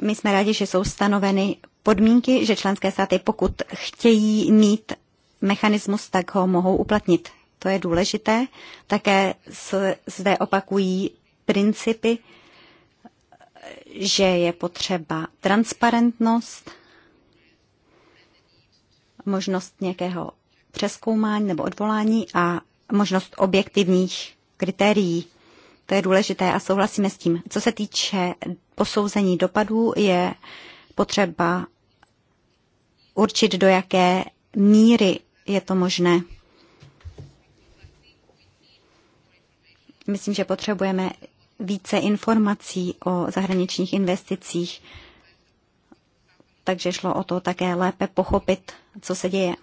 [SPEAKER 3] My jsme rádi, že jsou stanoveny podmínky, že členské státy, pokud chtějí mít mechanismus, tak ho mohou uplatnit. To je důležité. Také zde opakují principy že je potřeba transparentnost, možnost nějakého přeskoumání nebo odvolání a možnost objektivních kritérií. To je důležité a souhlasíme s tím. Co se týče posouzení dopadů, je potřeba určit, do jaké míry je to možné. Myslím, že potřebujeme více informací o zahraničních investicích, takže šlo o to také lépe pochopit, co se děje.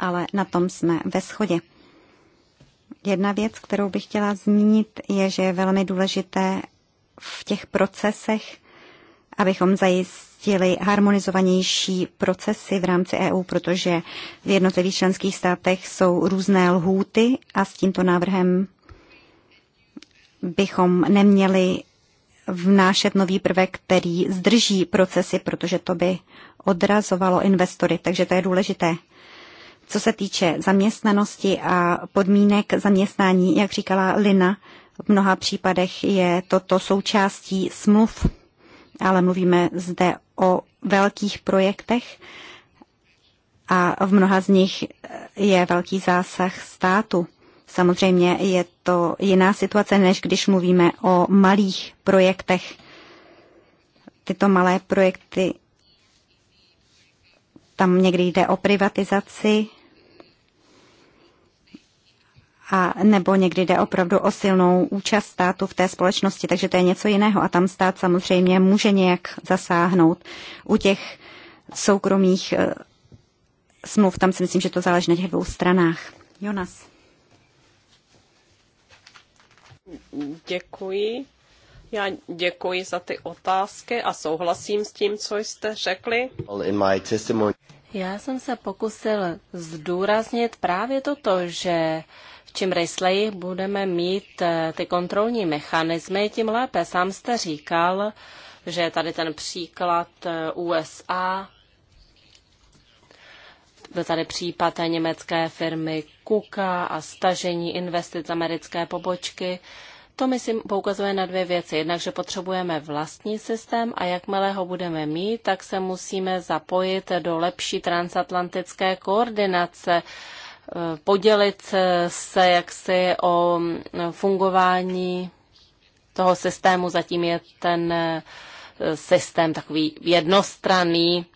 [SPEAKER 3] Ale na tom jsme ve shodě. Jedna věc, kterou bych chtěla zmínit, je, že je velmi důležité v těch procesech, abychom zajistili harmonizovanější procesy v rámci EU, protože v jednotlivých členských státech jsou různé lhůty a s tímto návrhem bychom neměli vnášet nový prvek, který zdrží procesy, protože to by odrazovalo investory, takže to je důležité. Co se týče zaměstnanosti a podmínek zaměstnání, jak říkala Lina, v mnoha případech je toto součástí smluv, ale mluvíme zde o velkých projektech a v mnoha z nich je velký zásah státu. Samozřejmě je to jiná situace, než když mluvíme o malých projektech. Tyto malé projekty, tam někdy jde o privatizaci, a nebo někdy jde opravdu o silnou účast státu v té společnosti, takže to je něco jiného a tam stát samozřejmě může nějak zasáhnout. U těch soukromých eh, smluv tam si myslím, že to záleží na těch dvou stranách.
[SPEAKER 2] Jonas. Děkuji. Já děkuji za ty otázky a souhlasím s tím, co jste řekli.
[SPEAKER 1] Já jsem se pokusil zdůraznit právě toto, že čím rychleji budeme mít eh, ty kontrolní mechanismy, tím lépe. Sám jste říkal, že tady ten příklad eh, USA byl tady případ německé firmy Kuka a stažení investic americké pobočky. To, myslím, poukazuje na dvě věci. Jednak, že potřebujeme vlastní systém a jakmile ho budeme mít, tak se musíme zapojit do lepší transatlantické koordinace, eh, podělit se jaksi o mm, fungování toho systému. Zatím je ten eh, systém takový jednostranný,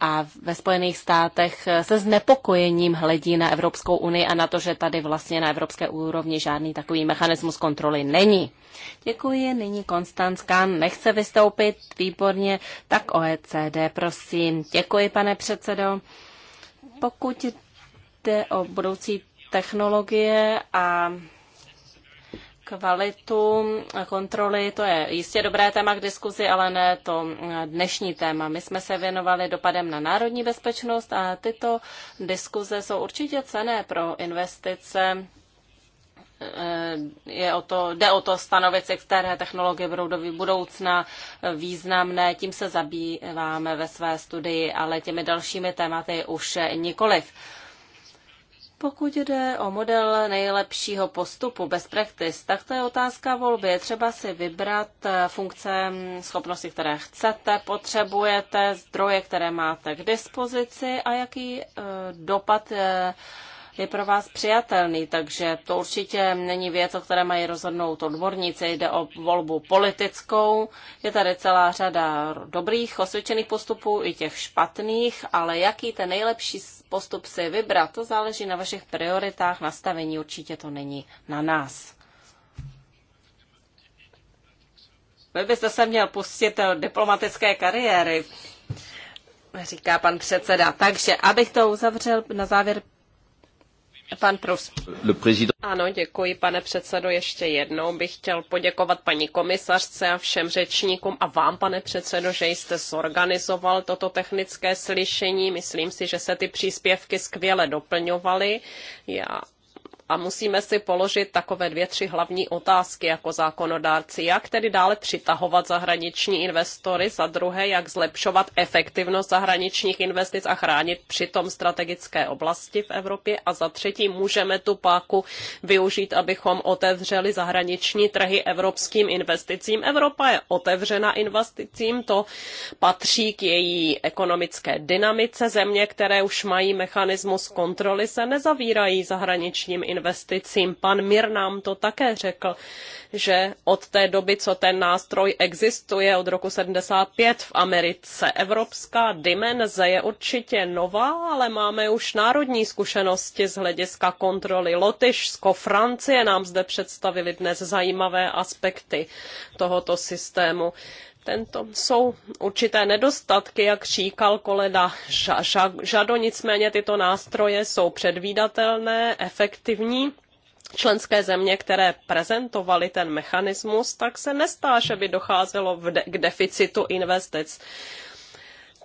[SPEAKER 1] a ve Spojených státech se znepokojením hledí na Evropskou unii a na to, že tady vlastně na evropské úrovni žádný takový mechanismus kontroly není. Děkuji, nyní Konstantská nechce vystoupit, výborně, tak OECD, prosím. Děkuji, pane předsedo. Pokud jde o budoucí technologie a kvalitu kontroly, to je jistě dobré téma k diskuzi, ale ne to dnešní téma. My jsme se věnovali dopadem na národní bezpečnost a tyto diskuze jsou určitě cené pro investice. Eh, je o to, jde o to stanovit si, které technologie budou do budoucna významné. Tím se zabýváme ve své studii, ale těmi dalšími tématy už nikoliv. Pokud jde o model nejlepšího postupu bez practice, tak to je otázka volby. Je třeba si vybrat eh, funkce, mm, schopnosti, které chcete, potřebujete, zdroje, které máte k dispozici a jaký eh, dopad eh, je pro vás přijatelný, takže to určitě není věc, o které mají rozhodnout odborníci, jde o volbu politickou. Je tady celá řada dobrých, osvědčených postupů i těch špatných, ale jaký ten nejlepší postup si vybrat. To záleží na vašich prioritách, nastavení určitě to není na nás. Vy byste se měl pustit eh, diplomatické kariéry,
[SPEAKER 2] říká pan předseda. Takže abych to uzavřel na závěr Pan Prus. Ano, děkuji, pane předsedo. Ještě jednou bych chtěl poděkovat paní komisařce a všem řečníkům a vám, pane předsedo, že jste zorganizoval toto technické slyšení. Myslím si, že se ty příspěvky skvěle doplňovaly. Já a musíme si položit takové dvě, tři hlavní otázky jako zákonodárci. Jak tedy dále přitahovat zahraniční investory? Za druhé, jak zlepšovat efektivnost zahraničních investic a chránit přitom strategické oblasti v Evropě? A za třetí, můžeme tu páku využít, abychom otevřeli zahraniční trhy evropským investicím. Evropa je otevřena investicím, to patří k její ekonomické dynamice. Země, které už mají mechanismus kontroly, se nezavírají zahraničním investicím investicím. Pan Mir nám to také řekl, že od té doby, co ten nástroj existuje od roku 75 v Americe, evropská dimenze je určitě nová, ale máme už národní zkušenosti z hlediska kontroly. Lotyšsko, Francie nám zde představili dnes zajímavé aspekty tohoto systému tento jsou určité nedostatky, jak říkal koleda Žado, nicméně tyto nástroje jsou předvídatelné, efektivní členské země, které prezentovaly ten mechanismus, tak se nestá, že by docházelo de- k deficitu investic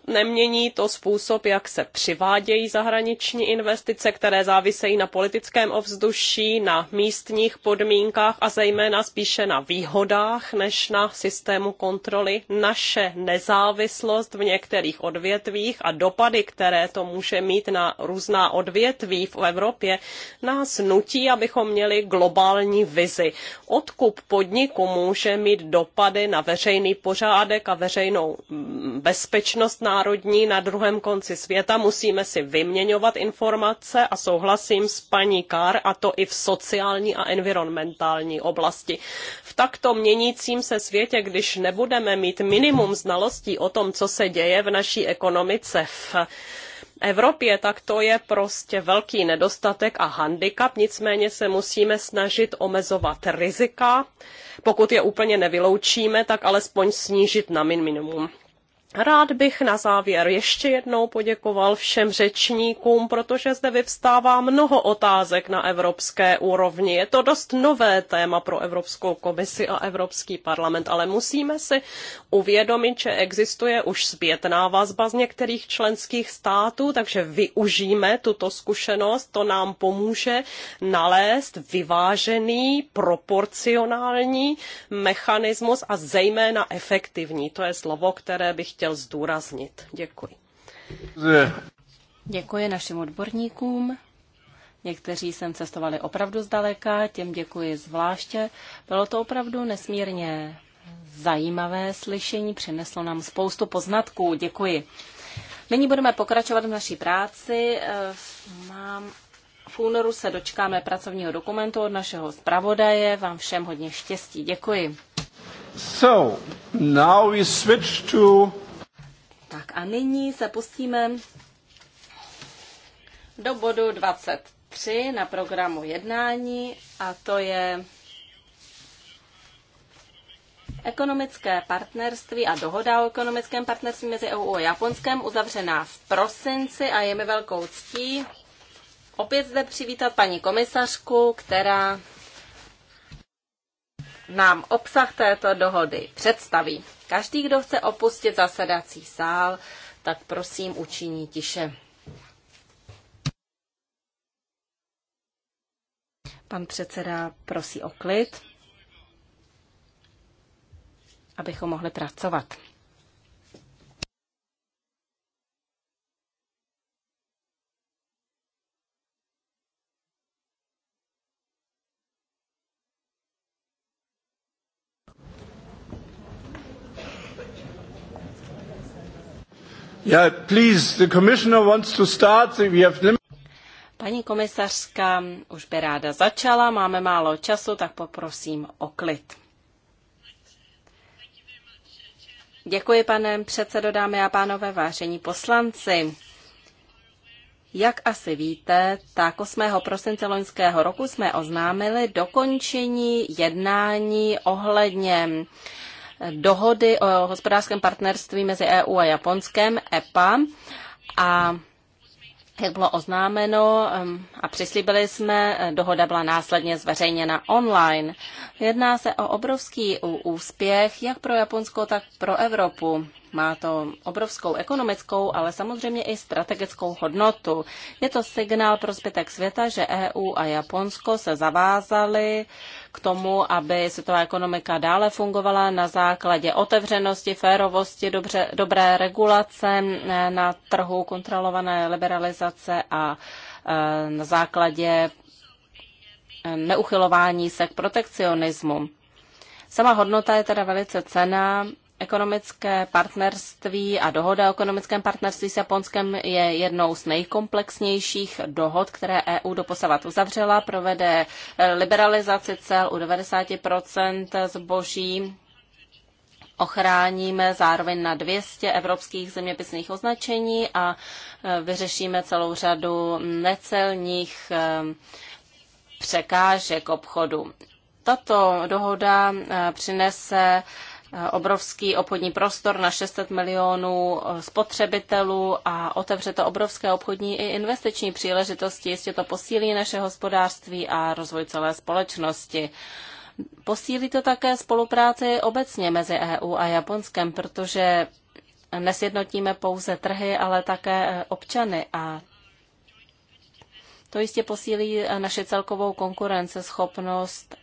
[SPEAKER 2] nemění to způsob, jak se přivádějí zahraniční investice, které závisejí na politickém ovzduší, na místních podmínkách a zejména spíše na výhodách než na systému kontroly. Naše nezávislost v některých odvětvích a dopady, které to může mít na různá odvětví v Evropě, nás nutí, abychom měli globální vizi. Odkup podniku může mít dopady na veřejný pořádek a veřejnou mm, bezpečnost na národní na druhém konci světa, musíme si vyměňovat informace a souhlasím s paní Kár, a to i v sociální a environmentální oblasti. V takto měnícím se světě, když nebudeme mít minimum znalostí o tom, co se děje v naší ekonomice v Evropě, tak to je prostě velký nedostatek a handicap, nicméně se musíme snažit omezovat rizika. Pokud je úplně nevyloučíme, tak alespoň snížit na minimum. Rád bych na závěr ještě jednou poděkoval všem řečníkům, protože zde vyvstává mnoho otázek na evropské úrovni. Je to dost nové téma pro Evropskou komisi a Evropský parlament, ale musíme si uvědomit, že existuje už zpětná vazba z některých členských států, takže využijme tuto zkušenost, to nám pomůže nalézt vyvážený, proporcionální mechanismus a zejména efektivní. To je slovo, které bych chtěl zdůraznit. Děkuji.
[SPEAKER 1] Děkuji našim odborníkům. Někteří sem cestovali opravdu zdaleka, těm děkuji zvláště. Bylo to opravdu nesmírně zajímavé slyšení, přineslo nám spoustu poznatků. Děkuji. Nyní budeme pokračovat v naší práci. Eh, mám v únoru se dočkáme pracovního dokumentu od našeho zpravodaje. Vám všem hodně štěstí. Děkuji. So, now we switch to tak a nyní se pustíme do bodu 23 na programu jednání a to je Ekonomické partnerství a dohoda o ekonomickém partnerství mezi EU a Japonskem uzavřená v prosinci a je mi velkou ctí opět zde přivítat paní komisařku, která nám obsah této dohody představí. Každý, kdo chce opustit zasedací sál, tak prosím učiní tiše. Pan předseda prosí o klid, abychom mohli pracovat. Yeah, please, the commissioner wants to start. We have Paní komisařka už by ráda začala, máme málo času, tak poprosím o klid. Děkuji, pane předsedo, dámy a pánové, vážení poslanci. Jak asi víte, tak 8. prosince loňského roku jsme oznámili dokončení jednání ohledně dohody o hospodářském partnerství mezi EU a Japonskem, EPA. A jak bylo oznámeno a přislíbili jsme, eh, dohoda byla následně zveřejněna online. Jedná se o obrovský úspěch jak pro Japonsko, tak pro Evropu. Má to obrovskou ekonomickou, ale samozřejmě i strategickou hodnotu. Je to signál pro zbytek světa, že EU a Japonsko se zavázaly k tomu, aby světová ekonomika dále fungovala na základě otevřenosti, férovosti, dobře, dobré regulace eh, na trhu, kontrolované liberalizace a eh, na základě eh, neuchylování se k protekcionismu. Sama hodnota je teda velice cená Ekonomické partnerství a dohoda o ekonomickém partnerství s Japonskem je jednou z nejkomplexnějších dohod, které EU doposavat uzavřela. Provede eh, liberalizaci cel u 90 zboží ochráníme zároveň na 200 evropských zeměpisných označení a eh, vyřešíme celou řadu necelních eh, překážek obchodu. Tato dohoda přinese obrovský obchodní prostor na 600 milionů eh, spotřebitelů a otevře to obrovské obchodní i investiční příležitosti. Jistě to posílí naše hospodářství a rozvoj celé společnosti. Posílí to také spolupráci obecně mezi EU a Japonskem, protože nesjednotíme pouze trhy, ale také eh, občany a to jistě posílí eh, naše celkovou konkurenceschopnost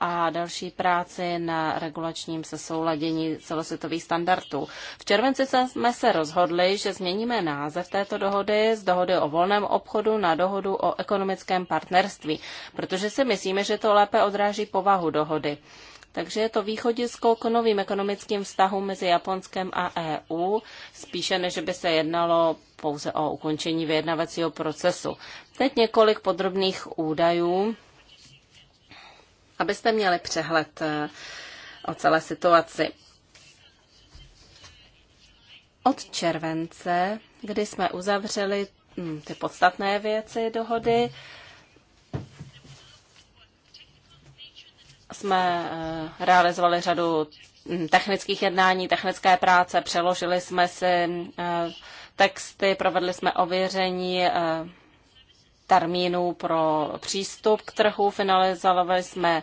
[SPEAKER 1] a další práci na regulačním sesouladění celosvětových standardů. V červenci jsme se rozhodli, že změníme název této dohody z dohody o volném obchodu na dohodu o ekonomickém partnerství, protože si myslíme, že to lépe odráží povahu dohody. Takže je to východisko k novým ekonomickým vztahům mezi Japonskem a EU, spíše než by se jednalo pouze o ukončení vyjednavacího procesu. Teď několik podrobných údajů abyste měli přehled eh, o celé situaci. Od července, kdy jsme uzavřeli hm, ty podstatné věci dohody, jsme eh, realizovali řadu hm, technických jednání, technické práce, přeložili jsme si eh, texty, provedli jsme ověření termínů pro přístup k trhu. Finalizovali jsme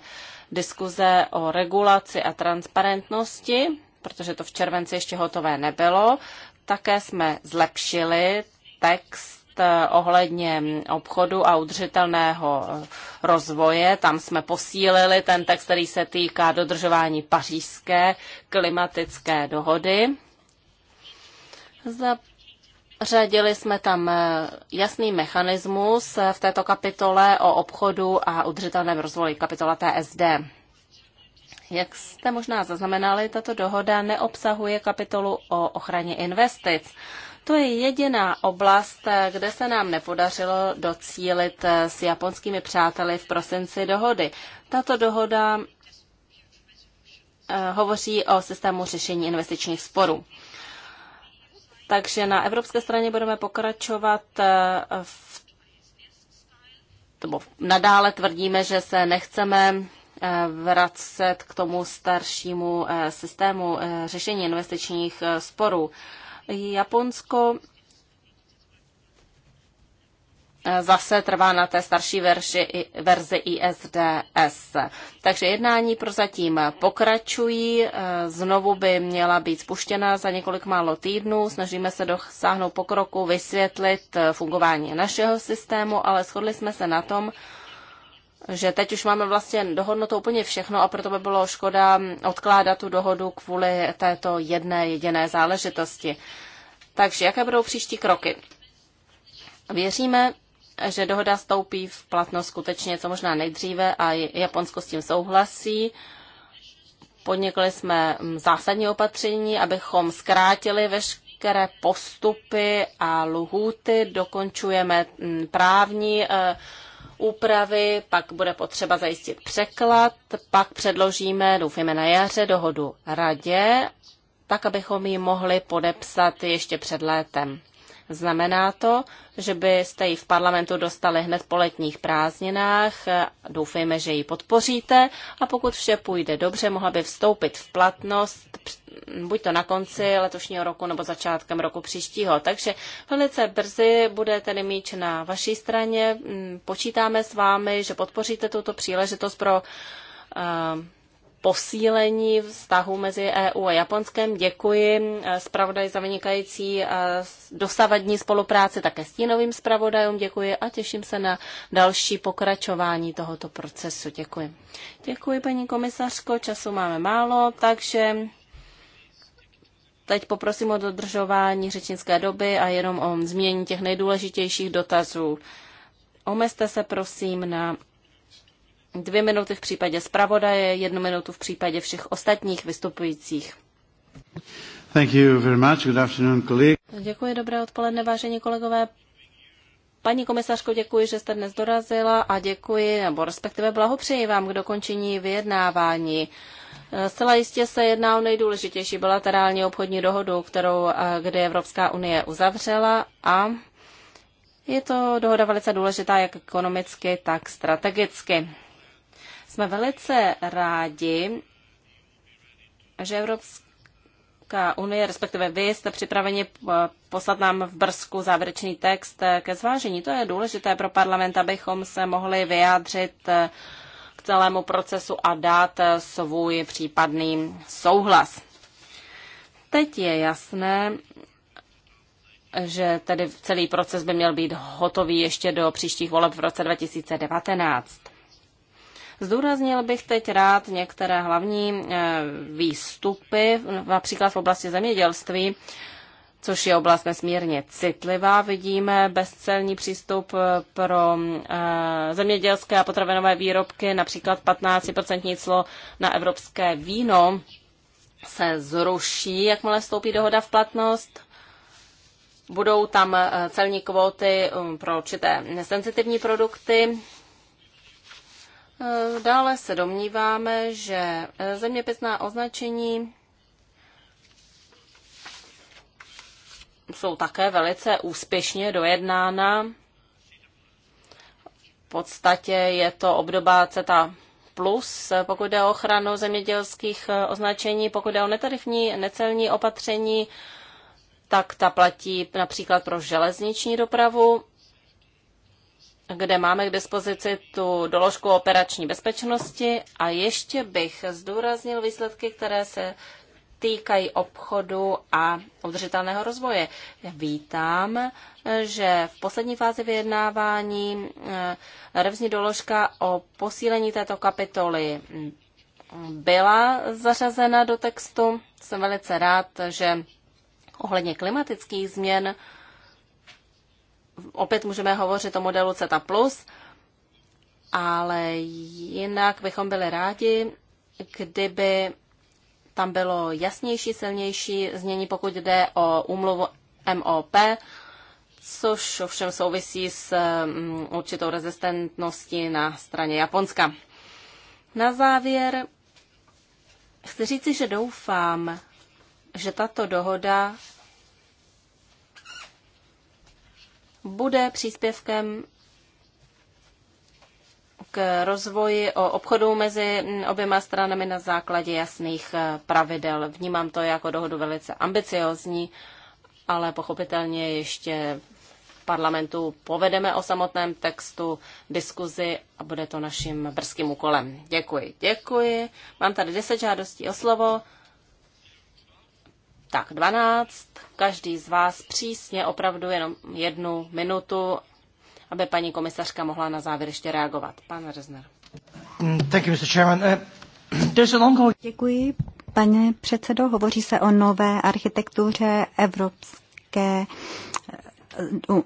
[SPEAKER 1] diskuze o regulaci a transparentnosti, protože to v červenci ještě hotové nebylo. Také jsme zlepšili text eh, ohledně obchodu a udržitelného eh, rozvoje. Tam jsme posílili ten text, který se týká dodržování pařížské klimatické dohody. Za Zařadili jsme tam eh, jasný mechanismus eh, v této kapitole o obchodu a udržitelném rozvoji, kapitola TSD. Jak jste možná zaznamenali, tato dohoda neobsahuje kapitolu o ochraně investic. To je jediná oblast, eh, kde se nám nepodařilo docílit s japonskými přáteli v prosinci dohody. Tato dohoda hovoří o systému řešení investičních sporů. Takže na evropské straně budeme pokračovat eh, v nebo nadále tvrdíme, že se nechceme eh, vracet k tomu staršímu eh, systému řešení investičních sporů. Japonsko zase trvá na té starší verzi, verzi ISDS. Takže jednání prozatím pokračují, eh, znovu by měla být spuštěna za několik málo týdnů. Snažíme se dosáhnout pokroku, vysvětlit eh, fungování našeho systému, ale shodli jsme se na tom, že teď už máme vlastně dohodnuto úplně všechno a proto by bylo škoda odkládat tu dohodu kvůli této jedné jediné záležitosti. Takže jaké budou příští kroky? Věříme, že dohoda stoupí v platnost skutečně co možná nejdříve a Japonsko s tím souhlasí. Podnikli jsme mm, zásadní opatření, abychom zkrátili veškeré postupy a luhuty dokončujeme mm, právní eh, úpravy, pak bude potřeba zajistit překlad, pak předložíme, doufujeme na jaře, dohodu radě, tak abychom ji mohli podepsat ještě před létem. Znamená to, že byste ji v parlamentu dostali hned po letních prázdninách. Doufejme, že ji podpoříte a pokud vše půjde dobře, mohla by vstoupit v platnost buď to na konci letošního roku nebo začátkem roku příštího. Takže velice brzy bude tedy míč na vaší straně. Mm, počítáme s vámi, že podpoříte tuto příležitost pro eh, posílení vztahu mezi EU a Japonskem. Děkuji eh, zpravodaj za vynikající eh, dosavadní spolupráci také stínovým zpravodajům. Děkuji a těším se na další pokračování tohoto procesu. Děkuji. Děkuji, paní komisařko. Času máme málo, takže teď poprosím o dodržování řečnické doby a jenom o změní těch nejdůležitějších dotazů. Omezte se prosím na dvě minuty v případě zpravodaje, jednu minutu v případě všech ostatních vystupujících. Thank you very much. Good afternoon, Děkuji, dobré odpoledne, vážení kolegové. Paní komisařko, děkuji, že jste dnes dorazila a děkuji, nebo respektive blahopřeji vám k dokončení vyjednávání. Zcela jistě se jedná o nejdůležitější bilaterální obchodní dohodu, kterou eh, kdy Evropská unie uzavřela a je to dohoda velice důležitá jak ekonomicky, tak strategicky. Jsme velice rádi, že Evropská unie, respektive vy, jste připraveni poslat nám v Brzku závěrečný text ke zvážení. To je důležité pro parlament, abychom se mohli vyjádřit eh, k celému procesu a dát eh, svůj případný souhlas. Teď je jasné, že tedy celý proces by měl být hotový ještě do příštích voleb v roce 2019. Zdůraznil bych teď rád některé hlavní eh, výstupy, například v oblasti zemědělství, což je oblast nesmírně citlivá. Vidíme bezcelní přístup eh, pro eh, zemědělské a potravinové výrobky, například 15% clo na evropské víno se zruší, jakmile vstoupí dohoda v platnost. Budou tam celní kvóty um, pro určité nesensitivní produkty. Eh, dále se domníváme, že eh, zeměpisná označení jsou také velice úspěšně dojednána. V podstatě je to obdoba CETA plus, eh, pokud jde o ochranu zemědělských označení, pokud jde o netarifní necelní opatření, tak ta platí například pro železniční dopravu kde máme k dispozici tu doložku operační bezpečnosti a ještě bych zdůraznil výsledky, které se týkají obchodu a udržitelného rozvoje. Já vítám, že v poslední fázi vyjednávání eh, revzní doložka o posílení této kapitoly byla zařazena do textu. Jsem velice rád, že ohledně klimatických změn opět můžeme hovořit o modelu CETA+, ale jinak bychom byli rádi, kdyby tam bylo jasnější, silnější znění, pokud jde o úmluvu MOP, což ovšem souvisí s mm, určitou rezistentností na straně Japonska. Na závěr chci říci, že doufám, že tato dohoda bude příspěvkem k rozvoji o obchodu mezi oběma stranami na základě jasných eh, pravidel. Vnímám to jako dohodu velice ambiciozní, ale pochopitelně ještě v parlamentu povedeme o samotném textu diskuzi a bude to naším brzkým úkolem. Děkuji, děkuji. Mám tady deset žádostí o slovo tak 12. Každý z vás přísně opravdu jenom jednu minutu, aby paní komisařka mohla na závěr ještě reagovat. Pan Rezner. Thank you, Mr. Chairman. Eh,
[SPEAKER 3] Děkuji, pane předsedo. Hovoří se o nové architektuře evropské eh,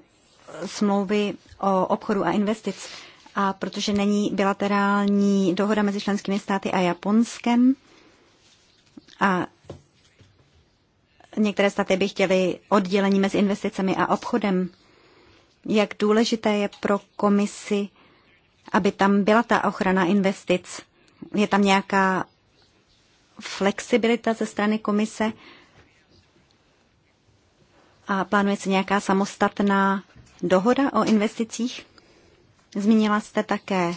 [SPEAKER 3] smlouvy o obchodu a investic. A protože není bilaterální dohoda mezi členskými státy a Japonskem, a Některé státy by chtěly oddělení mezi investicemi a obchodem. Jak důležité je pro komisi, aby tam byla ta ochrana investic? Je tam nějaká flexibilita ze strany komise? A plánuje se nějaká samostatná dohoda o investicích? Zmínila jste také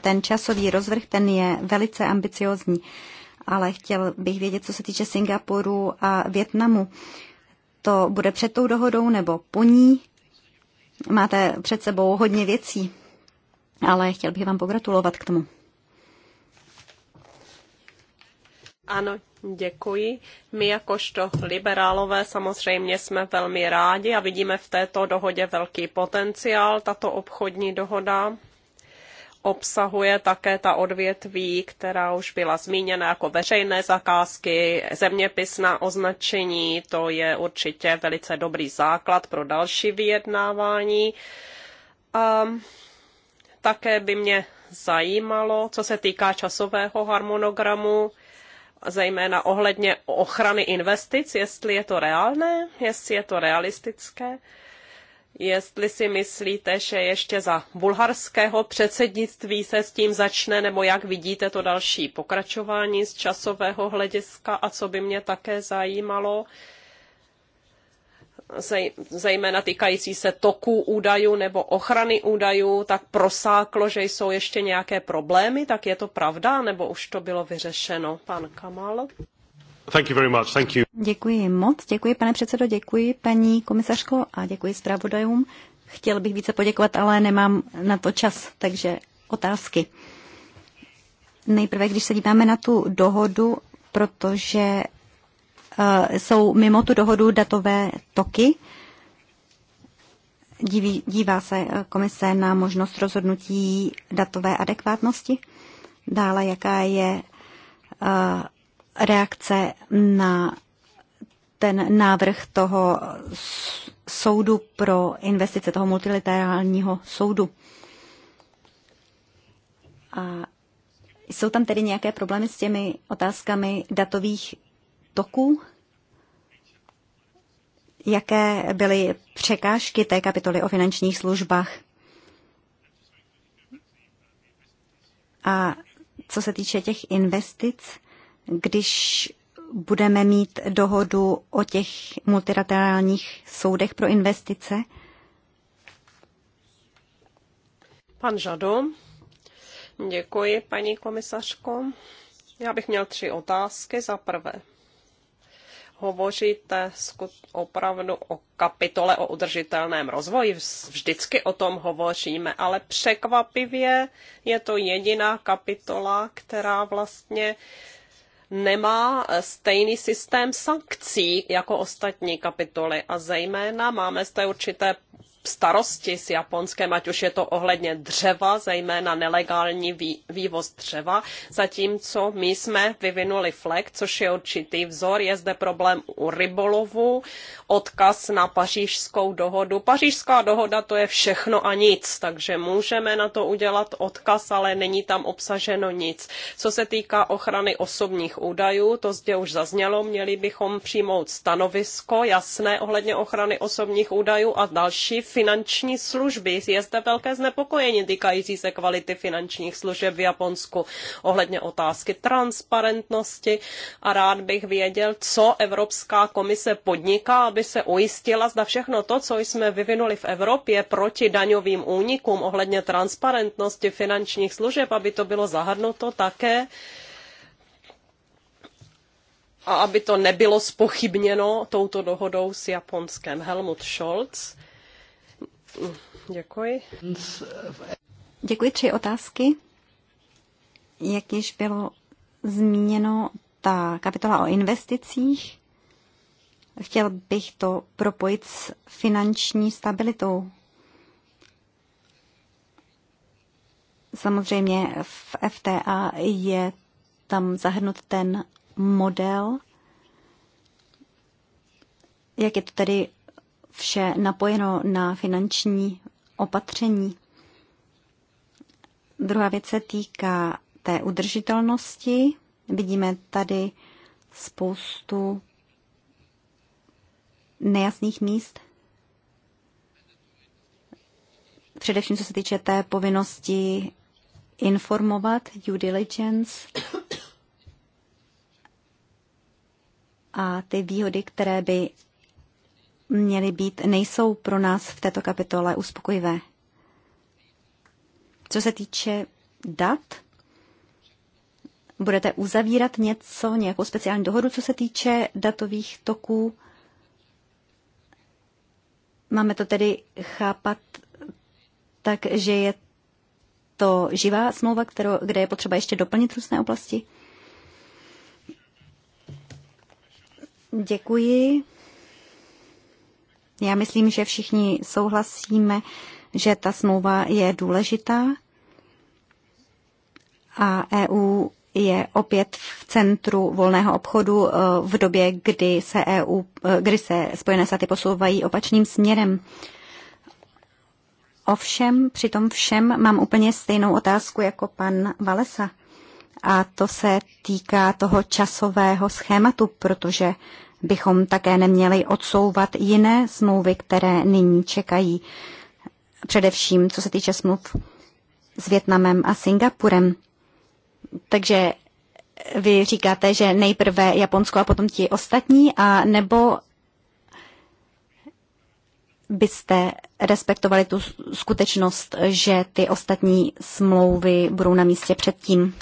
[SPEAKER 3] ten časový rozvrh, ten je velice ambiciozní ale chtěl bych vědět, co se týče Singapuru a Větnamu. To bude před tou dohodou nebo po ní? Máte před sebou hodně věcí, ale chtěl bych vám pogratulovat k tomu.
[SPEAKER 2] Ano, děkuji. My jakožto liberálové samozřejmě jsme velmi rádi a vidíme v této dohodě velký potenciál. Tato obchodní dohoda obsahuje také ta odvětví, která už byla zmíněna jako veřejné zakázky, zeměpisná označení, to je určitě velice dobrý základ pro další vyjednávání. A také by mě zajímalo, co se týká časového harmonogramu, zejména ohledně ochrany investic, jestli je to reálné, jestli je to realistické. Jestli si myslíte, že ještě za bulharského předsednictví se s tím začne, nebo jak vidíte to další pokračování z časového hlediska a co by mě také zajímalo, zejména týkající se toku údajů nebo ochrany údajů, tak prosáklo, že jsou ještě nějaké problémy, tak je to pravda, nebo už to bylo vyřešeno? Pan Kamal.
[SPEAKER 3] Děkuji moc, děkuji pane předsedo, děkuji paní komisařko a děkuji zpravodajům. Chtěl bych více poděkovat, ale nemám na to čas, takže otázky. Nejprve, když se díváme na tu dohodu, protože uh, jsou mimo tu dohodu datové toky, Díví, dívá se eh, komise na možnost rozhodnutí datové adekvátnosti. Dále, jaká je uh, reakce na ten návrh toho soudu pro investice, toho multilaterálního soudu. A jsou tam tedy nějaké problémy s těmi otázkami datových toků? Jaké byly překážky té kapitoly o finančních službách? A co se týče těch investic, když budeme mít dohodu o těch multilaterálních soudech pro investice?
[SPEAKER 2] Pan Žado, děkuji, paní komisařko. Já bych měl tři otázky. Za prvé, hovoříte opravdu o kapitole o udržitelném rozvoji. Vždycky o tom hovoříme, ale překvapivě je to jediná kapitola, která vlastně nemá eh, stejný systém sankcí jako ostatní kapitoly a zejména máme zde určité starosti s Japonskem, ať už je to ohledně dřeva, zejména nelegální vývoz dřeva, zatímco my jsme vyvinuli FLEG, což je určitý vzor, je zde problém u rybolovu, odkaz na pařížskou dohodu. Pařížská dohoda to je všechno a nic, takže můžeme na to udělat odkaz, ale není tam obsaženo nic. Co se týká ochrany osobních údajů, to zde už zaznělo, měli bychom přijmout stanovisko jasné ohledně ochrany osobních údajů a další finanční služby. Je zde velké znepokojení týkající se kvality finančních služeb v Japonsku ohledně otázky transparentnosti a rád bych věděl, co Evropská komise podniká, aby se ujistila, zda všechno to, co jsme vyvinuli v Evropě proti daňovým únikům ohledně transparentnosti finančních služeb, aby to bylo zahrnuto také a aby to nebylo spochybněno touto dohodou s Japonskem. Helmut Scholz. Děkuji.
[SPEAKER 3] Děkuji. Tři otázky. Jak již bylo zmíněno, ta kapitola o investicích, chtěl bych to propojit s finanční stabilitou. Samozřejmě v FTA je tam zahrnut ten model, jak je to tedy vše napojeno na finanční opatření. Druhá věc se týká té udržitelnosti. Vidíme tady spoustu nejasných míst. Především co se týče té povinnosti informovat, due diligence a ty výhody, které by měly být, nejsou pro nás v této kapitole uspokojivé. Co se týče dat, budete uzavírat něco, nějakou speciální dohodu, co se týče datových toků. Máme to tedy chápat tak, že je to živá smlouva, kterou, kde je potřeba ještě doplnit různé oblasti. Děkuji. Já myslím, že všichni souhlasíme, že ta smlouva je důležitá a EU je opět v centru volného obchodu eh, v době, kdy se, EU, eh, kdy se Spojené státy posouvají opačným směrem. Ovšem, přitom všem mám úplně stejnou otázku jako pan Valesa. A to se týká toho časového schématu, protože bychom také neměli odsouvat jiné smlouvy, které nyní čekají, především co se týče smluv s Větnamem a Singapurem. Takže vy říkáte, že nejprve Japonsko a potom ti ostatní, a nebo byste respektovali tu skutečnost, že ty ostatní smlouvy budou na místě předtím?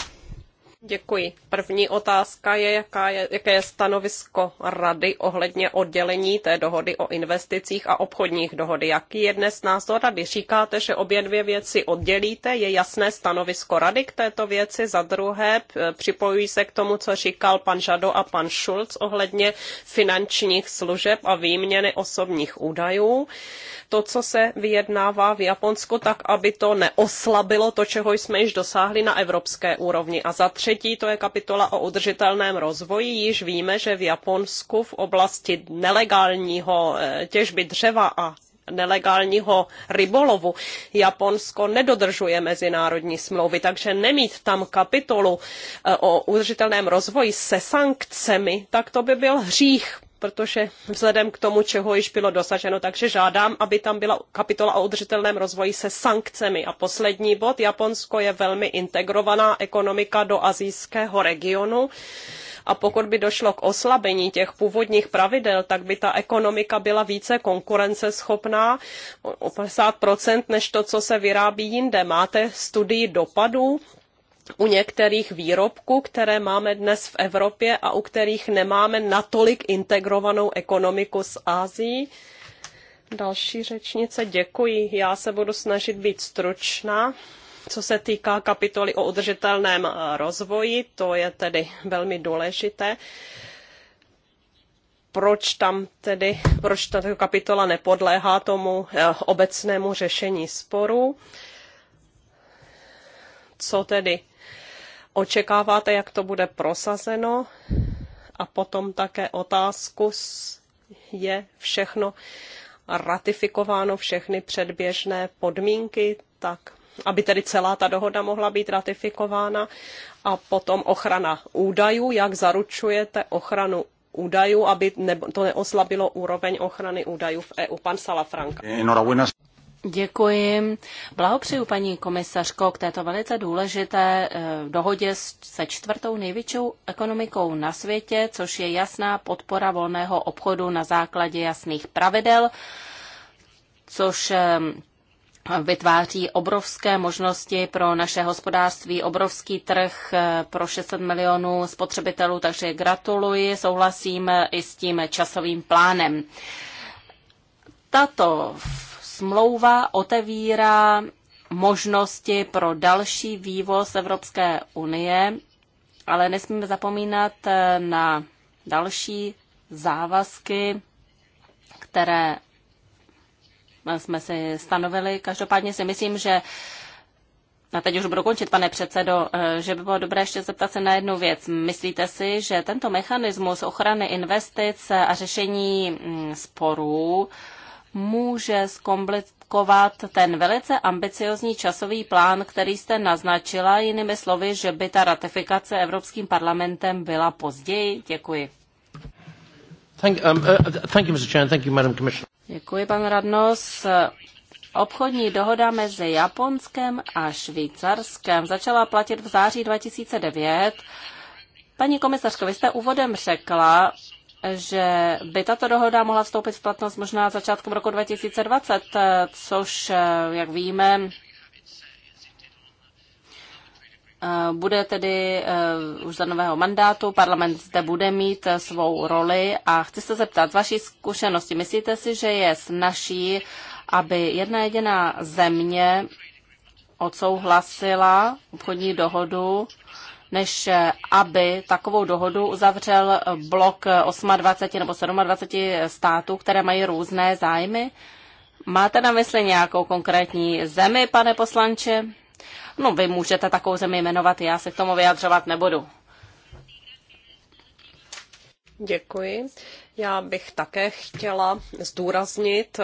[SPEAKER 2] Děkuji. První otázka je, jaká je, jaké je stanovisko Rady ohledně oddělení té dohody o investicích a obchodních dohody. Jaký je dnes názor Rady? Říkáte, že obě dvě věci oddělíte. Je jasné stanovisko Rady k této věci? Za druhé, připojují se k tomu, co říkal pan Žado a pan Schulz ohledně finančních služeb a výměny osobních údajů. To, co se vyjednává v Japonsku, tak aby to neoslabilo to, čeho jsme již dosáhli na evropské úrovni. A za tři třetí to je kapitola o udržitelném rozvoji. Již víme, že v Japonsku v oblasti nelegálního eh, těžby dřeva a nelegálního rybolovu. Japonsko nedodržuje mezinárodní smlouvy, takže nemít tam kapitolu eh, o udržitelném rozvoji se sankcemi, tak to by byl hřích protože vzhledem k tomu, čeho již bylo dosaženo, takže žádám, aby tam byla kapitola o udržitelném rozvoji se sankcemi. A poslední bod, Japonsko je velmi integrovaná ekonomika do azijského regionu a pokud by došlo k oslabení těch původních pravidel, tak by ta ekonomika byla více konkurenceschopná o 50% než to, co se vyrábí jinde. Máte studii dopadů u některých výrobků, které máme dnes v Evropě a u kterých nemáme natolik integrovanou ekonomiku s Ázií. Další řečnice, děkuji. Já se budu snažit být stručná. Co se týká kapitoly o udržitelném rozvoji, to je tedy velmi důležité proč tam tedy, proč tato kapitola nepodléhá tomu eh, obecnému řešení sporu. Co tedy očekáváte, jak to bude prosazeno? A potom také otázku, je všechno ratifikováno, všechny předběžné podmínky, tak aby tedy celá ta dohoda mohla být ratifikována a potom ochrana údajů, jak zaručujete ochranu údajů, aby to neoslabilo úroveň ochrany údajů v EU. Pan Salafranka.
[SPEAKER 1] Děkuji.
[SPEAKER 2] Blahopřeju paní
[SPEAKER 1] komisařko k této velice důležité eh, dohodě se čtvrtou největší ekonomikou na světě, což je jasná podpora volného obchodu na základě jasných pravidel, což eh, vytváří obrovské možnosti pro naše hospodářství, obrovský trh eh, pro 600 milionů spotřebitelů, takže gratuluji, souhlasím i s tím časovým plánem. Tato smlouva otevírá možnosti pro další vývoz Evropské unie, ale nesmíme zapomínat eh, na další závazky, které eh, jsme si stanovili. Každopádně si myslím, že a teď už budu končit, pane předsedo, eh, že by bylo dobré ještě zeptat se na jednu věc. Myslíte si, že tento mechanismus ochrany investic a řešení mm, sporů může zkomplikovat ten velice ambiciozní časový plán, který jste naznačila, jinými slovy, že by ta ratifikace Evropským parlamentem byla později? Děkuji.
[SPEAKER 2] Thank, um, uh, thank you, Mr. Thank you, Madam
[SPEAKER 1] Děkuji, pan Radnos. Obchodní dohoda mezi Japonskem a Švýcarskem začala platit v září 2009. Paní komisařko, vy jste úvodem řekla, že by tato dohoda mohla vstoupit v platnost možná začátkem roku 2020, což, jak víme, bude tedy eh, už za nového mandátu, parlament zde bude mít eh, svou roli a chci se zeptat z vaší zkušenosti, myslíte si, že je snaží, aby jedna jediná země odsouhlasila obchodní dohodu než eh, aby takovou dohodu uzavřel eh, blok 28 eh, nebo 27 států, které mají různé zájmy? Máte na mysli nějakou konkrétní zemi, pane poslanče? No, vy můžete takovou zemi jmenovat, já se k tomu vyjadřovat nebudu.
[SPEAKER 2] Děkuji. Já bych také chtěla zdůraznit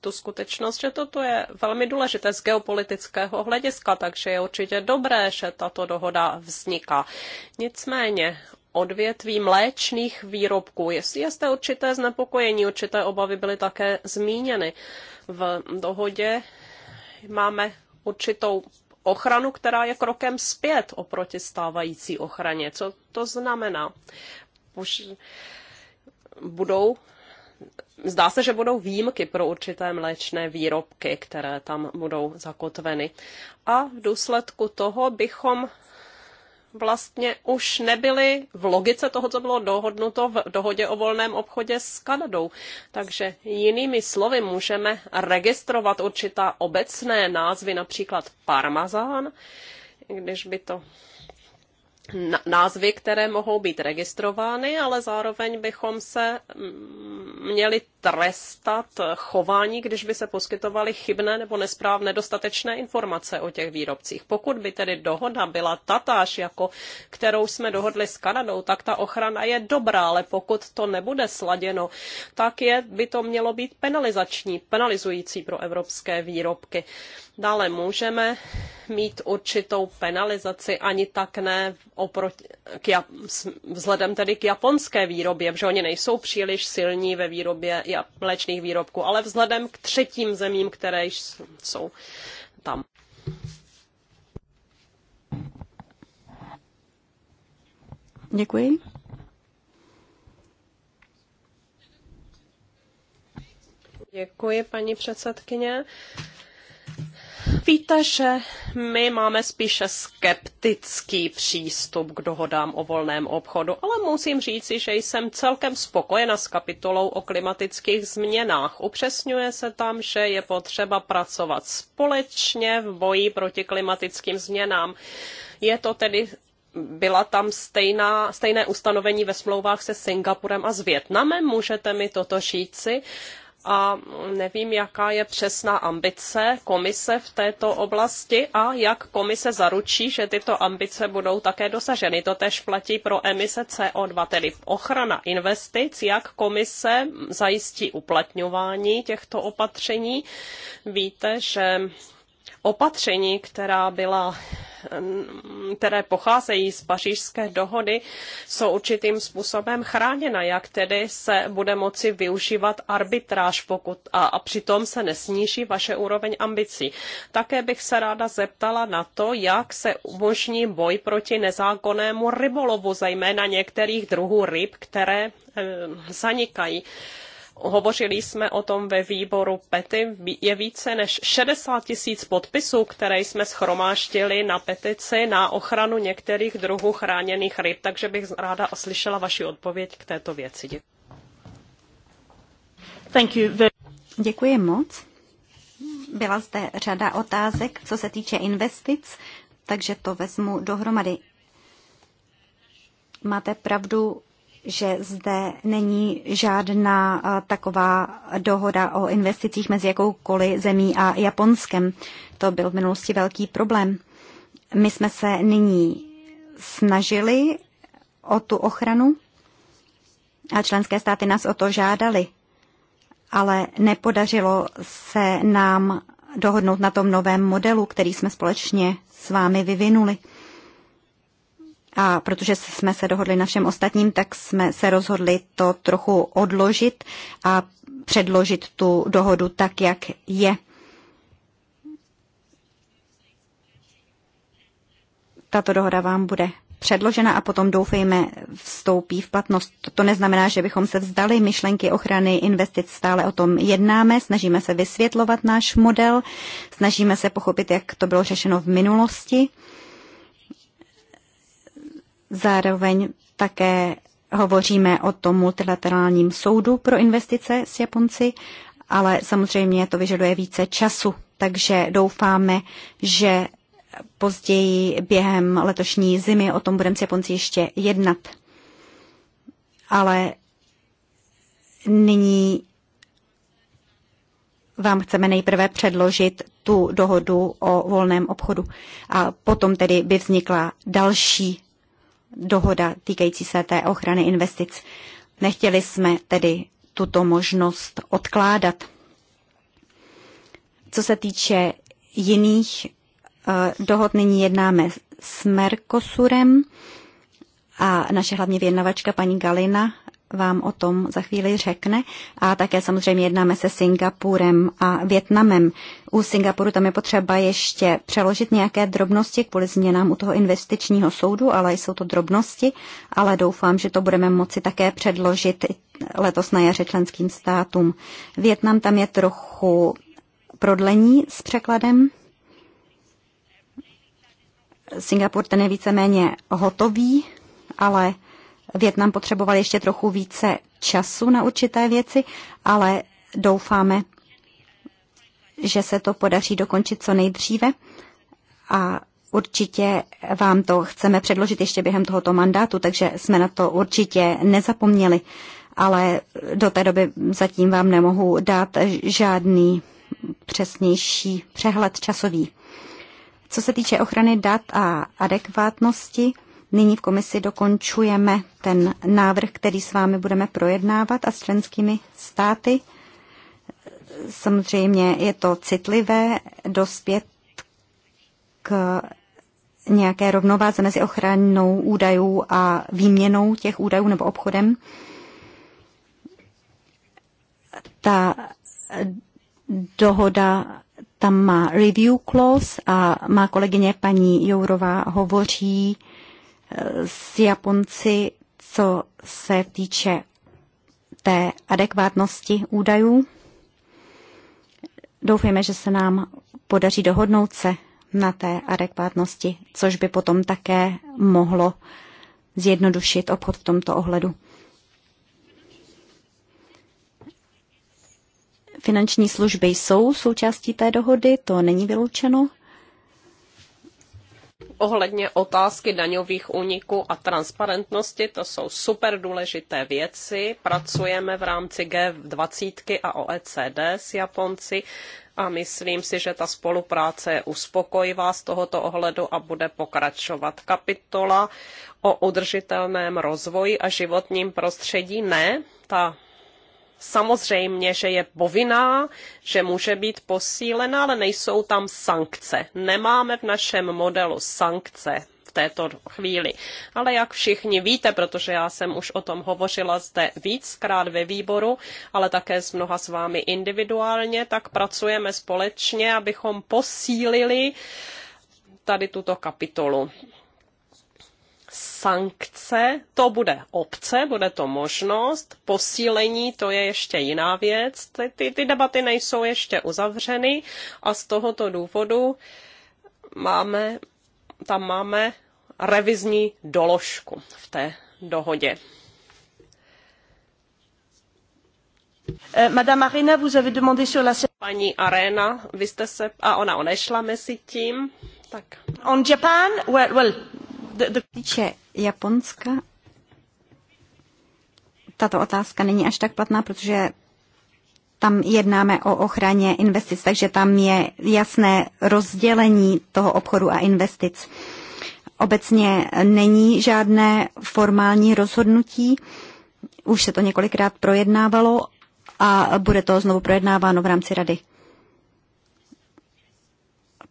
[SPEAKER 2] tu skutečnost, že toto je velmi důležité z geopolitického hlediska, takže je určitě dobré, že tato dohoda vzniká. Nicméně odvětví mléčných výrobků. Jestli je zde určité znepokojení, určité obavy byly také zmíněny. V dohodě máme určitou ochranu, která je krokem zpět oproti stávající ochraně. Co to znamená? Už budou Zdá se, že budou výjimky pro určité mléčné výrobky, které tam budou zakotveny. A v důsledku toho bychom vlastně už nebyli v logice toho, co bylo dohodnuto v dohodě o volném obchodě s Kanadou. Takže jinými slovy můžeme registrovat určitá obecné názvy, například parmazán, když by to názvy, které mohou být registrovány, ale zároveň bychom se mm, měli trestat chování, když by se poskytovaly chybné nebo nesprávné dostatečné informace o těch výrobcích. Pokud by tedy dohoda byla tatáž, jako kterou jsme dohodli s Kanadou, tak ta ochrana je dobrá, ale pokud to nebude sladěno, tak je, by to mělo být penalizační, penalizující pro evropské výrobky. Uh, Dále můžeme mít určitou penalizaci, ani tak ne oproti, k, vzhledem tedy k japonské výrobě, protože oni nejsou příliš silní ve výrobě mléčných výrobků, ale vzhledem k třetím zemím, které jsou tam. Děkuji. Děkuji, paní předsedkyně. Víte, že my máme spíše skeptický přístup k dohodám o volném obchodu, ale musím říci, že jsem celkem spokojena s kapitolou o klimatických změnách. Upřesňuje se tam, že je potřeba pracovat společně v boji proti klimatickým změnám. Je to tedy byla tam stejná, stejné ustanovení ve smlouvách se Singapurem a s Větnamem. Můžete mi toto říci? a nevím, jaká je přesná ambice komise v této oblasti a jak komise zaručí, že tyto ambice budou také dosaženy. To tež platí pro emise CO2, tedy ochrana investic, jak komise zajistí uplatňování těchto opatření. Víte, že opatření, která byla které pocházejí z pařížské dohody, jsou určitým způsobem chráněna, jak tedy se bude moci využívat arbitráž pokud, a, a přitom se nesníží vaše úroveň ambicí. Také bych se ráda zeptala na to, jak se umožní boj proti nezákonnému rybolovu, zejména některých druhů ryb, které e, zanikají. E, Hovořili jsme o tom ve výboru PETY. Je více než 60 tisíc podpisů, které jsme schromáštili na petici na ochranu některých druhů chráněných ryb, takže bych ráda slyšela vaši odpověď k této věci.
[SPEAKER 3] Děkuji. moc. Byla zde řada otázek, co se týče investic, takže to vezmu dohromady. Máte pravdu, že zde není žádná taková dohoda o investicích mezi jakoukoliv zemí a Japonskem. To byl v minulosti velký problém. My jsme se nyní snažili o tu ochranu a členské státy nás o to žádali, ale nepodařilo se nám dohodnout na tom novém modelu, který jsme společně s vámi vyvinuli. A protože jsme se dohodli na všem ostatním, tak jsme se rozhodli to trochu odložit a předložit tu dohodu tak, jak je. Tato dohoda vám bude předložena a potom doufejme vstoupí v platnost. To neznamená, že bychom se vzdali myšlenky ochrany investic, stále o tom jednáme, snažíme se vysvětlovat náš model, snažíme se pochopit, jak to bylo řešeno v minulosti. Zároveň také hovoříme o tom multilaterálním soudu pro investice s Japonci, ale samozřejmě to vyžaduje více času, takže doufáme, že později během letošní zimy o tom budeme s Japonci ještě jednat. Ale nyní vám chceme nejprve předložit tu dohodu o volném obchodu a potom tedy by vznikla další dohoda týkající se té ochrany investic. Nechtěli jsme tedy tuto možnost odkládat. Co se týče jiných eh, dohod, nyní jednáme s Mercosurem a naše hlavně vědnavačka paní Galina vám o tom za chvíli řekne. A také samozřejmě jednáme se Singapurem a Větnamem. U Singapuru tam je potřeba ještě přeložit nějaké drobnosti kvůli změnám u toho investičního soudu, ale jsou to drobnosti, ale doufám, že to budeme moci také předložit letos na jaře členským státům. Větnam tam je trochu prodlení s překladem. Singapur ten je víceméně hotový, ale Větnam potřeboval ještě trochu více času na určité věci, ale doufáme, že se to podaří dokončit co nejdříve a určitě vám to chceme předložit ještě během tohoto mandátu, takže jsme na to určitě nezapomněli, ale do té doby zatím vám nemohu dát žádný přesnější přehled časový. Co se týče ochrany dat a adekvátnosti, Nyní v komisi dokončujeme ten návrh, který s vámi budeme projednávat a s členskými státy. Samozřejmě je to citlivé dospět k nějaké rovnováze mezi ochranou údajů a výměnou těch údajů nebo obchodem. Ta dohoda tam má review clause a má kolegyně paní Jourová hovoří s Japonci, co se týče té adekvátnosti údajů. Doufejme, že se nám podaří dohodnout se na té adekvátnosti, což by potom také mohlo zjednodušit obchod v tomto ohledu. Finanční služby jsou součástí té dohody, to není vyloučeno
[SPEAKER 2] ohledně otázky daňových úniků a transparentnosti, to jsou super důležité věci. Pracujeme v rámci G20 a OECD s Japonci a myslím si, že ta spolupráce je uspokojivá z tohoto ohledu a bude pokračovat. Kapitola o udržitelném rozvoji a životním prostředí ne, ta samozřejmě, že je povinná, že může být posílena, ale nejsou tam sankce. Nemáme v našem modelu sankce v této chvíli. Ale jak všichni víte, protože já jsem už o tom hovořila zde víckrát ve výboru, ale také s mnoha s vámi individuálně, tak pracujeme společně, abychom posílili tady tuto kapitolu sankce, to bude obce, bude to možnost, posílení, to je ještě jiná věc, ty, ty, ty debaty nejsou ještě uzavřeny a z tohoto důvodu máme, tam máme revizní doložku v té dohodě. Eh, Madame Arena, vous avez demandé sur la... Paní Arena, vy jste se... A ona odešla mezi tím. Tak. On Japan, well, well, týče Japonska,
[SPEAKER 3] tato otázka není až tak platná, protože tam jednáme o ochraně investic, takže tam je jasné rozdělení toho obchodu a investic. Obecně není žádné formální rozhodnutí, už se to několikrát projednávalo a bude to znovu projednáváno v rámci rady.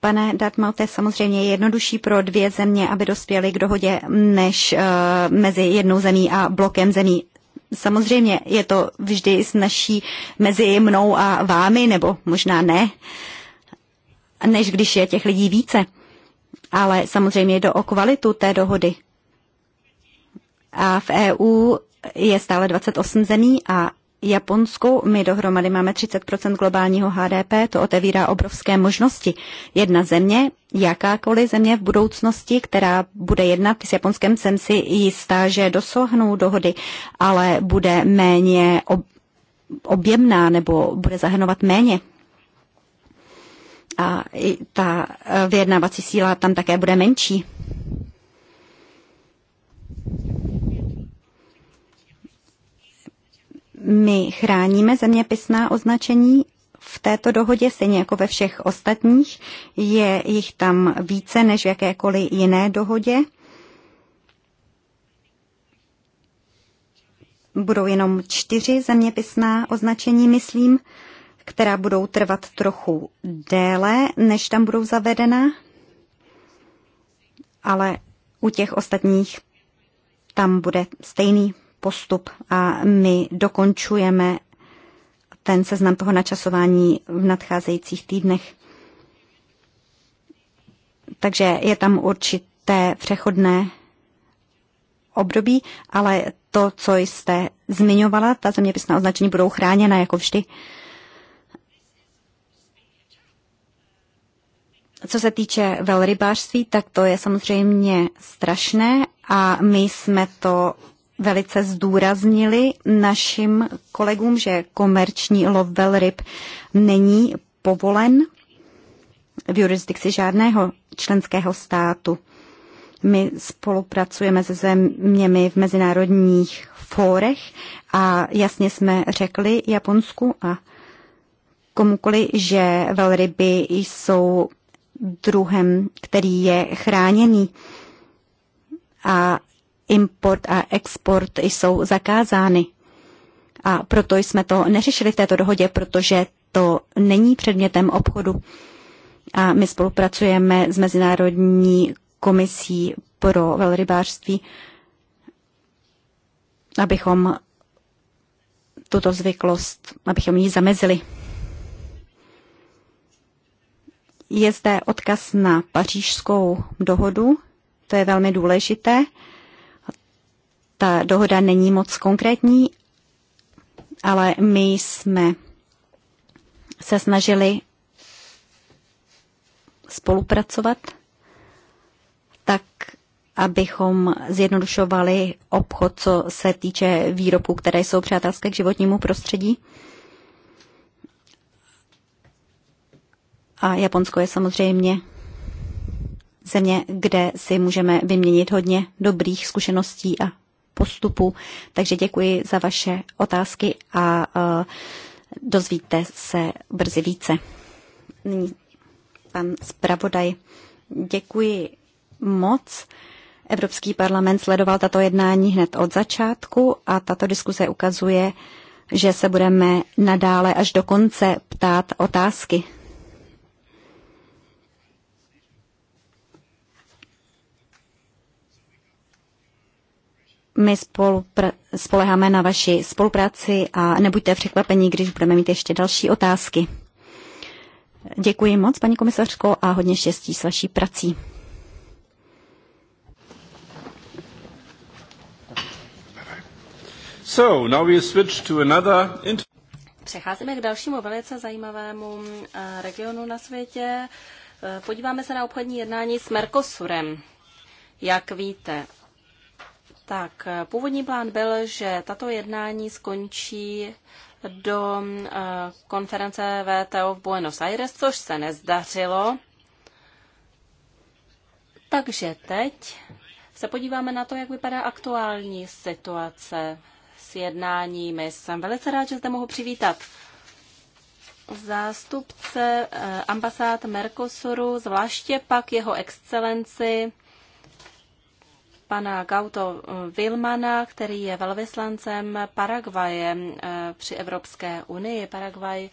[SPEAKER 3] Pane Dartmouthe, samozřejmě je jednodušší pro dvě země, aby dospěly k dohodě, než eh, mezi jednou zemí a blokem zemí. Samozřejmě je to vždy s naší mezi mnou a vámi, nebo možná ne, než když je těch lidí více. Ale samozřejmě jde o kvalitu té dohody. A v EU je stále 28 zemí a Japonsku. My dohromady máme 30% globálního HDP, to otevírá obrovské možnosti. Jedna země, jakákoliv země v budoucnosti, která bude jednat s Japonskem, jsem si jistá, že dosáhnou dohody, ale bude méně objemná nebo bude zahrnovat méně a i ta eh, vyjednávací síla tam také bude menší. My chráníme zeměpisná označení v této dohodě, stejně jako ve všech ostatních. Je jich tam více než v jakékoliv jiné dohodě. Budou jenom čtyři zeměpisná označení, myslím, která budou trvat trochu déle, než tam budou zavedena, ale u těch ostatních tam bude stejný postup a my dokončujeme ten seznam toho načasování v nadcházejících týdnech. Takže je tam určité přechodné období, ale to, co jste zmiňovala, ta zeměpisná označení budou chráněna jako vždy. Co se týče velrybářství, tak to je samozřejmě strašné a my jsme to velice zdůraznili našim kolegům, že komerční lov velryb není povolen v jurisdikci žádného členského státu. My spolupracujeme se zeměmi v mezinárodních fórech a jasně jsme řekli Japonsku a komukoli, že velryby jsou druhem, který je chráněný. A import a export jsou zakázány. A proto jsme to neřešili v této dohodě, protože to není předmětem obchodu. A my spolupracujeme s Mezinárodní komisí pro velrybářství, abychom tuto zvyklost, abychom ji zamezili. Je zde odkaz na pařížskou dohodu, to je velmi důležité. Ta dohoda není moc konkrétní, ale my jsme se snažili spolupracovat tak, abychom zjednodušovali obchod, co se týče výrobků, které jsou přátelské k životnímu prostředí. A Japonsko je samozřejmě země, kde si můžeme vyměnit hodně dobrých zkušeností a postupu. Takže děkuji za vaše otázky a e, dozvíte se brzy více. Nyní pan zpravodaj. Děkuji moc. Evropský parlament sledoval tato jednání hned od začátku a tato diskuse ukazuje, že se budeme nadále až do konce ptát otázky. my spolupr- spoleháme na vaši spolupráci a nebuďte překvapení, když budeme mít ještě další otázky. Děkuji moc, paní komisařko, a hodně štěstí s vaší prací.
[SPEAKER 1] So, now we switch to another Přecházíme k dalšímu velice zajímavému eh, regionu na světě. Eh, podíváme se na obchodní jednání s Mercosurem. Jak víte, tak původní plán byl, že tato jednání skončí do eh, konference VTO v Buenos Aires, což se nezdařilo. Takže teď se podíváme na to, jak vypadá aktuální situace s jednáními. Jsem velice rád, že zde mohu přivítat zástupce eh, ambasád Mercosuru, zvláště pak jeho excelenci pana Gauto Vilmana, který je velvyslancem Paraguaje eh, při Evropské unii. Paraguaj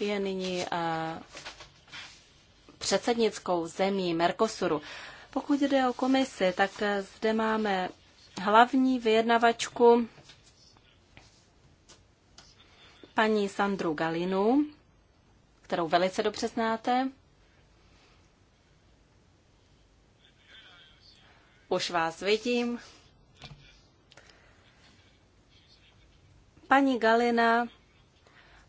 [SPEAKER 1] je nyní eh, předsednickou zemí Mercosuru. Pokud jde o komisi, tak eh, zde máme hlavní vyjednavačku paní Sandru Galinu, kterou velice dobře znáte. Už vás vidím. Paní Galina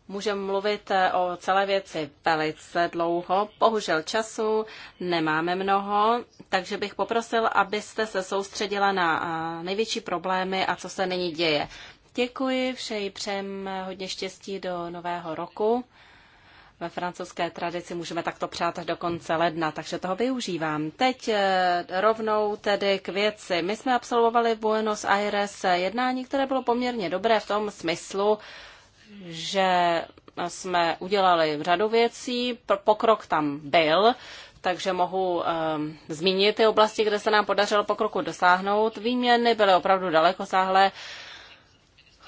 [SPEAKER 1] Můžeme mluvit eh, o celé věci velice dlouho. Bohužel času nemáme mnoho, takže bych poprosil, abyste se soustředila na eh, největší problémy a co se nyní děje. Děkuji, přeji přem hodně štěstí do nového roku ve francouzské tradici můžeme takto přát do konce ledna, takže toho využívám. Teď eh, rovnou tedy k věci. My jsme absolvovali v Buenos Aires jednání, které bylo poměrně dobré v tom smyslu, že jsme udělali řadu věcí, pokrok tam byl, takže mohu um, zmínit ty oblasti, kde se nám podařilo pokroku dosáhnout. Výměny byly opravdu dalekosáhlé.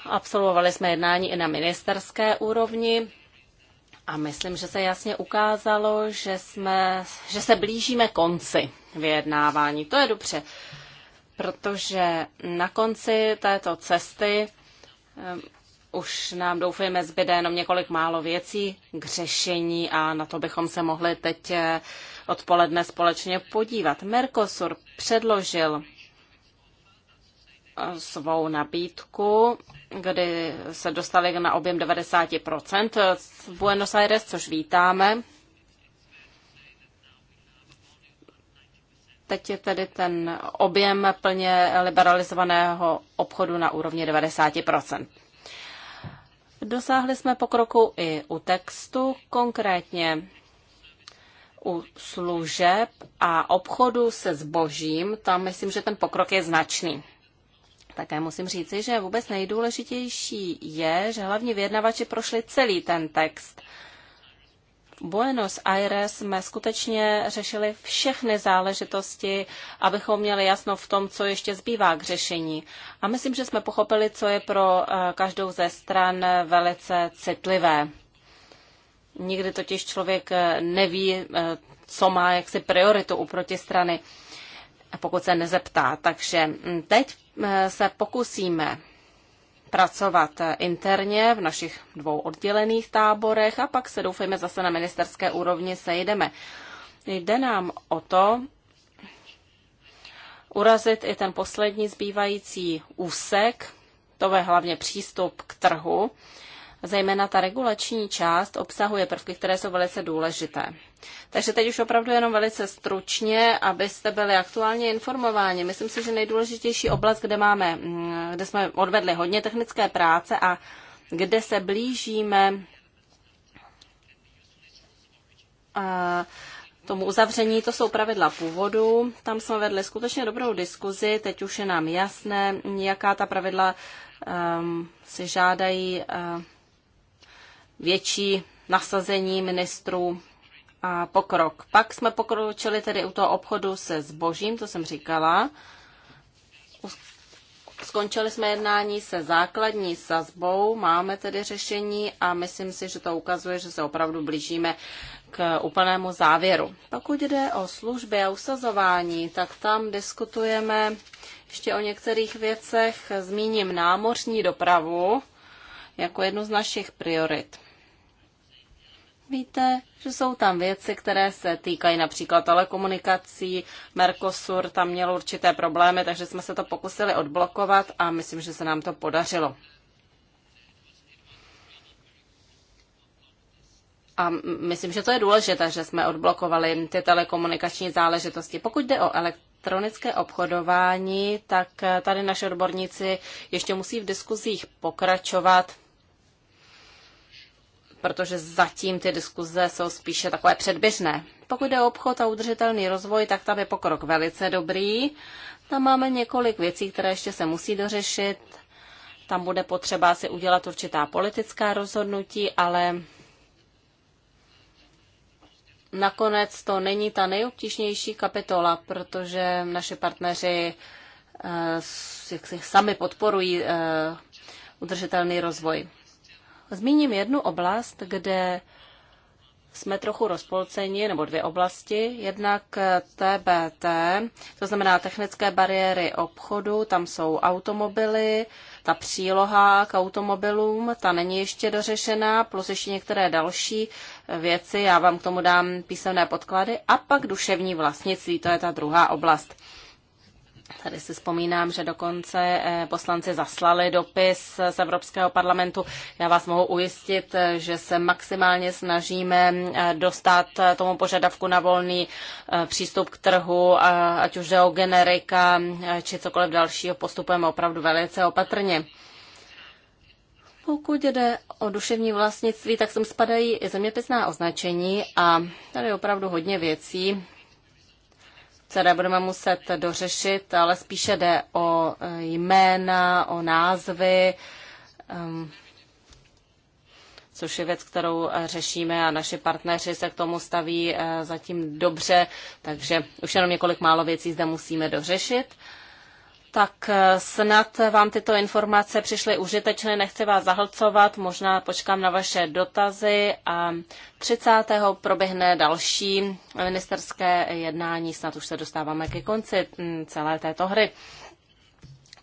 [SPEAKER 1] Absolvovali jsme jednání i na ministerské úrovni. A myslím, že se jasně ukázalo, že, jsme, že se blížíme konci vyjednávání. To je dobře, protože na konci této cesty eh, už nám doufujeme zbyde jenom několik málo věcí k řešení a na to bychom se mohli teď eh, odpoledne společně podívat. Mercosur předložil svou nabídku, kdy se dostali na objem 90% z Buenos Aires, což vítáme. Teď je tedy ten objem plně liberalizovaného obchodu na úrovni 90%. Dosáhli jsme pokroku i u textu, konkrétně u služeb a obchodu se zbožím. Tam myslím, že ten pokrok je značný. Také musím říci, že vůbec nejdůležitější je, že hlavní vyjednavači prošli celý ten text. V Buenos Aires jsme skutečně řešili všechny záležitosti, abychom měli jasno v tom, co ještě zbývá k řešení. A myslím, že jsme pochopili, co je pro eh, každou ze stran velice citlivé. Nikdy totiž člověk eh, neví, eh, co má jaksi prioritu u protistrany, pokud se nezeptá. Takže hm, teď Eh, se pokusíme pracovat eh, interně v našich dvou oddělených táborech a pak se doufejme zase na ministerské úrovni sejdeme. Jde nám o to, urazit i ten poslední zbývající úsek, to je hlavně přístup k trhu, zejména ta regulační část obsahuje prvky, které jsou velice důležité. Takže teď už opravdu jenom velice stručně, abyste byli aktuálně informováni. Myslím si, že nejdůležitější oblast, kde, máme, mm, kde jsme odvedli hodně technické práce a kde se blížíme a tomu uzavření, to jsou pravidla původu. Tam jsme vedli skutečně dobrou diskuzi, teď už je nám jasné, jaká ta pravidla um, si žádají uh, větší nasazení ministrů a pokrok. Pak jsme pokročili tedy u toho obchodu se zbožím, to jsem říkala. Skončili jsme jednání se základní sazbou, máme tedy řešení a myslím si, že to ukazuje, že se opravdu blížíme k úplnému závěru. Pokud jde o služby a usazování, tak tam diskutujeme ještě o některých věcech. Zmíním námořní dopravu jako jednu z našich priorit. Víte, že jsou tam věci, které se týkají například telekomunikací. Mercosur tam měl určité problémy, takže jsme se to pokusili odblokovat a myslím, že se nám to podařilo. A myslím, že to je důležité, že jsme odblokovali ty telekomunikační záležitosti. Pokud jde o elektronické obchodování, tak eh, tady naše odborníci ještě musí v diskuzích pokračovat protože zatím ty diskuze jsou spíše takové předběžné. Pokud jde o obchod a udržitelný rozvoj, tak tam je pokrok velice dobrý. Tam máme několik věcí, které ještě se musí dořešit. Tam bude potřeba si udělat určitá politická rozhodnutí, ale nakonec to není ta nejobtížnější kapitola, protože naši partneři eh, jak si sami podporují eh, udržitelný rozvoj. Zmíním jednu oblast, kde jsme trochu rozpolceni, nebo dvě oblasti. Jednak TBT, to znamená technické bariéry obchodu, tam jsou automobily, ta příloha k automobilům, ta není ještě dořešená, plus ještě některé další věci, já vám k tomu dám písemné podklady. A pak duševní vlastnictví, to je ta druhá oblast. Tady si vzpomínám, že dokonce eh, poslanci zaslali dopis z Evropského parlamentu. Já vás mohu ujistit, že se maximálně snažíme eh, dostat eh, tomu požadavku na volný přístup k trhu, ať už jde o generika či cokoliv dalšího, postupujeme opravdu velice opatrně. Pokud jde o duševní vlastnictví, tak sem spadají i zeměpisná označení a tady je opravdu hodně věcí, které budeme muset dořešit, ale spíše jde o e, jména, o názvy, což je věc, kterou e, řešíme a naši partneři se k tomu staví e, zatím dobře, takže už jenom několik málo věcí zde musíme dořešit tak eh, snad vám tyto informace přišly užitečné, nechci vás zahlcovat, možná počkám na vaše dotazy a 30. proběhne další ministerské jednání, snad už se dostáváme ke konci mm, celé této hry.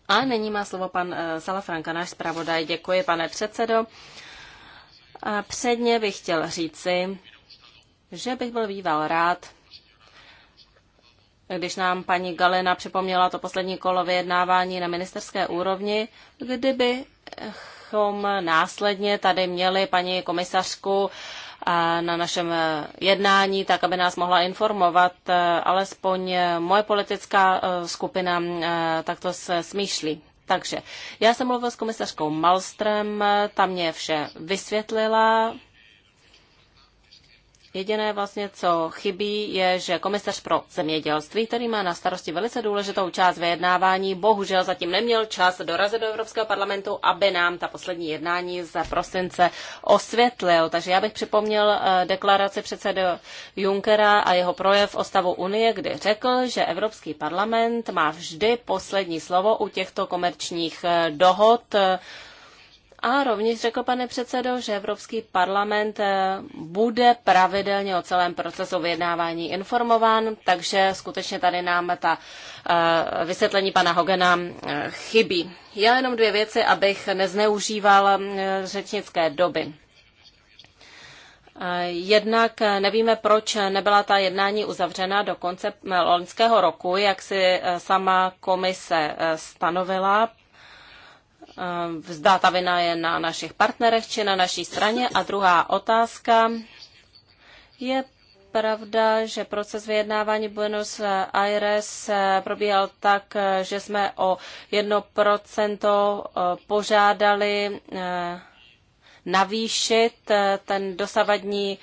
[SPEAKER 1] A nyní má slovo pan eh, Salafranka, náš zpravodaj. Děkuji, pane předsedo. A předně bych chtěl říci, že bych byl býval rád, když nám paní Galina připomněla to poslední kolo vyjednávání na ministerské úrovni, kdybychom následně tady měli paní komisařku eh, na našem eh, jednání, tak aby nás mohla informovat, eh, alespoň moje politická skupina takto se smýšlí. Takže já jsem mluvil s komisařkou Malstrem, tam mě vše vysvětlila, Jediné vlastně, co chybí, je, že komisař pro zemědělství, který má na starosti velice důležitou část vyjednávání, bohužel zatím neměl čas dorazit do Evropského parlamentu, aby nám ta poslední jednání z prosince osvětlil. Takže já bych připomněl eh, deklaraci předsedy Junckera a jeho projev o stavu Unie, kdy řekl, že Evropský parlament má vždy poslední slovo u těchto komerčních eh, dohod, eh, a rovněž řekl, pane předsedo, že Evropský parlament eh, bude pravidelně o celém procesu vyjednávání informován, takže skutečně tady nám ta eh, vysvětlení pana Hogena eh, chybí. Já jenom dvě věci, abych nezneužíval řečnické doby. Jednak nevíme, proč nebyla ta jednání uzavřena do konce loňského roku, jak si sama komise stanovila. Vzdá eh, ta vina je na našich partnerech či na naší straně. A druhá otázka. Je pravda, že proces vyjednávání Buenos Aires eh, probíhal tak, eh, že jsme o jedno procento požádali navýšit ten dosavadní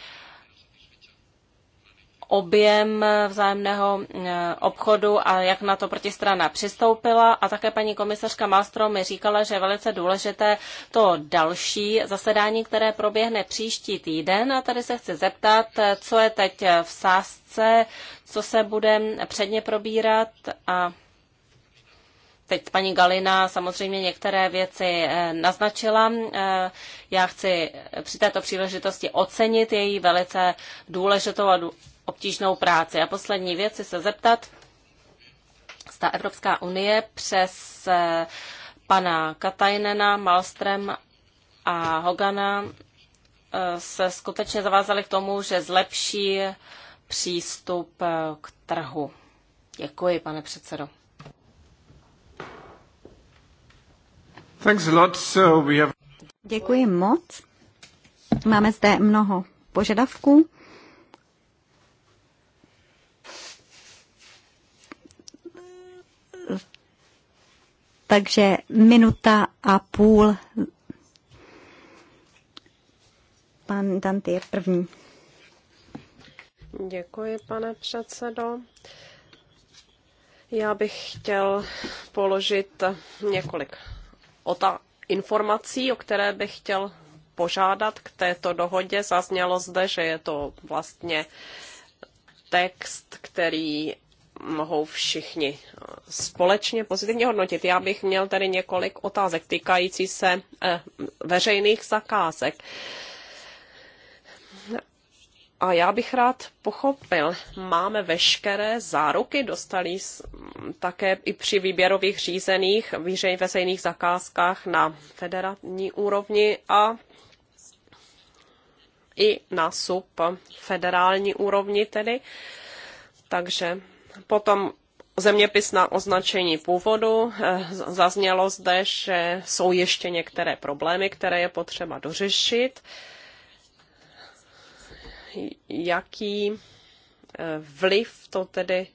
[SPEAKER 1] objem vzájemného eh, obchodu a jak na to protistrana přistoupila. A také paní komisařka Mastro mi říkala, že je velice důležité to další zasedání, které proběhne příští týden. A tady se chci zeptat, eh, co je teď v sázce, co se bude předně probírat a Teď paní Galina samozřejmě některé věci eh, naznačila. Já chci při této příležitosti ocenit její velice důležitou a obtížnou práci. A poslední věc, je se zeptat, zda Evropská unie přes eh, pana Katajnena, Malstrem a Hogana eh, se skutečně zavázali k tomu, že zlepší přístup eh, k trhu. Děkuji, pane předsedo.
[SPEAKER 3] Děkuji moc. Máme zde mnoho požadavků. takže minuta a půl. Pan Dante je první.
[SPEAKER 2] Děkuji, pane předsedo. Já bych chtěl položit několik ota informací, o které bych chtěl požádat k této dohodě. Zaznělo zde, že je to vlastně text, který mohou všichni eh, společně pozitivně hodnotit. Já bych měl tady několik otázek týkající se eh, veřejných zakázek. A já bych rád pochopil, máme veškeré záruky, dostali mm, také i při výběrových řízených veřejných zakázkách na federální úrovni a i na subfederální úrovni tedy. Takže Potom zeměpisná označení původu. Eh, zaznělo zde, že jsou ještě některé problémy, které je potřeba dořešit. Jaký eh, vliv to tedy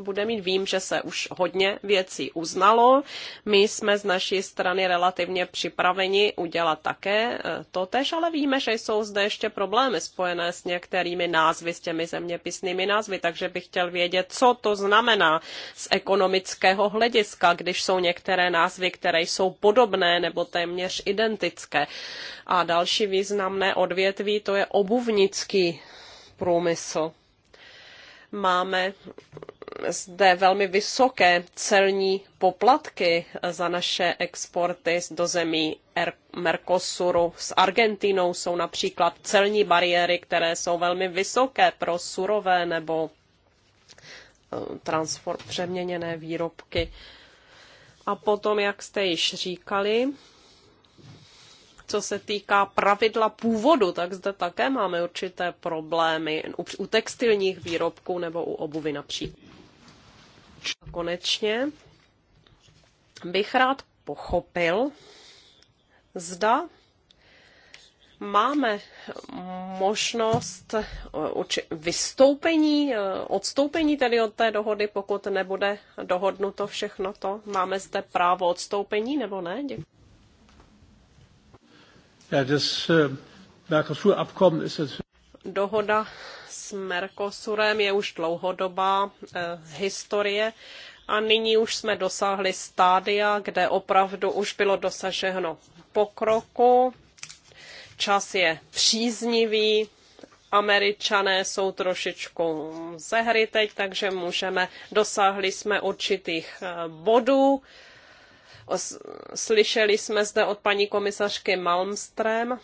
[SPEAKER 2] bude mít. Vím, že se už hodně věcí uznalo. My jsme z naší strany relativně připraveni udělat také eh, to tež, ale víme, že jsou zde ještě problémy spojené s některými názvy, s těmi zeměpisnými názvy, takže bych chtěl vědět, co to znamená z ekonomického hlediska, když jsou některé názvy, které jsou podobné nebo téměř identické. A další významné odvětví, to je obuvnický průmysl máme zde velmi vysoké celní poplatky za naše exporty do zemí er- Mercosuru. S Argentinou jsou například celní bariéry, které jsou velmi vysoké pro surové nebo eh, transform přeměněné výrobky. A potom, jak jste již říkali, co se týká pravidla původu, tak zde také máme určité problémy u textilních výrobků nebo u obuvy například. A konečně bych rád pochopil, zda máme možnost vystoupení, odstoupení tedy od té dohody, pokud nebude dohodnuto všechno to. Máme zde právo odstoupení nebo ne? Děkuji.
[SPEAKER 3] Ja, das äh, Mercosur-Abkommen ist
[SPEAKER 2] Dohoda s Mercosurem je už dlouhodobá eh, historie a nyní už jsme dosáhli stádia, kde opravdu už bylo dosaženo pokroku. Čas je příznivý, Američané jsou trošičku ze hry teď, takže můžeme, dosáhli jsme určitých eh, bodů. Slyšeli jsme zde od paní komisařky Malmström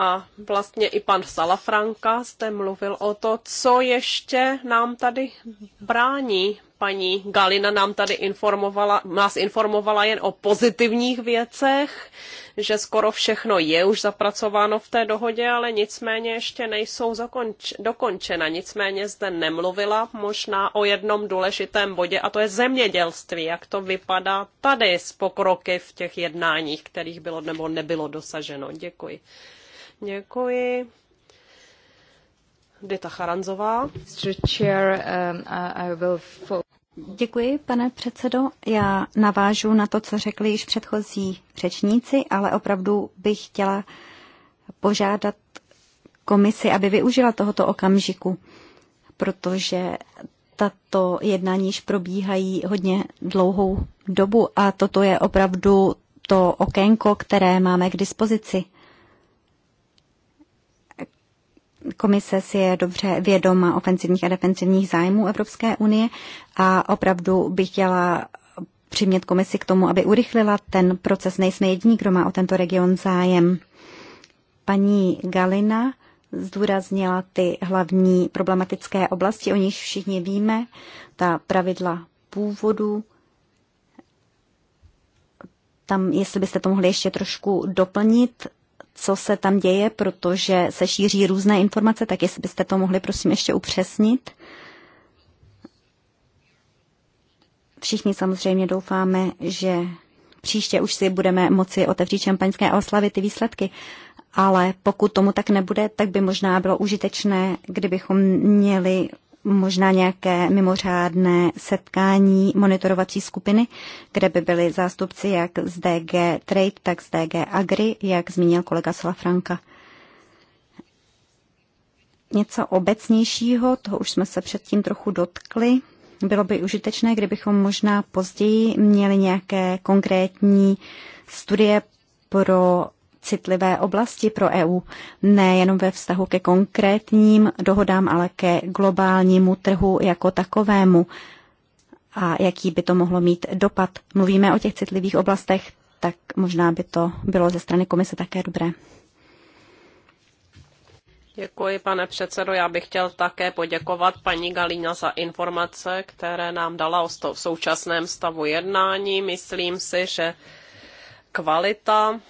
[SPEAKER 2] a vlastně i pan Salafranka jste mluvil o to, co ještě nám tady brání. Paní Galina nám tady informovala, nás informovala jen o pozitivních věcech, že skoro všechno je už zapracováno v té dohodě, ale nicméně ještě nejsou zakonč- dokončena. Nicméně zde nemluvila možná o jednom důležitém bodě, a to je zemědělství. Jak to vypadá tady z pokroky v těch jednáních, kterých bylo nebo nebylo dosaženo. Děkuji. Děkuji. Dita Charanzová. Um,
[SPEAKER 3] Děkuji, pane předsedo. Já navážu na to, co řekli již předchozí řečníci, ale opravdu bych chtěla požádat komisi, aby využila tohoto okamžiku, protože tato jednání již probíhají hodně dlouhou dobu a toto je opravdu to okénko, které máme k dispozici. komise si je dobře vědoma ofenzivních a defenzivních zájmů Evropské unie a opravdu bych chtěla přimět komisi k tomu, aby urychlila ten proces. Nejsme jediní, kdo má o tento region zájem. Paní Galina zdůraznila ty hlavní problematické oblasti, o nich všichni víme, ta pravidla původu, tam, jestli byste to mohli ještě trošku doplnit, co se tam děje, protože se šíří různé informace, tak jestli byste to mohli prosím ještě upřesnit. Všichni samozřejmě doufáme, že příště už si budeme moci otevřít šampaňské a oslavit ty výsledky. Ale pokud tomu tak nebude, tak by možná bylo užitečné, kdybychom měli možná nějaké mimořádné setkání monitorovací skupiny, kde by byli zástupci jak z DG Trade, tak z DG Agri, jak zmínil kolega Franka. Něco obecnějšího, toho už jsme se předtím trochu dotkli. Bylo by užitečné, kdybychom možná později měli nějaké konkrétní studie pro citlivé oblasti pro EU, nejenom ve vztahu ke konkrétním dohodám, ale ke globálnímu trhu jako takovému a jaký by to mohlo mít dopad. Mluvíme o těch citlivých oblastech, tak možná by to bylo ze strany komise také dobré.
[SPEAKER 2] Děkuji, pane předsedo. Já bych chtěl také poděkovat paní Galína za informace, které nám dala o současném stavu jednání. Myslím si, že kvalita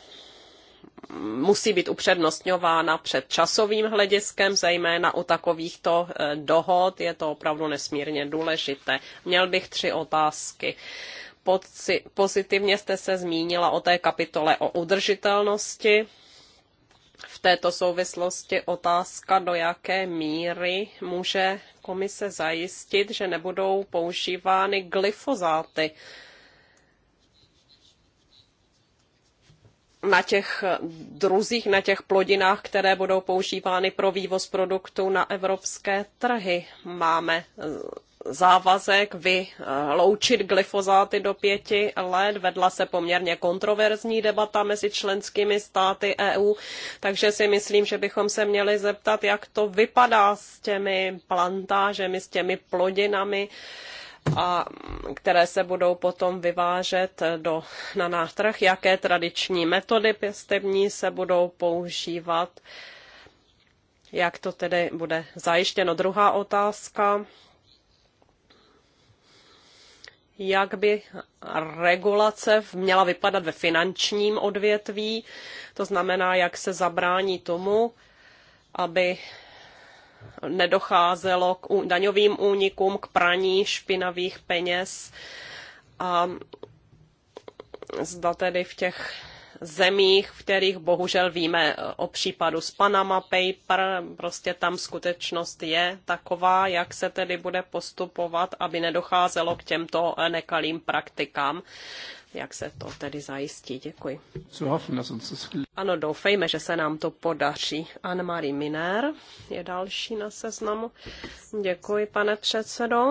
[SPEAKER 2] musí být upřednostňována před časovým hlediskem, zejména u takovýchto eh, dohod. Je to opravdu nesmírně důležité. Měl bych tři otázky pozitivně jste se zmínila o té kapitole o udržitelnosti. V této souvislosti otázka, do jaké míry může komise zajistit, že nebudou používány glyfozáty na těch druzích, na těch plodinách, které budou používány pro vývoz produktů na evropské trhy. Máme eh, závazek vyloučit glyfozáty do pěti let. Vedla se poměrně kontroverzní debata mezi členskými státy EU, takže si myslím, že bychom se měli zeptat, jak to vypadá s těmi plantážemi, s těmi plodinami. Uh, a které se budou potom vyvážet do, na nátrh, jaké tradiční metody pěstební se budou používat, jak to tedy bude zajištěno. Druhá otázka, jak by regulace měla vypadat ve finančním odvětví, to znamená, jak se zabrání tomu, aby nedocházelo k daňovým únikům, k praní špinavých peněz a zda tedy v těch zemích, v kterých bohužel víme e, o případu z Panama Paper, prostě tam skutečnost je taková, jak se tedy bude postupovat, aby nedocházelo k těmto e, nekalým praktikám jak se to tedy zajistí. Děkuji. Ano, doufejme, že se nám to podaří. Anne-Marie Miner je další na seznamu. Děkuji, pane předsedo.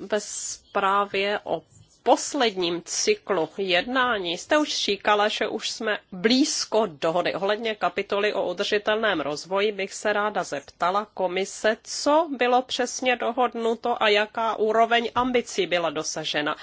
[SPEAKER 2] Ve zprávě o posledním cyklu jednání jste už říkala, že už jsme blízko dohody. Ohledně kapitoly o udržitelném rozvoji bych se ráda zeptala komise, co bylo přesně dohodnuto a jaká úroveň ambicí byla dosažena.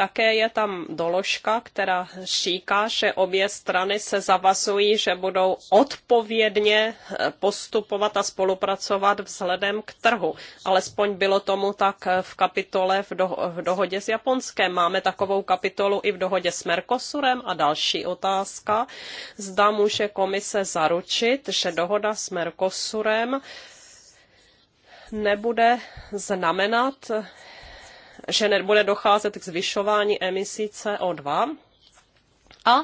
[SPEAKER 2] Také je tam doložka, která říká, že obě strany se zavazují, že budou odpovědně eh, postupovat a spolupracovat vzhledem k trhu. Alespoň bylo tomu tak eh, v kapitole v, do, v dohodě s Japonskem. Máme takovou kapitolu i v dohodě s Mercosurem. A další otázka, zda může komise zaručit, že dohoda s Mercosurem nebude znamenat že nebude docházet k zvyšování emisí CO2 a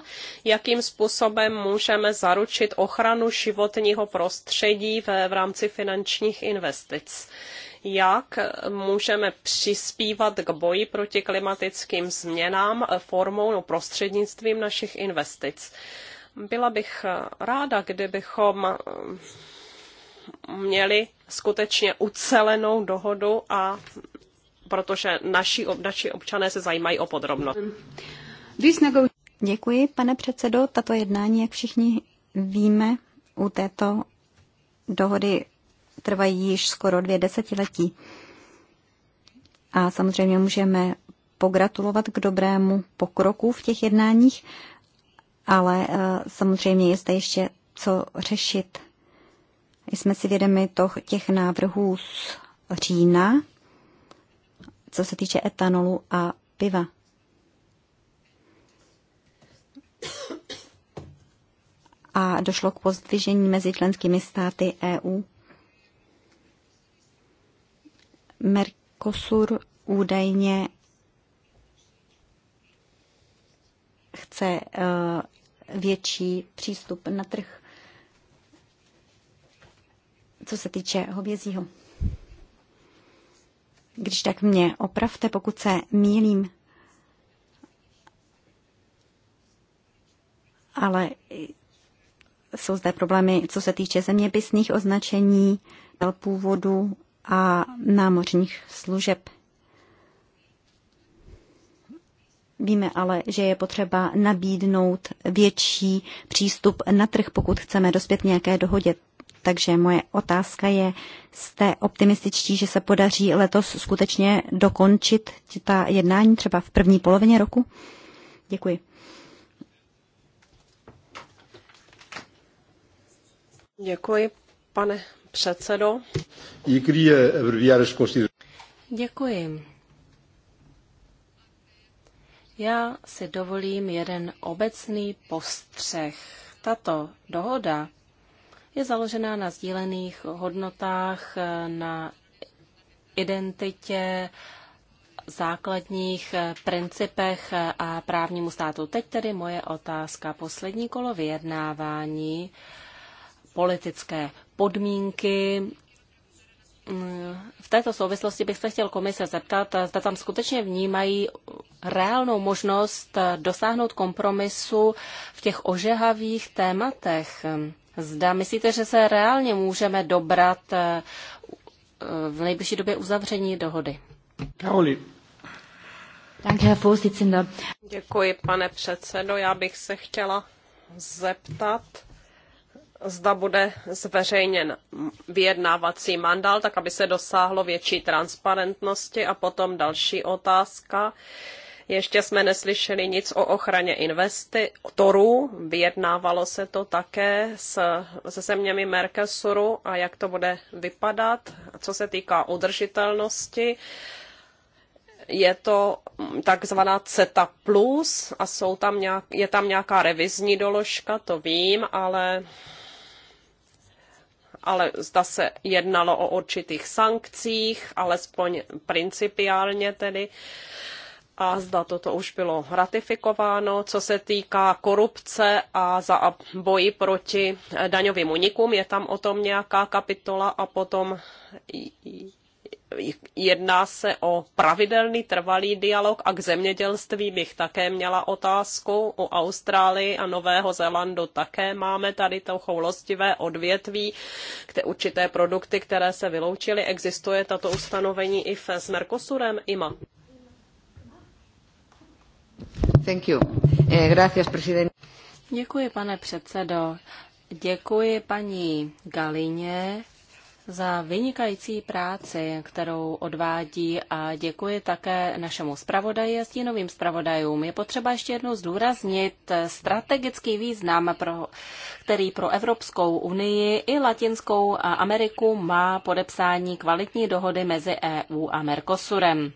[SPEAKER 2] jakým způsobem můžeme zaručit ochranu životního prostředí v, v rámci finančních investic. Jak můžeme přispívat k boji proti klimatickým změnám formou no prostřednictvím našich investic. Byla bych ráda, kdybychom měli skutečně ucelenou dohodu a protože naši, naši občané se zajímají o podrobnost.
[SPEAKER 3] Děkuji, pane předsedo. Tato jednání, jak všichni víme, u této dohody trvají již skoro dvě desetiletí. A samozřejmě můžeme pogratulovat k dobrému pokroku v těch jednáních, ale eh, samozřejmě je zde ještě co řešit. Jsme si vědomi těch návrhů z října, co se týče etanolu a piva. A došlo k pozdvižení mezi členskými státy EU. Mercosur údajně chce eh, větší přístup na trh, co se týče hovězího. Když tak mě opravte, pokud se mílím. Ale jsou zde problémy, co se týče zeměpisných označení, původu a námořních služeb. Víme ale, že je potřeba nabídnout větší přístup na trh, pokud chceme dospět nějaké dohodě. Takže moje otázka je, jste optimističtí, že se podaří letos skutečně dokončit ta jednání třeba v první polovině roku? Děkuji.
[SPEAKER 2] Děkuji, pane předsedo.
[SPEAKER 1] Děkuji. Já si dovolím jeden obecný postřeh. Tato dohoda je založená na sdílených hodnotách, na identitě, základních principech a právnímu státu. Teď tedy moje otázka. Poslední kolo vyjednávání, politické podmínky. V této souvislosti bych se chtěl komise zeptat, zda tam skutečně vnímají reálnou možnost dosáhnout kompromisu v těch ožehavých tématech. Zda myslíte, že se reálně můžeme dobrat eh, v nejbližší době uzavření dohody?
[SPEAKER 3] Karoli.
[SPEAKER 2] Děkuji, pane předsedo. Já bych se chtěla zeptat, zda bude zveřejněn vyjednávací mandál, tak aby se dosáhlo větší transparentnosti. A potom další otázka. Uh, ještě jsme neslyšeli nic o ochraně investorů. Vyjednávalo se to také s, se zeměmi Mercosuru a jak to bude vypadat. Co se týká udržitelnosti, je to takzvaná CETA plus a jsou tam nějak, je tam nějaká revizní doložka, to vím, ale ale zda se jednalo o určitých sankcích, alespoň principiálně tedy. Uh, a zda toto už bylo ratifikováno. Co se týká korupce a za boji proti eh, daňovým unikům, je tam o tom nějaká kapitola a potom jedná se o pravidelný trvalý dialog a k zemědělství bych také měla otázku. U Austrálii a Nového Zélandu také máme tady to choulostivé odvětví, kde určité produkty, které se vyloučily, existuje tato ustanovení i s Mercosurem IMA.
[SPEAKER 1] Eh, děkuji, pane předsedo. Děkuji paní Galině za vynikající práci, kterou odvádí a děkuji také našemu zpravodaji a stínovým zpravodajům. Je potřeba ještě jednou zdůraznit strategický význam, pro, který pro Evropskou unii i Latinskou Ameriku má podepsání kvalitní dohody mezi EU a Mercosurem.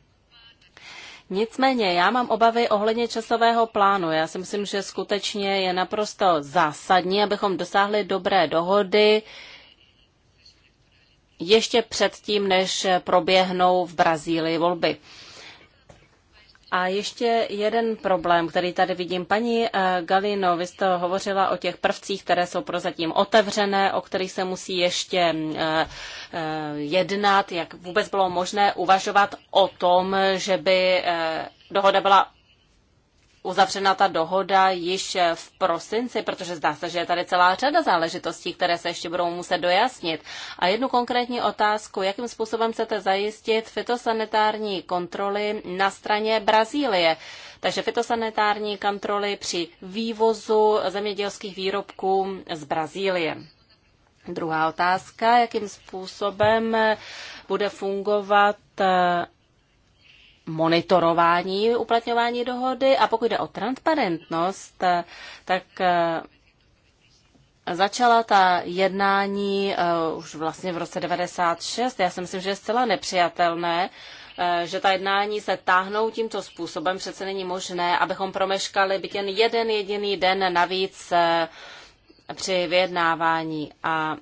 [SPEAKER 1] Nicméně já mám obavy ohledně časového plánu. Já si myslím, že skutečně je naprosto zásadní, abychom dosáhli dobré dohody ještě předtím, než proběhnou v Brazílii volby. A ještě jeden problém, který tady vidím. Paní eh, Galino, vy jste hovořila o těch prvcích, které jsou prozatím otevřené, o kterých se musí ještě eh, eh, jednat, jak vůbec bylo možné uvažovat o tom, že by dohoda byla uzavřena ta dohoda již v prosinci, protože zdá se, že je tady celá řada záležitostí, které se ještě budou muset dojasnit. A jednu konkrétní otázku, jakým způsobem chcete zajistit fitosanitární kontroly na straně Brazílie? Takže fitosanitární kontroly při vývozu zemědělských výrobků z Brazílie. Druhá otázka, jakým způsobem bude fungovat monitorování uplatňování dohody a pokud jde o transparentnost, tak eh, začala ta jednání eh, už vlastně v roce 96. Já si myslím, že je zcela nepřijatelné, eh, že ta jednání se táhnou tímto způsobem. Přece není možné, abychom promeškali byt jen jeden jediný den navíc při vyjednávání. A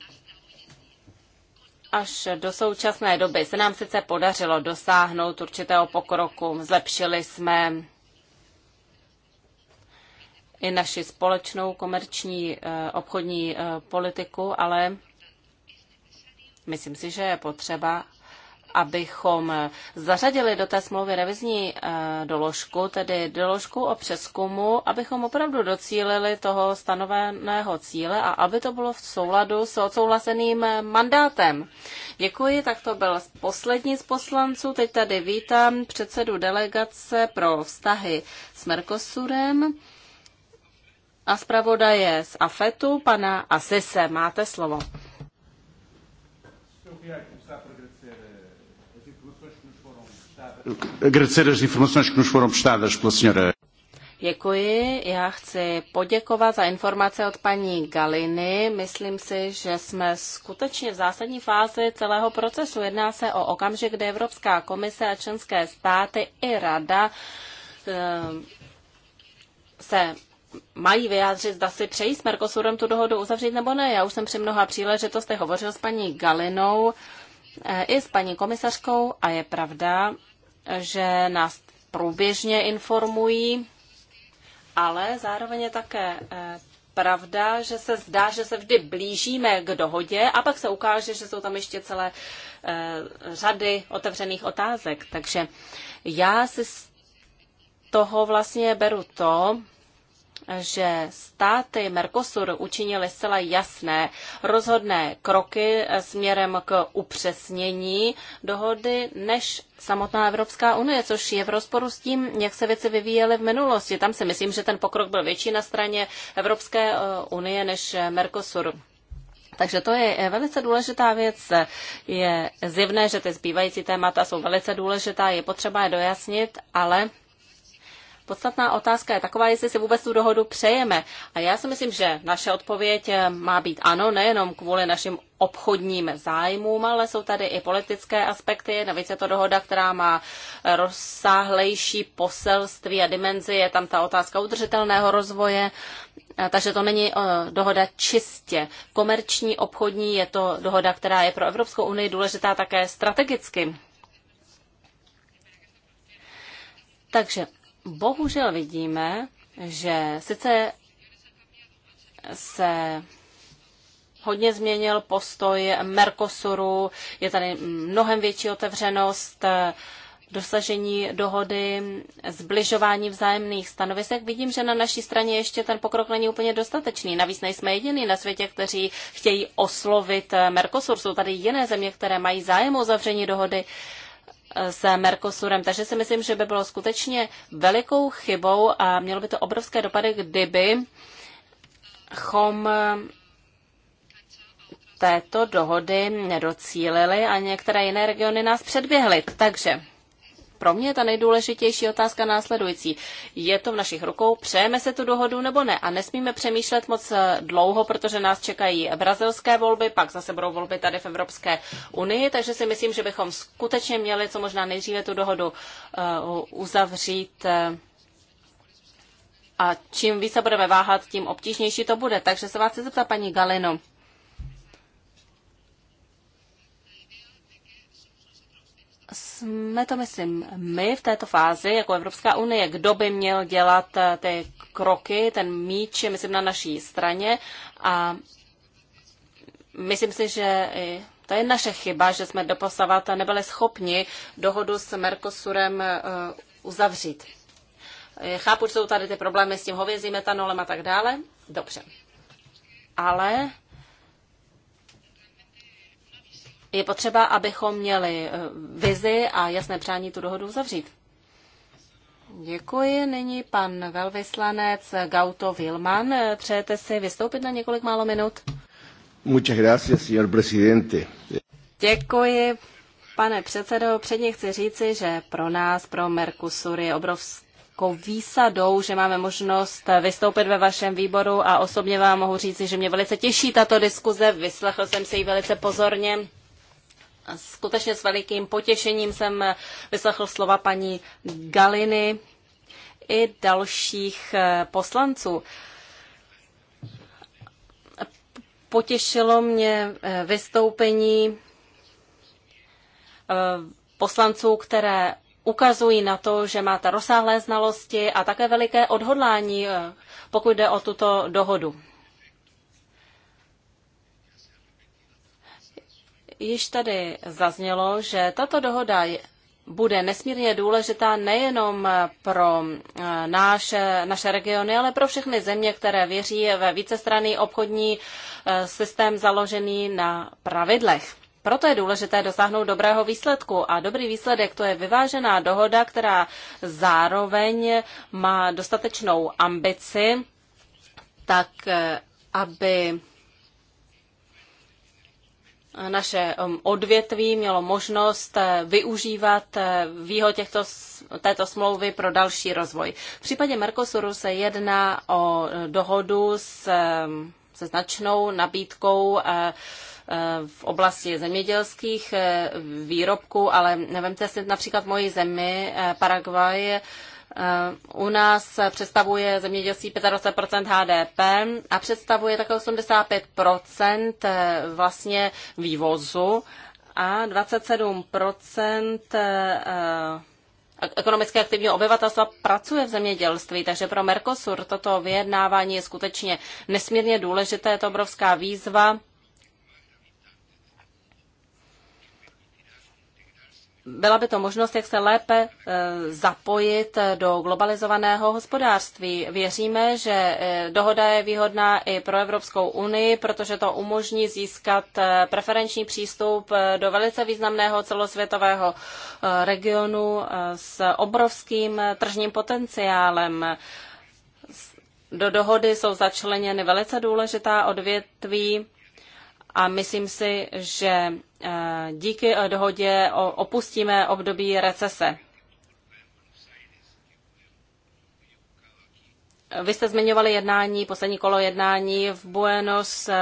[SPEAKER 1] až do současné doby se nám sice podařilo dosáhnout určitého pokroku, zlepšili jsme i naši společnou komerční eh, obchodní eh, politiku, ale myslím si, že je potřeba, abychom zařadili do té smlouvy revizní eh, doložku, tedy doložku o přeskumu, abychom opravdu docílili toho stanoveného cíle a aby to bylo v souladu s odsouhlaseným eh, mandátem. Děkuji, tak to byl poslední z poslanců. Teď tady vítám předsedu delegace pro vztahy s Mercosurem a zpravodaje z AFETu, pana Asise. Máte slovo. Dobrý. agradecer as informações que nos foram prestadas pela senhora. Děkuji. Já chci poděkovat za informace od paní Galiny. Myslím si, že jsme skutečně v zásadní fázi celého procesu. Jedná se o okamžik, kdy Evropská komise a členské státy i rada eh, se mají vyjádřit, zda si přejí s Mercosurem tu dohodu uzavřít nebo ne. Já už jsem při mnoha příležitostech hovořil s paní Galinou eh, i s paní komisařkou a je pravda, že nás průběžně informují, ale zároveň je také eh, pravda, že se zdá, že se vždy blížíme k dohodě a pak se ukáže, že jsou tam ještě celé eh, řady otevřených otázek. Takže já si z toho vlastně beru to, že státy Mercosur učinily zcela jasné rozhodné kroky směrem k upřesnění dohody než samotná Evropská unie, což je v rozporu s tím, jak se věci vyvíjely v minulosti. Tam si myslím, že ten pokrok byl větší na straně Evropské eh, unie než Mercosur. Takže to je velice důležitá věc. Je zjevné, že ty zbývající témata jsou velice důležitá, je potřeba je dojasnit, ale Podstatná otázka je taková, jestli si vůbec tu dohodu přejeme. A já si myslím, že naše odpověď eh, má být ano, nejenom kvůli našim obchodním zájmům, ale jsou tady i politické aspekty. Navíc je to dohoda, která má rozsáhlejší poselství a dimenzi. Je tam ta otázka udržitelného rozvoje. Takže to není eh, dohoda čistě komerční, obchodní, je to dohoda, která je pro Evropskou unii důležitá také strategicky. Takže bohužel vidíme, že sice se hodně změnil postoj Mercosuru, je tady mnohem větší otevřenost eh, dosažení dohody, zbližování vzájemných stanovisek. Vidím, že na naší straně ještě ten pokrok není úplně dostatečný. Navíc nejsme jediný na světě, kteří chtějí oslovit eh, Mercosur. Jsou tady jiné země, které mají zájem o zavření dohody s Mercosurem. Takže si myslím, že by bylo skutečně velikou chybou a mělo by to obrovské dopady, kdyby chom této dohody nedocílili a některé jiné regiony nás předběhly. Takže pro mě je ta nejdůležitější otázka následující. Je to v našich rukou, přejeme se tu dohodu nebo ne? A nesmíme přemýšlet moc eh, dlouho, protože nás čekají brazilské volby, pak zase budou volby tady v Evropské unii, takže si myslím, že bychom skutečně měli co možná nejdříve tu dohodu eh, uzavřít. Eh, a čím více budeme váhat, tím obtížnější to bude. Takže se vás chci zeptat, paní Galino, jsme to, myslím, my v této fázi, jako Evropská unie, kdo by měl dělat eh, ty kroky, ten míč je, myslím, na naší straně a myslím si, že to je naše chyba, že jsme doposavat nebyli schopni dohodu s Mercosurem eh, uzavřít. Eh, chápu, že jsou tady ty problémy s tím hovězím metanolem a tak dále. Dobře. Ale je potřeba, abychom měli eh, vizi a jasné přání tu dohodu uzavřít. Děkuji. Nyní pan velvyslanec Gauto Vilman. Přejete si vystoupit na několik málo minut?
[SPEAKER 2] Muchas gracias, señor presidente.
[SPEAKER 1] Děkuji, pane předsedo. Předně chci říci, že pro nás, pro Mercosur je obrovskou výsadou, že máme možnost vystoupit ve vašem výboru a osobně vám mohu říci, že mě velice těší tato diskuze. Vyslechl jsem si ji velice pozorně skutečně s velikým potěšením jsem vyslechl slova paní Galiny i dalších eh, poslanců. Potěšilo mě eh, vystoupení eh, poslanců, které ukazují na to, že máte rozsáhlé znalosti a také veliké odhodlání, pokud jde o tuto dohodu. Již tady zaznělo, že tato dohoda bude nesmírně důležitá nejenom pro eh, náš, naše regiony, ale pro všechny země, které věří ve vícestranný obchodní eh, systém založený na pravidlech. Proto je důležité dosáhnout dobrého výsledku a dobrý výsledek to je vyvážená dohoda, která zároveň má dostatečnou ambici, tak eh, aby naše um, odvětví mělo možnost eh, využívat eh, výhod těchto, této smlouvy pro další rozvoj. V případě Mercosuru se jedná o eh, dohodu s, se značnou nabídkou v oblasti zemědělských výrobků, ale nevemte si například v moji zemi, Paraguay, u nás představuje zemědělství 25 HDP a představuje také 85 eh, vlastně vývozu a 27 eh, ekonomické aktivního obyvatelstva pracuje v zemědělství, takže pro Mercosur toto vyjednávání je skutečně nesmírně důležité, je to obrovská výzva byla by to možnost, jak se lépe eh, zapojit do globalizovaného hospodářství. Věříme, že eh, dohoda je výhodná i pro Evropskou unii, protože to umožní získat eh, preferenční přístup do velice významného celosvětového regionu s obrovským tržním potenciálem. Do dohody jsou začleněny velice důležitá odvětví, a myslím si, že eh, díky eh, dohodě opustíme období recese. Vy jste zmiňovali jednání, poslední kolo jednání v Buenos eh,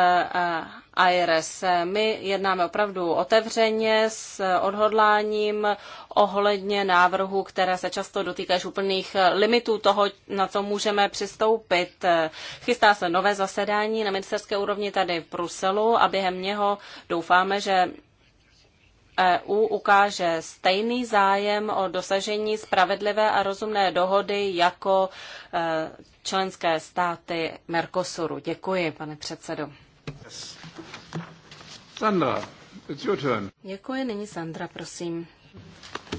[SPEAKER 1] AIRES. My jednáme opravdu otevřeně s odhodláním ohledně návrhů, které se často dotýkají úplných limitů toho, na co můžeme přistoupit. Chystá se nové zasedání na ministerské úrovni tady v Bruselu a během něho doufáme, že EU ukáže stejný zájem o dosažení spravedlivé a rozumné dohody jako e, členské státy Mercosuru. Děkuji, pane předsedo. Yes. Sandra, it's your turn. Děkuji, nyní Sandra, prosím.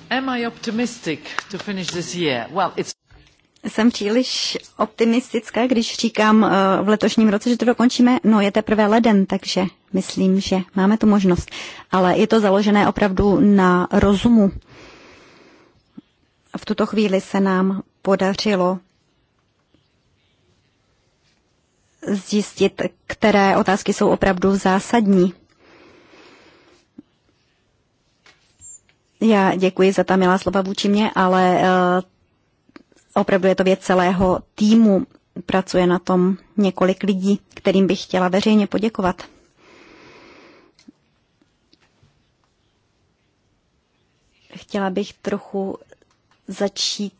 [SPEAKER 1] Am I optimistic
[SPEAKER 3] to finish this year? Well, it's jsem příliš optimistická, když říkám uh, v letošním roce, že to dokončíme. No, je teprve leden, takže myslím, že máme tu možnost. Ale je to založené opravdu na rozumu. V tuto chvíli se nám podařilo zjistit, které otázky jsou opravdu zásadní. Já děkuji za ta milá slova vůči mě, ale eh, opravdu je to věc celého týmu. Pracuje na tom několik lidí, kterým bych chtěla veřejně poděkovat. Chtěla bych trochu začít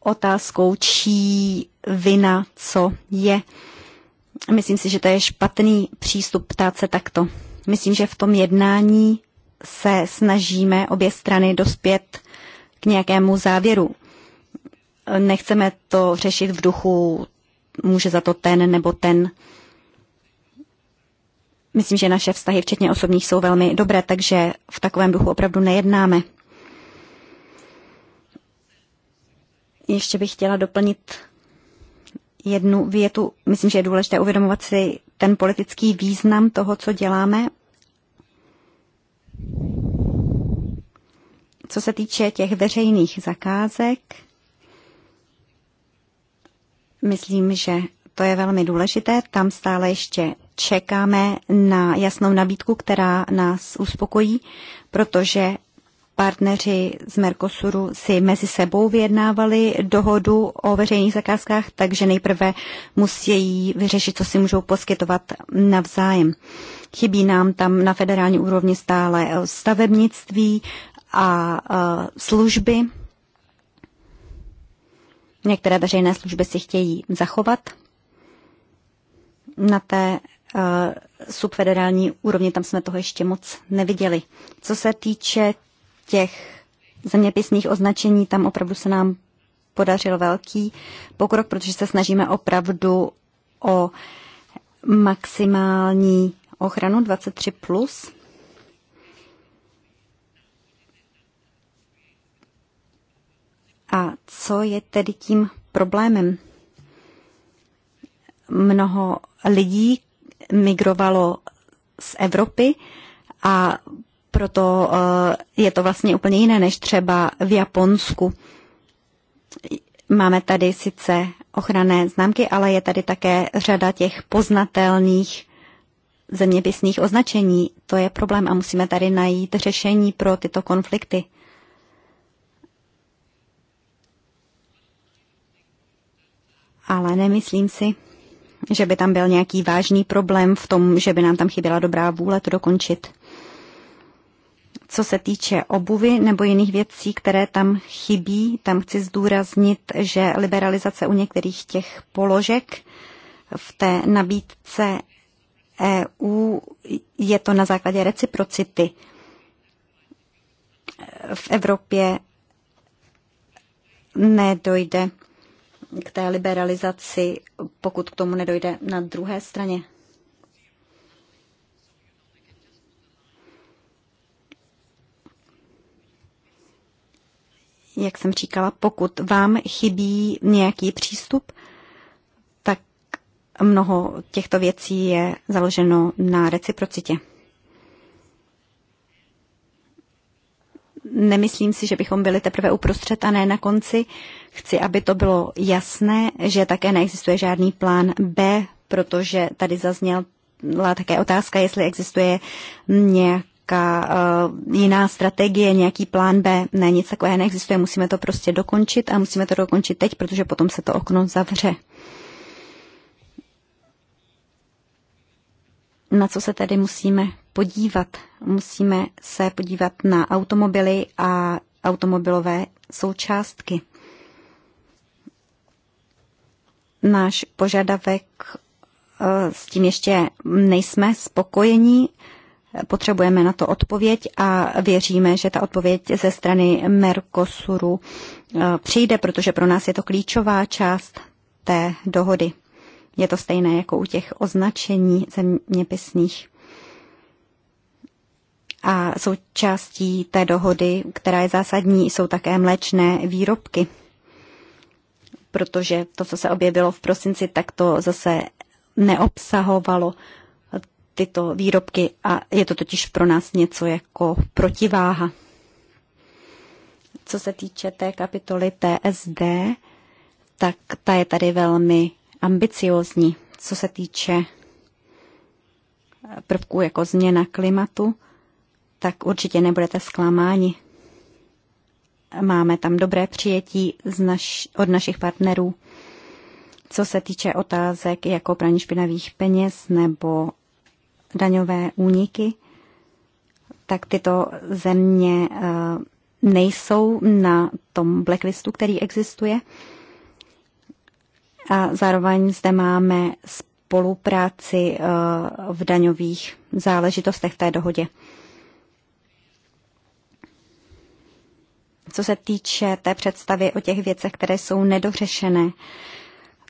[SPEAKER 3] otázkou, čí vina co je. Myslím si, že to je špatný přístup ptát se takto. Myslím, že v tom jednání se snažíme obě strany dospět k nějakému závěru. Nechceme to řešit v duchu, může za to ten nebo ten. Myslím, že naše vztahy, včetně osobních, jsou velmi dobré, takže v takovém duchu opravdu nejednáme. Ještě bych chtěla doplnit jednu větu. Myslím, že je důležité uvědomovat si, ten politický význam toho, co děláme. Co se týče těch veřejných zakázek, myslím, že to je velmi důležité. Tam stále ještě čekáme na jasnou nabídku, která nás uspokojí, protože partneři z Mercosuru si mezi sebou vyjednávali dohodu o veřejných zakázkách, takže nejprve musí vyřešit, co si můžou poskytovat navzájem. Chybí nám tam na federální úrovni stále eh, stavebnictví a eh, služby. Některé veřejné služby si chtějí zachovat na té eh, subfederální úrovni, tam jsme toho ještě moc neviděli. Co se týče těch zeměpisných označení, tam opravdu se nám podařil velký pokrok, protože se snažíme opravdu o maximální ochranu 23+. Plus. A co je tedy tím problémem? Mnoho lidí migrovalo z Evropy a proto eh, je to vlastně úplně jiné než třeba v Japonsku. Máme tady sice ochranné známky, ale je tady také řada těch poznatelných zeměpisných označení. To je problém a musíme tady najít řešení pro tyto konflikty. Ale nemyslím si, že by tam byl nějaký vážný problém v tom, že by nám tam chyběla dobrá vůle to dokončit. Co se týče obuvy nebo jiných věcí, které tam chybí, tam chci zdůraznit, že liberalizace u některých těch položek v té nabídce EU je to na základě reciprocity. V Evropě nedojde k té liberalizaci, pokud k tomu nedojde na druhé straně jak jsem říkala, pokud vám chybí nějaký přístup, tak mnoho těchto věcí je založeno na reciprocitě. Nemyslím si, že bychom byli teprve uprostřed a ne na konci. Chci, aby to bylo jasné, že také neexistuje žádný plán B, protože tady zazněla také otázka, jestli existuje nějak nějaká uh, jiná strategie, nějaký plán B. Ne, nic takového neexistuje. Musíme to prostě dokončit a musíme to dokončit teď, protože potom se to okno zavře. Na co se tedy musíme podívat? Musíme se podívat na automobily a automobilové součástky. Náš požadavek eh, s tím ještě nejsme spokojení. Potřebujeme na to odpověď a věříme, že ta odpověď ze strany Mercosuru eh, přijde, protože pro nás je to klíčová část té dohody. Je to stejné jako u těch označení zeměpisných. A součástí té dohody, která je zásadní, jsou také mléčné výrobky. Protože to, co se objevilo v prosinci, tak to zase neobsahovalo tyto výrobky a je to totiž pro nás něco jako protiváha. Co se týče té kapitoly TSD, tak ta je tady velmi ambiciozní, co se týče prvků jako změna klimatu, tak určitě nebudete zklamáni. Máme tam dobré přijetí z naš, od našich partnerů, co se týče otázek jako praní špinavých peněz nebo daňové úniky, tak tyto země eh, nejsou na tom blacklistu, který existuje. A zároveň zde máme spolupráci eh, v daňových záležitostech v té dohodě. Co se týče té představy o těch věcech, které jsou nedořešené,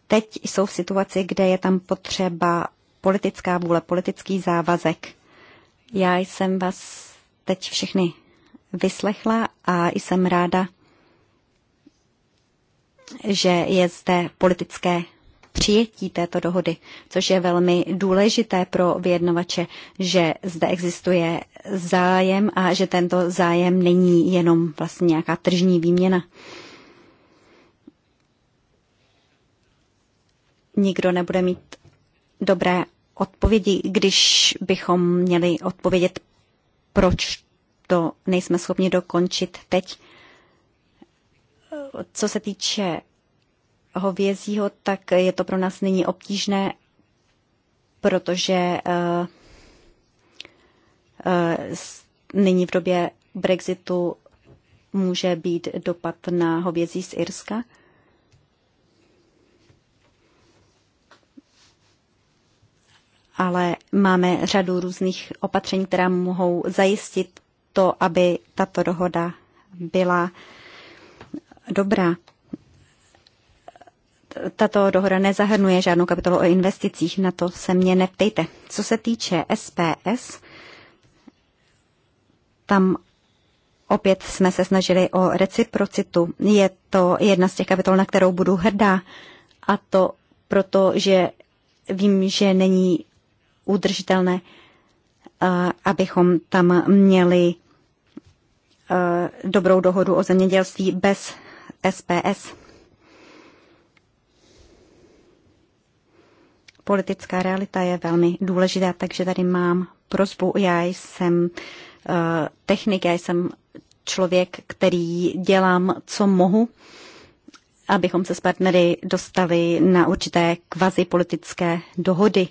[SPEAKER 3] teď jsou v situaci, kde je tam potřeba politická vůle, politický závazek. Já jsem vás teď všechny vyslechla a jsem ráda, že je zde politické přijetí této dohody, což je velmi důležité pro vyjednavače, že zde existuje zájem a že tento zájem není jenom vlastně nějaká tržní výměna. Nikdo nebude mít dobré odpovědi, když bychom měli odpovědět, proč to nejsme schopni dokončit teď. Co se týče hovězího, tak je to pro nás nyní obtížné, protože eh, eh, nyní v době Brexitu může být dopad na hovězí z Irska. ale máme řadu různých opatření, která mohou zajistit to, aby tato dohoda byla dobrá. Tato dohoda nezahrnuje žádnou kapitolu o investicích, na to se mě neptejte. Co se týče SPS, tam opět jsme se snažili o reciprocitu. Je to jedna z těch kapitol, na kterou budu hrdá. A to proto, že vím, že není udržitelné, eh, abychom tam měli eh, dobrou dohodu o zemědělství bez SPS. Politická realita je velmi důležitá, takže tady mám prozbu. Já jsem eh, technik, já jsem člověk, který dělám, co mohu, abychom se s partnery dostali na určité kvazi politické dohody.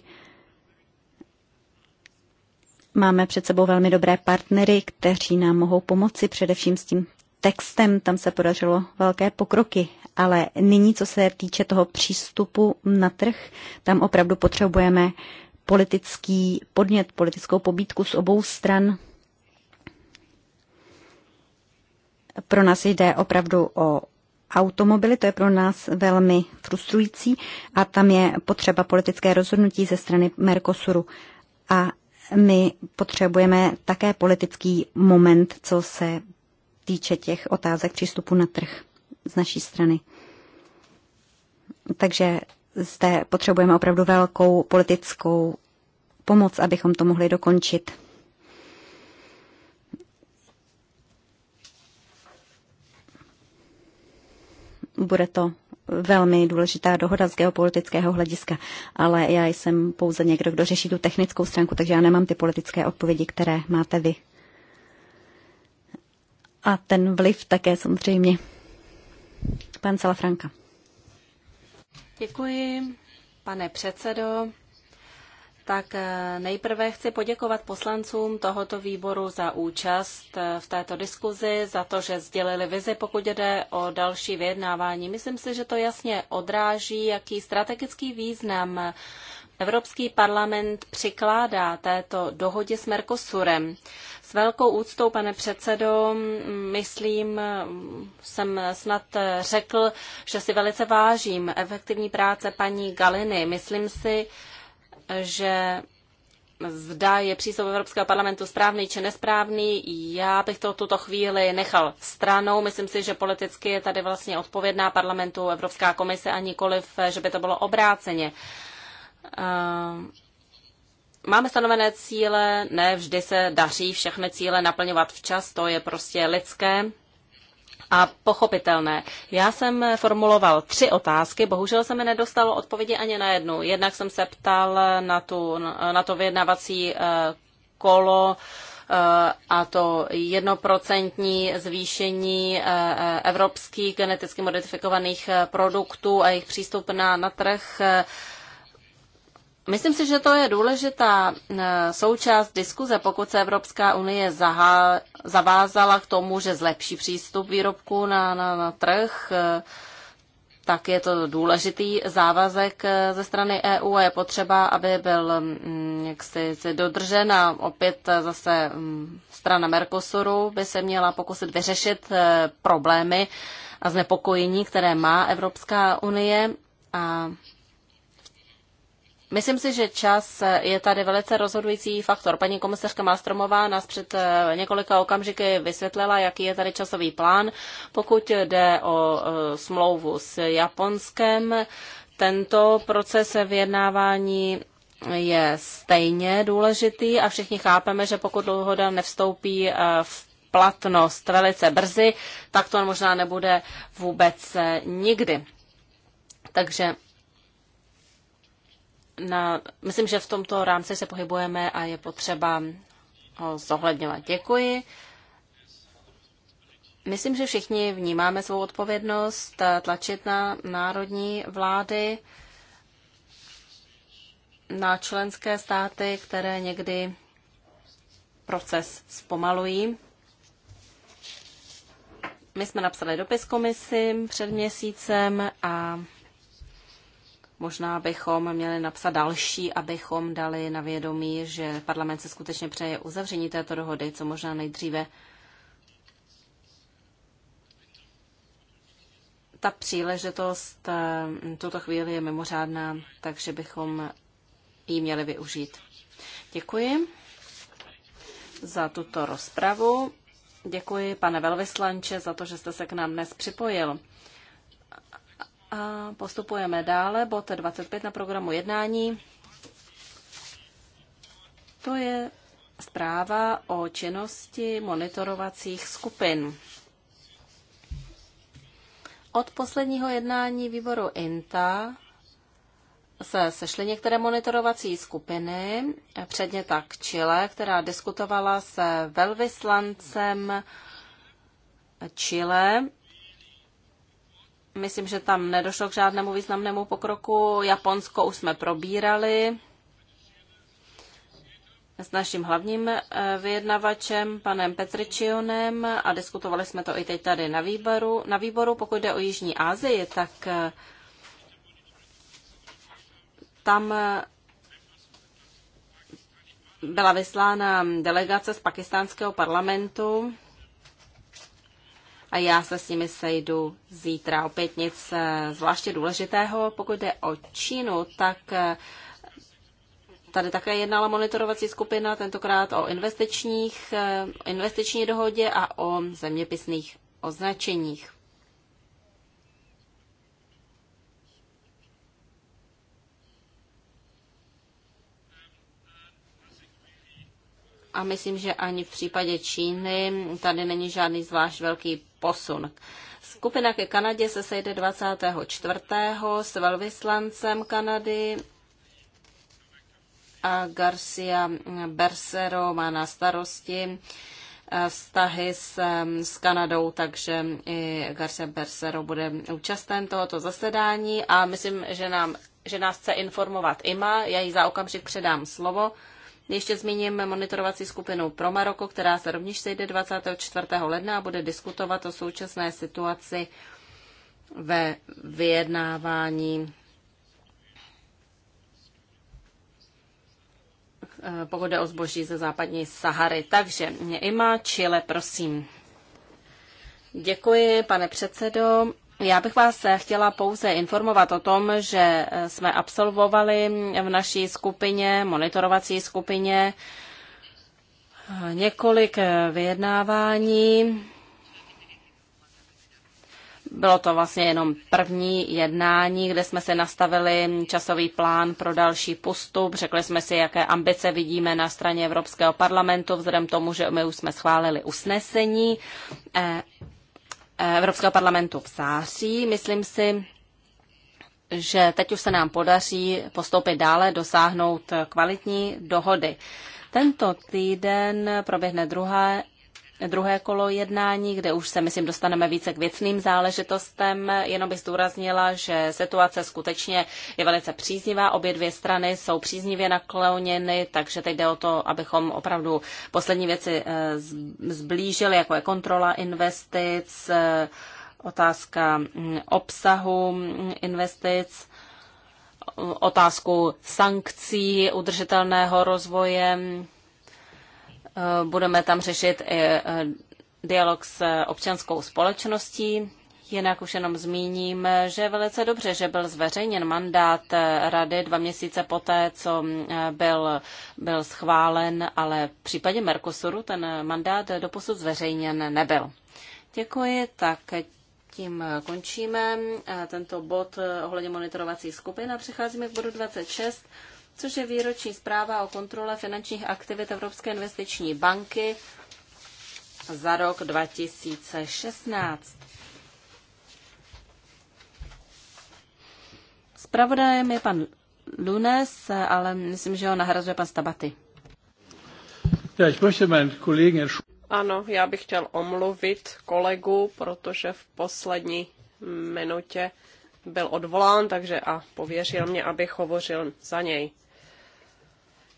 [SPEAKER 3] Máme před sebou velmi dobré partnery, kteří nám mohou pomoci především s tím textem, tam se podařilo velké pokroky, ale nyní, co se týče toho přístupu na trh, tam opravdu potřebujeme politický podnět, politickou pobídku z obou stran. Pro nás jde opravdu o automobily, to je pro nás velmi frustrující a tam je potřeba politické rozhodnutí ze strany Mercosuru. A my potřebujeme také politický moment, co se týče těch otázek přístupu na trh z naší strany. Takže zde potřebujeme opravdu velkou politickou pomoc, abychom to mohli dokončit. Bude to velmi důležitá dohoda z geopolitického hlediska, ale já jsem pouze někdo, kdo řeší tu technickou stránku, takže já nemám ty politické odpovědi, které máte vy. A ten vliv také samozřejmě. Pan Salafranka.
[SPEAKER 1] Děkuji, pane předsedo tak eh, nejprve chci poděkovat poslancům tohoto výboru za účast eh, v této diskuzi, za to, že sdělili vizi, pokud jde o další vyjednávání. Myslím si, že to jasně odráží, jaký strategický význam Evropský parlament přikládá této dohodě s Mercosurem. S velkou úctou, pane předsedo, myslím, jsem snad řekl, že si velice vážím efektivní práce paní Galiny. Myslím si, že zda je přístup Evropského parlamentu správný či nesprávný, já bych to tuto chvíli nechal stranou. Myslím si, že politicky je tady vlastně odpovědná parlamentu Evropská komise a nikoliv, že by to bylo obráceně. Eh, máme stanovené cíle, ne vždy se daří všechny cíle naplňovat včas, to je prostě lidské a pochopitelné. Já jsem formuloval tři otázky, bohužel se mi nedostalo odpovědi ani na jednu. Jednak jsem se ptal na, tu, na to vyjednavací eh, kolo eh, a to jednoprocentní zvýšení eh, evropských geneticky modifikovaných produktů a jejich přístup na, na trh. Myslím si, že to je důležitá eh, součást diskuze, pokud se Evropská unie zahá, zavázala k tomu, že zlepší přístup výrobků na, na, na trh, eh, tak je to důležitý závazek eh, ze strany EU a je potřeba, aby byl mm, jaksi dodržen a opět zase mm, strana Mercosuru by se měla pokusit vyřešit problémy a znepokojení, které má Evropská unie a Myslím si, že čas je tady velice rozhodující faktor. Paní komisařka Mastromová nás před eh, několika okamžiky vysvětlila, jaký je tady časový plán. Pokud jde o eh, smlouvu s Japonskem, tento proces vyjednávání je stejně důležitý a všichni chápeme, že pokud dohoda nevstoupí eh, v platnost velice brzy, tak to možná nebude vůbec nikdy. Takže na, myslím, že v tomto rámci se pohybujeme a je potřeba ho zohledňovat. Děkuji. Myslím, že všichni vnímáme svou odpovědnost tlačit na národní vlády, na členské státy, které někdy proces zpomalují. My jsme napsali dopis komisím před měsícem a Možná bychom měli napsat další, abychom dali na vědomí, že parlament se skutečně přeje uzavření této dohody, co možná nejdříve. Ta příležitost eh, tuto chvíli je mimořádná, takže bychom ji měli využít. Děkuji za tuto rozpravu. Děkuji, pane velvyslanče, za to, že jste se k nám dnes připojil. A postupujeme dále, bod 25 na programu jednání. To je zpráva o činnosti monitorovacích skupin. Od posledního jednání výboru INTA se sešly některé monitorovací skupiny, předně tak Chile, která diskutovala se velvyslancem Chile Myslím, že tam nedošlo k žádnému významnému pokroku. Japonsko už jsme probírali s naším hlavním eh, vyjednavačem, panem Petričionem, a diskutovali jsme to i teď tady na výboru. Na výboru, pokud jde o Jižní Asii, tak eh, tam eh, byla vyslána delegace z pakistánského parlamentu a já se s nimi sejdu zítra. Opět nic eh, zvláště důležitého. Pokud jde o Čínu, tak eh, tady také jednala monitorovací skupina, tentokrát o investičních, eh, investiční dohodě a o zeměpisných označeních. a myslím, že ani v případě Číny tady není žádný zvlášť velký posun. Skupina ke Kanadě se sejde 24. s velvyslancem Kanady a Garcia Bersero má na starosti eh, vztahy s, s Kanadou, takže i Garcia Bersero bude účasten tohoto zasedání a myslím, že, nám, že nás chce informovat Ima. Já jí za okamžik předám slovo. Ještě zmíním monitorovací skupinu pro Maroko, která se rovněž sejde 24. ledna a bude diskutovat o současné situaci ve vyjednávání eh, pokud jde o zboží ze západní Sahary. Takže mě Ima Chile, prosím. Děkuji, pane předsedo. Já bych vás eh, chtěla pouze informovat o tom, že eh, jsme absolvovali v naší skupině, monitorovací skupině, eh, několik vyjednávání. Bylo to vlastně jenom první jednání, kde jsme si nastavili časový plán pro další postup. Řekli jsme si, jaké ambice vidíme na straně Evropského parlamentu, vzhledem tomu, že my už jsme schválili usnesení Evropského parlamentu v září. Myslím si, že teď už se nám podaří postoupit dále, dosáhnout kvalitní dohody. Tento týden proběhne druhé druhé kolo jednání, kde už se, myslím, dostaneme více k věcným záležitostem. Jenom bych zdůraznila, že situace skutečně je velice příznivá. Obě dvě strany jsou příznivě nakloněny, takže teď jde o to, abychom opravdu poslední věci eh, zblížili, jako je kontrola investic, eh, otázka mm, obsahu mm, investic, otázku sankcí udržitelného rozvoje mm, Eh, budeme tam řešit i eh, dialog s eh, občanskou společností. Jinak už jenom zmíním, že je velice dobře, že byl zveřejněn mandát rady dva měsíce poté, co mm, byl, byl schválen, ale v případě Mercosuru ten mandát doposud zveřejněn nebyl. Děkuji, tak tím končíme tento bod ohledně monitorovací skupiny a přecházíme k bodu 26 což je výroční zpráva o kontrole finančních aktivit Evropské investiční banky za rok 2016. Spravodajem je pan Lunes, ale myslím, že ho nahrazuje pan Stabaty. Já, ich
[SPEAKER 2] ano, já bych chtěl omluvit kolegu, protože v poslední minutě byl odvolán, takže a pověřil mě, abych hovořil za něj.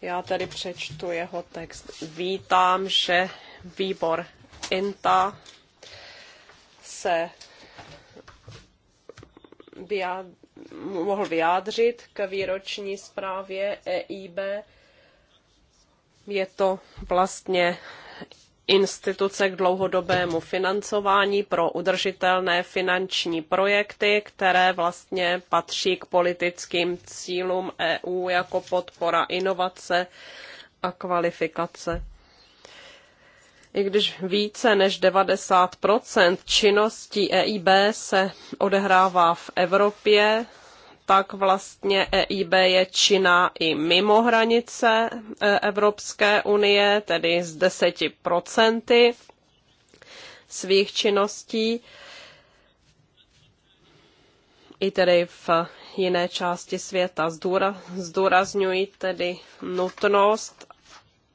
[SPEAKER 2] Já tedy přečtu jeho text. Vítám, že výbor INTA se mohl vyjádřit k výroční zprávě EIB. Je to vlastně instituce k dlouhodobému financování pro udržitelné finanční projekty, které vlastně patří k politickým cílům EU jako podpora inovace a kvalifikace. I když více než 90 činností EIB se odehrává v Evropě, tak vlastně EIB je činná i mimo hranice e, Evropské unie, tedy z 10% svých činností, i tedy v jiné části světa. Zdůrazňují tedy nutnost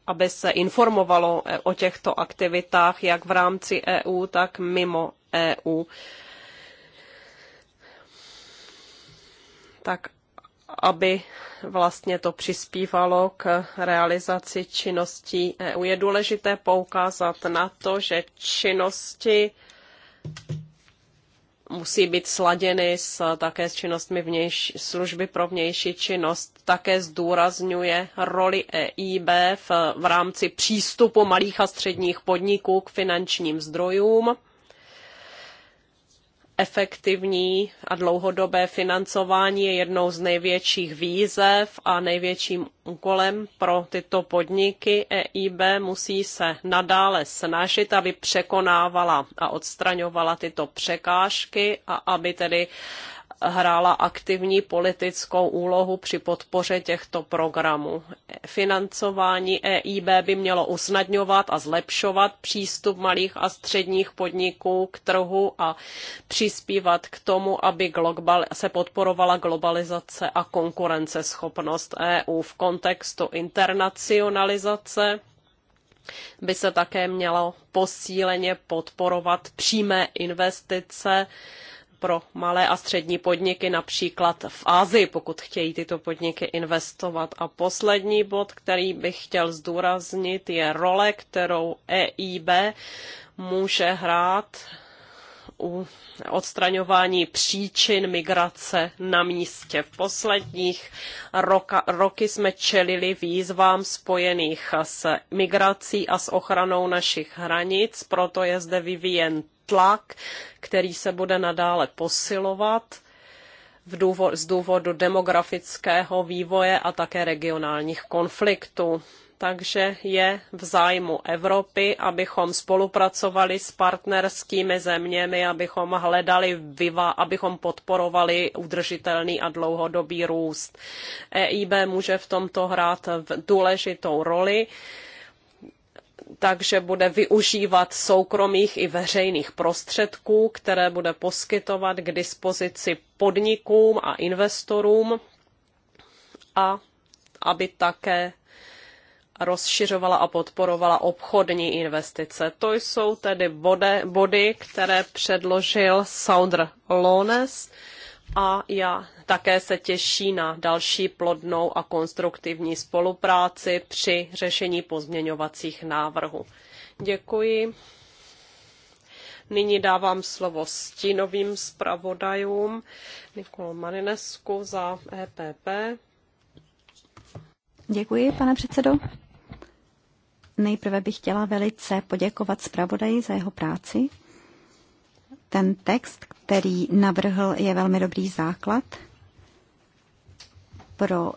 [SPEAKER 2] aby se informovalo o těchto aktivitách jak v rámci EU, tak mimo EU. tak aby vlastně to přispívalo k realizaci činností EU. Je důležité poukázat na to, že činnosti musí být sladěny s, také s činnostmi vnější, služby pro vnější činnost. Také zdůrazňuje roli EIB v, v rámci přístupu malých a středních podniků k finančním zdrojům efektivní a dlouhodobé financování je jednou z největších výzev a největším úkolem pro tyto podniky. EIB musí se nadále snažit, aby překonávala a odstraňovala tyto překážky a aby tedy hrála aktivní politickou úlohu při podpoře těchto programů. Financování EIB by mělo usnadňovat a zlepšovat přístup malých a středních podniků k trhu a přispívat k tomu, aby global, se podporovala globalizace a konkurenceschopnost EU v kontextu internacionalizace by se také mělo posíleně podporovat přímé investice pro malé a střední podniky, například v Ázii, pokud chtějí tyto podniky investovat. A poslední bod, který bych chtěl zdůraznit, je role, kterou EIB může hrát u odstraňování příčin migrace na místě. V posledních roka, roky jsme čelili výzvám spojených s migrací a s ochranou našich hranic, proto je zde vyvíjen tlak, který se bude nadále posilovat v z důvodu demografického vývoje a také regionálních konfliktů. Takže je v zájmu Evropy, abychom spolupracovali s partnerskými zeměmi, abychom hledali viva, abychom podporovali udržitelný a dlouhodobý růst. EIB může v tomto hrát důležitou roli takže bude využívat soukromých i veřejných prostředků, které bude poskytovat k dispozici podnikům a investorům a aby také rozšiřovala a podporovala obchodní investice. To jsou tedy body, body které předložil Saundr Lones a já také se těší na další plodnou a konstruktivní spolupráci při řešení pozměňovacích návrhů. Děkuji. Nyní dávám slovo stínovým zpravodajům Nikolu Marinesku za EPP.
[SPEAKER 3] Děkuji, pane předsedo. Nejprve bych chtěla velice poděkovat zpravodaji za jeho práci ten text, který navrhl, je velmi dobrý základ pro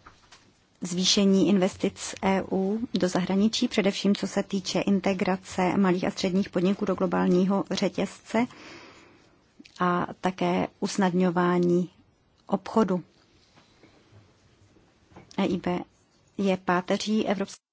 [SPEAKER 3] zvýšení investic EU do zahraničí, především co se týče integrace malých a středních podniků do globálního řetězce a také usnadňování obchodu. EIB je páteří Evropské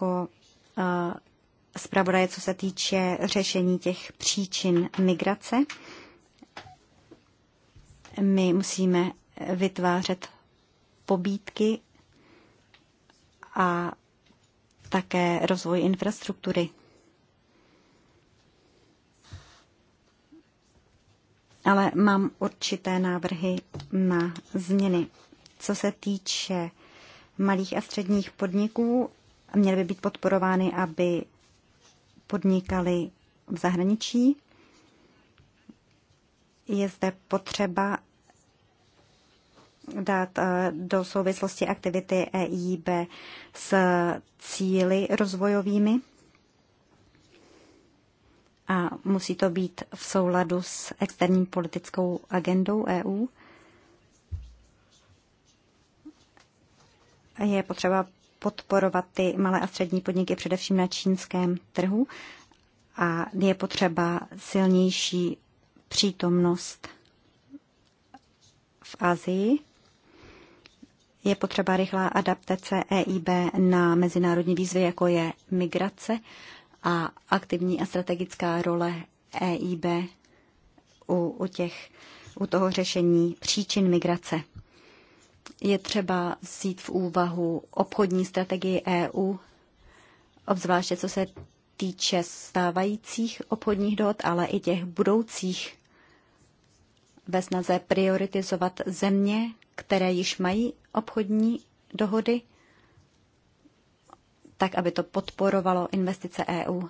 [SPEAKER 3] jako zpravodaje, co se týče řešení těch příčin migrace. My musíme vytvářet pobídky a také rozvoj infrastruktury. Ale mám určité návrhy na změny. Co se týče malých a středních podniků, měly by být podporovány, aby podnikali v zahraničí. Je zde potřeba dát eh, do souvislosti aktivity EIB s cíly rozvojovými a musí to být v souladu s externí politickou agendou EU. Je potřeba podporovat ty malé a střední podniky především na čínském trhu a je potřeba silnější přítomnost v Azii. Je potřeba rychlá adaptace EIB na mezinárodní výzvy, jako je migrace a aktivní a strategická role EIB u, u, těch, u toho řešení příčin migrace je třeba vzít v úvahu obchodní strategii EU, obzvláště co se týče stávajících obchodních dohod, ale i těch budoucích ve snaze prioritizovat země, které již mají obchodní dohody, tak, aby to podporovalo investice EU.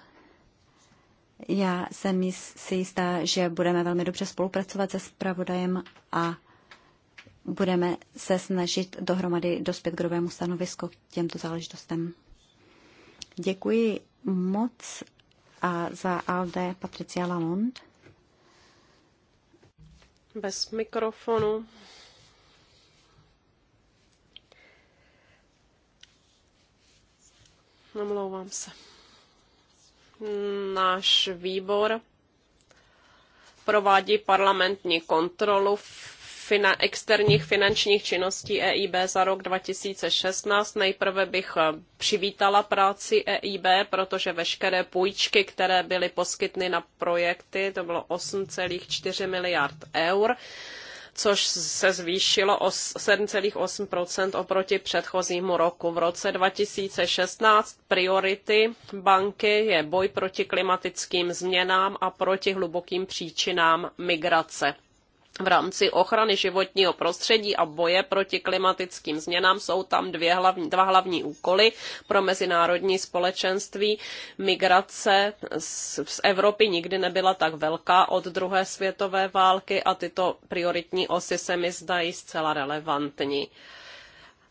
[SPEAKER 3] Já jsem si jistá, že budeme velmi dobře spolupracovat se spravodajem a budeme se snažit dohromady dospět k dobrému stanovisku k těmto záležitostem. Děkuji moc a za Alde Patricia Lalonde.
[SPEAKER 2] Bez mikrofonu. Omlouvám se. Náš výbor provádí parlamentní kontrolu v fina- externích finančních činností EIB za rok 2016. Nejprve bych eh, přivítala práci EIB, protože veškeré půjčky, které byly poskytny na projekty, to bylo 8,4 miliard eur což se zvýšilo o 7,8 oproti předchozímu roku. V roce 2016 priority banky je boj proti klimatickým změnám a proti hlubokým příčinám migrace v rámci ochrany životního prostředí a boje proti klimatickým změnám jsou tam dvě hlavní, dva hlavní úkoly pro mezinárodní společenství. Migrace z, z Evropy nikdy nebyla tak velká od druhé světové války a tyto prioritní osy se mi zdají zcela relevantní.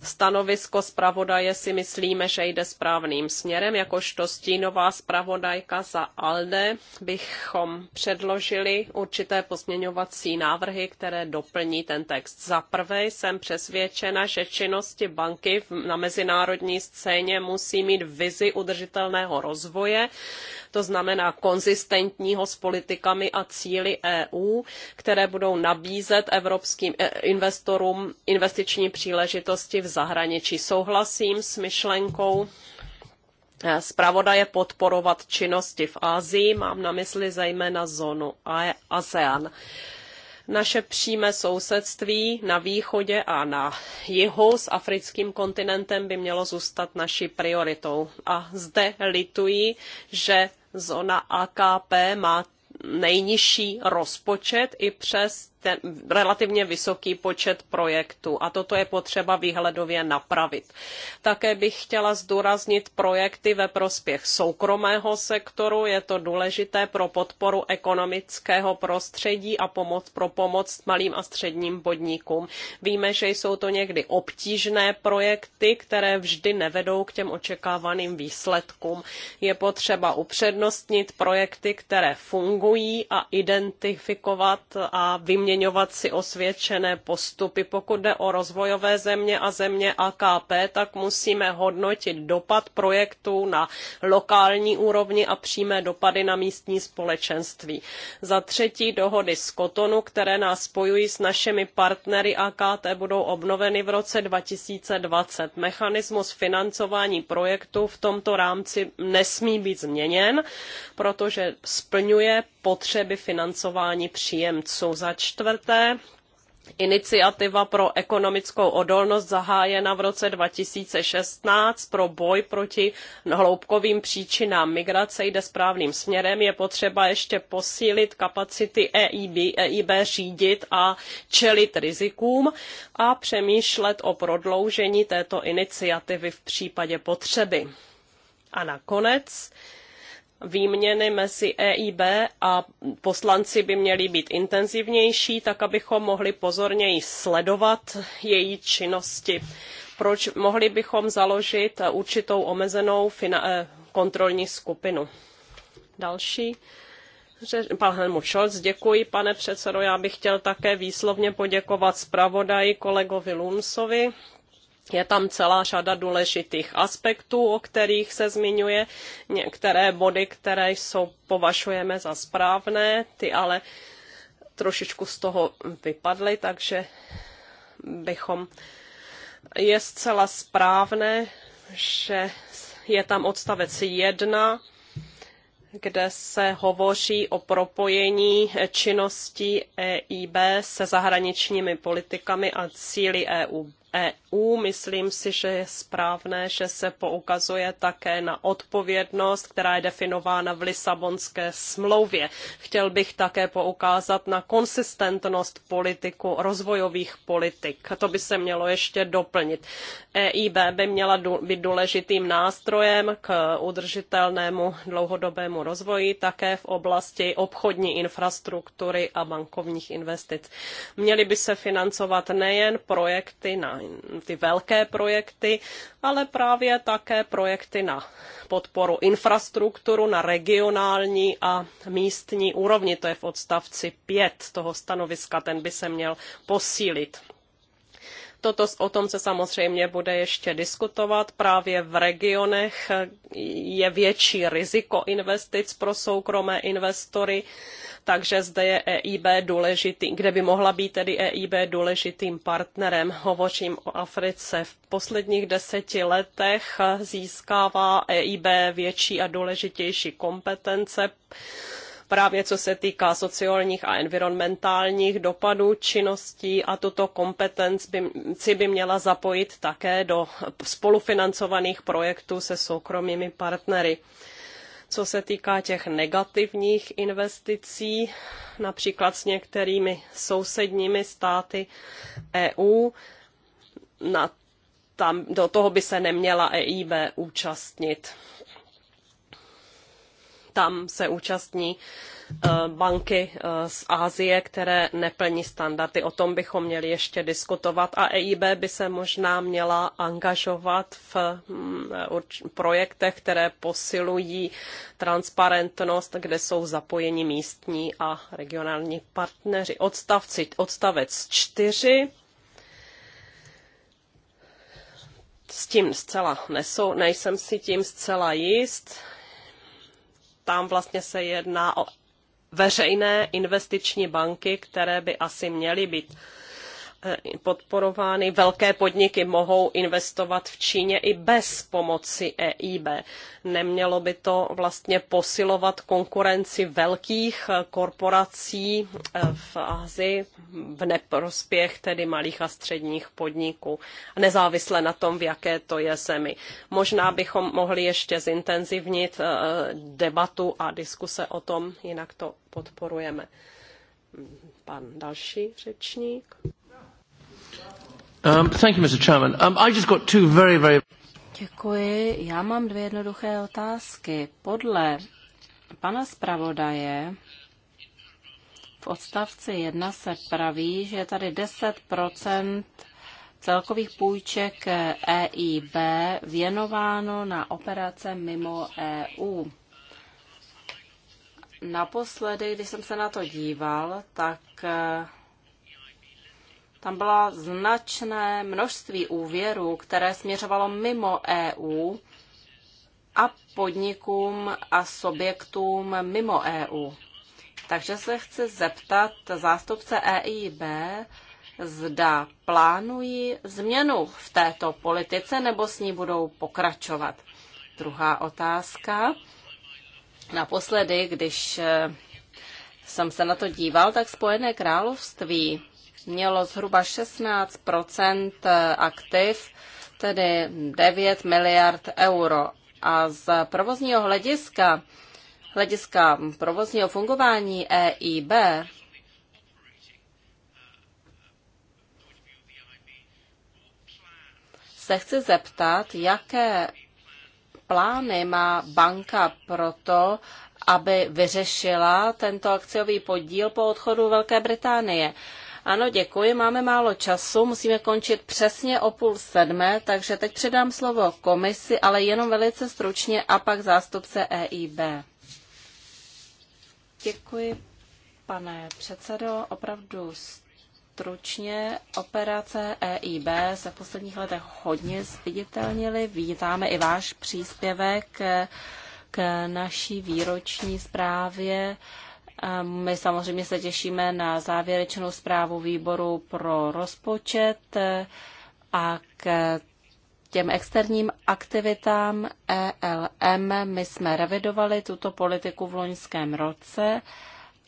[SPEAKER 2] Stanovisko zpravodaje si myslíme, že jde správným směrem. Jakožto stínová zpravodajka za ALDE bychom předložili určité pozměňovací návrhy, které doplní ten text. Za prvé jsem přesvědčena, že činnosti banky na mezinárodní scéně musí mít vizi udržitelného rozvoje to znamená konzistentního s politikami a cíly EU, které budou nabízet evropským eh, investorům investiční příležitosti v zahraničí. Souhlasím s myšlenkou eh, zpravodaje podporovat činnosti v Asii, mám na mysli zejména zónu ASEAN. Naše přímé sousedství na východě a na jihu s africkým kontinentem by mělo zůstat naší prioritou. A zde lituji, že zóna AKP má nejnižší rozpočet i přes ten relativně vysoký počet projektů a toto je potřeba výhledově napravit. Také bych chtěla zdůraznit projekty ve prospěch soukromého sektoru. Je to důležité pro podporu ekonomického prostředí a pomoc pro pomoc malým a středním podnikům. Víme, že jsou to někdy obtížné projekty, které vždy nevedou k těm očekávaným výsledkům. Je potřeba upřednostnit projekty, které fungují a identifikovat a vyměnit vyměňovat si osvědčené postupy. Pokud jde o rozvojové země a země AKP, tak musíme hodnotit dopad projektů na lokální úrovni a přímé dopady na místní společenství. Za třetí dohody z Kotonu, které nás spojují s našimi partnery AKT, budou obnoveny v roce 2020. Mechanismus financování projektů v tomto rámci nesmí být změněn, protože splňuje potřeby financování příjemců. Za čtvrté, Iniciativa pro ekonomickou odolnost zahájena v roce 2016 pro boj proti hloubkovým příčinám migrace jde správným směrem. Je potřeba ještě posílit kapacity EIB, EIB řídit a čelit rizikům a přemýšlet o prodloužení této iniciativy v případě potřeby. A nakonec výměny mezi EIB a poslanci by měly být intenzivnější, tak abychom mohli pozorněji sledovat její činnosti. Proč mohli bychom založit určitou omezenou eh, kontrolní skupinu? Další. Pan Scholz, děkuji, pane předsedo. Já bych chtěl také výslovně poděkovat zpravodaji kolegovi Lunsovi je tam celá řada důležitých aspektů, o kterých se zmiňuje. Některé body, které jsou, považujeme za správné, ty ale trošičku z toho vypadly, takže bychom. Je zcela správné, že je tam odstavec jedna, kde se hovoří o propojení činnosti e EIB se zahraničními politikami a cíly EU EU. Myslím si, že je správné, že se poukazuje také na odpovědnost, která je definována v Lisabonské smlouvě. Chtěl bych také poukázat na konsistentnost politiku, rozvojových politik. To by se mělo ještě doplnit. EIB by měla být důležitým nástrojem k udržitelnému dlouhodobému rozvoji, také v oblasti obchodní infrastruktury a bankovních investic. Měly by se financovat nejen projekty na ty velké projekty, ale právě také projekty na podporu infrastrukturu na regionální a místní úrovni. To je v odstavci 5 toho stanoviska, ten by se měl posílit. Toto o tom se samozřejmě bude ještě diskutovat. Právě v regionech je větší riziko investic pro soukromé investory, takže zde je EIB důležitý, kde by mohla být tedy EIB důležitým partnerem. Hovořím o Africe. V posledních deseti letech získává EIB větší a důležitější kompetence právě co se týká sociálních a environmentálních dopadů činností a tuto kompetenci by měla zapojit také do spolufinancovaných projektů se soukromými partnery. Co se týká těch negativních investicí, například s některými sousedními státy EU, na tam, do toho by se neměla EIB účastnit tam se účastní eh, banky eh, z Asie, které neplní standardy. O tom bychom měli ještě diskutovat a EIB by se možná měla angažovat v mm, eh, projektech, které posilují transparentnost, kde jsou zapojeni místní a regionální partneři. Odstavci, odstavec čtyři. s tím zcela nesou, nejsem si tím zcela jist tam vlastně se jedná o veřejné investiční banky, které by asi měly být Eh, podporovány. Velké podniky mohou investovat v Číně i bez pomoci EIB. Nemělo by to vlastně posilovat konkurenci velkých eh, korporací eh, v Asii v neprospěch tedy malých a středních podniků, nezávisle na tom, v jaké to je zemi. Možná bychom mohli ještě zintenzivnit debatu a diskuse o tom, jinak to podporujeme. Pan další řečník.
[SPEAKER 1] Děkuji. Já mám dvě jednoduché otázky. Podle pana zpravodaje v odstavci 1 se praví, že je tady 10 celkových půjček EIB věnováno na operace mimo EU. Naposledy, když jsem se na to díval, tak eh, tam byla značné množství úvěrů, které směřovalo mimo EU a podnikům a subjektům mimo EU. Takže se chci zeptat zástupce EIB, zda plánují změnu v této politice nebo s ní budou pokračovat. Druhá otázka. Naposledy, když eh, jsem se na to díval, tak Spojené království mělo zhruba 16 eh, aktiv, tedy 9 miliard euro. A z provozního hlediska, hlediska provozního fungování EIB, se chci zeptat, jaké plány má banka pro to, aby vyřešila tento akciový podíl po odchodu Velké Británie. Ano, děkuji, máme málo času, musíme končit přesně o půl sedmé, takže teď předám slovo komisi, ale jenom velice stručně a pak zástupce EIB. Děkuji, pane předsedo, opravdu stručně. Operace EIB se v posledních letech hodně zviditelnily. Vítáme i váš příspěvek k naší výroční zprávě my samozřejmě se těšíme na závěrečnou zprávu výboru pro rozpočet a k těm externím aktivitám ELM. My jsme revidovali tuto politiku v loňském roce.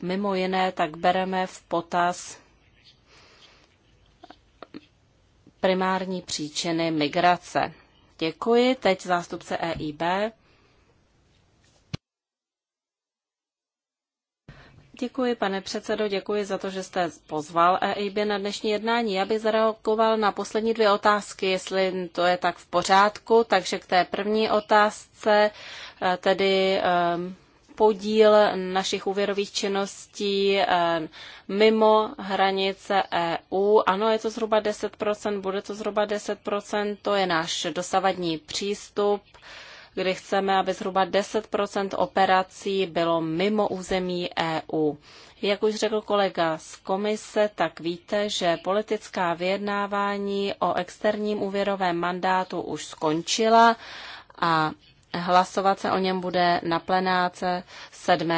[SPEAKER 1] Mimo jiné tak bereme v potaz primární příčiny migrace. Děkuji. Teď zástupce EIB. Děkuji, pane předsedo, děkuji za to, že jste pozval EIB na dnešní jednání. Já bych zareagoval na poslední dvě otázky, jestli to je tak v pořádku. Takže k té první otázce, eh, tedy ehm, podíl našich úvěrových činností ehm, mimo hranice EU. Ano, je to zhruba 10%, bude to zhruba 10%, to je náš dosavadní přístup kdy chceme, aby zhruba 10 operací bylo mimo území EU. Jak už řekl kolega z komise, tak víte, že politická vyjednávání o externím úvěrovém mandátu už skončila a hlasovat se o něm bude na plenáce 7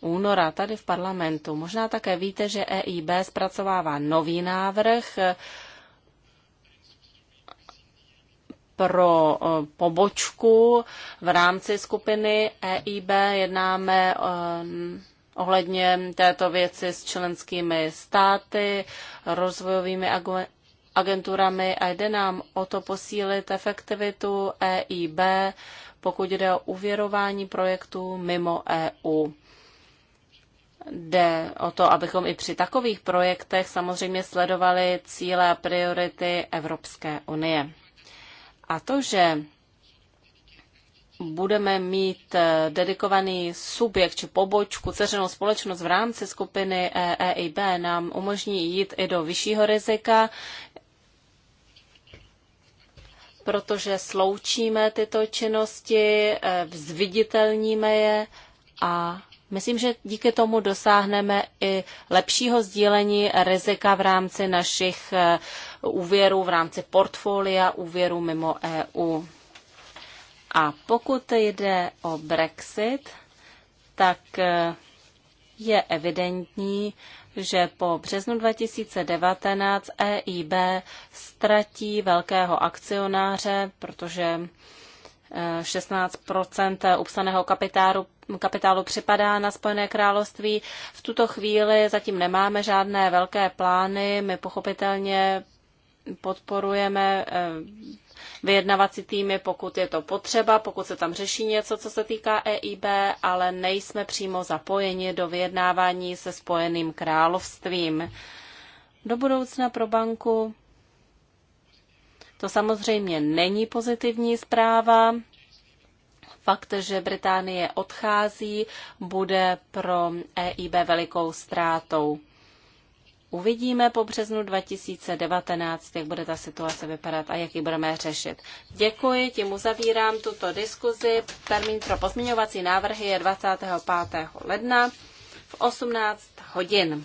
[SPEAKER 1] února tady v parlamentu. Možná také víte, že EIB zpracovává nový návrh pro eh, pobočku v rámci skupiny EIB. Jednáme eh, ohledně této věci s členskými státy, rozvojovými agenturami a jde nám o to posílit efektivitu EIB, pokud jde o uvěrování projektů mimo EU. Jde o to, abychom i při takových projektech samozřejmě sledovali cíle a priority Evropské unie. A to, že budeme mít eh, dedikovaný subjekt či pobočku, ceřenou společnost v rámci skupiny EIB, e nám umožní jít i do vyššího rizika, protože sloučíme tyto činnosti, eh, zviditelníme je a Myslím, že díky tomu dosáhneme i lepšího sdílení rizika v rámci našich eh, úvěrů, v rámci portfolia úvěrů mimo EU. A pokud jde o Brexit, tak eh, je evidentní, že po březnu 2019 EIB ztratí velkého akcionáře, protože 16 upsaného kapitálu, kapitálu připadá na Spojené království. V tuto chvíli zatím nemáme žádné velké plány. My pochopitelně podporujeme eh, vyjednavací týmy, pokud je to potřeba, pokud se tam řeší něco, co se týká EIB, ale nejsme přímo zapojeni do vyjednávání se Spojeným královstvím. Do budoucna pro banku to samozřejmě není pozitivní zpráva. Fakt, že Británie odchází, bude pro EIB velikou ztrátou. Uvidíme po březnu 2019, jak bude ta situace vypadat a jak ji budeme řešit. Děkuji, tím uzavírám tuto diskuzi. Termín pro pozměňovací návrhy je 25. ledna v 18 hodin.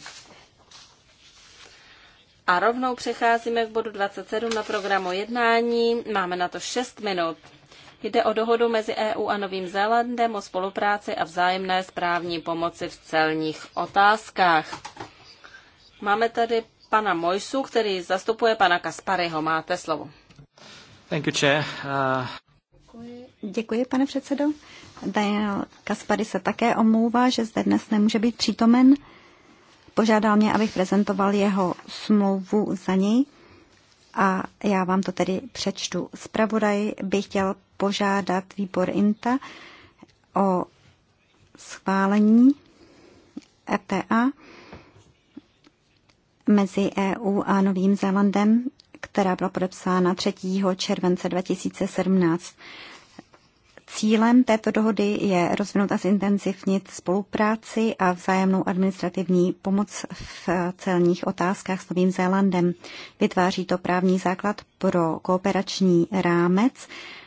[SPEAKER 1] A rovnou přecházíme k bodu 27 na programu jednání. Máme na to 6 minut. Jde o dohodu mezi EU a Novým Zélandem o spolupráci a vzájemné správní pomoci v celních otázkách. Máme tady pana Mojsu, který zastupuje pana Kasparyho.
[SPEAKER 2] Máte slovo. Thank you, chair. Uh...
[SPEAKER 3] Děkuji. Děkuji, pane předsedo. Daniel Kaspary se také omlouvá, že zde dnes nemůže být přítomen. Požádal mě, abych prezentoval jeho smlouvu za něj a já vám to tedy přečtu. Zpravodaj bych chtěl požádat výbor INTA o schválení ETA mezi EU a Novým Zélandem, která byla podepsána 3. července 2017. Cílem této dohody je rozvinout a zintenzivnit spolupráci a vzájemnou administrativní pomoc v celních otázkách s Novým Zélandem. Vytváří to právní základ pro kooperační rámec,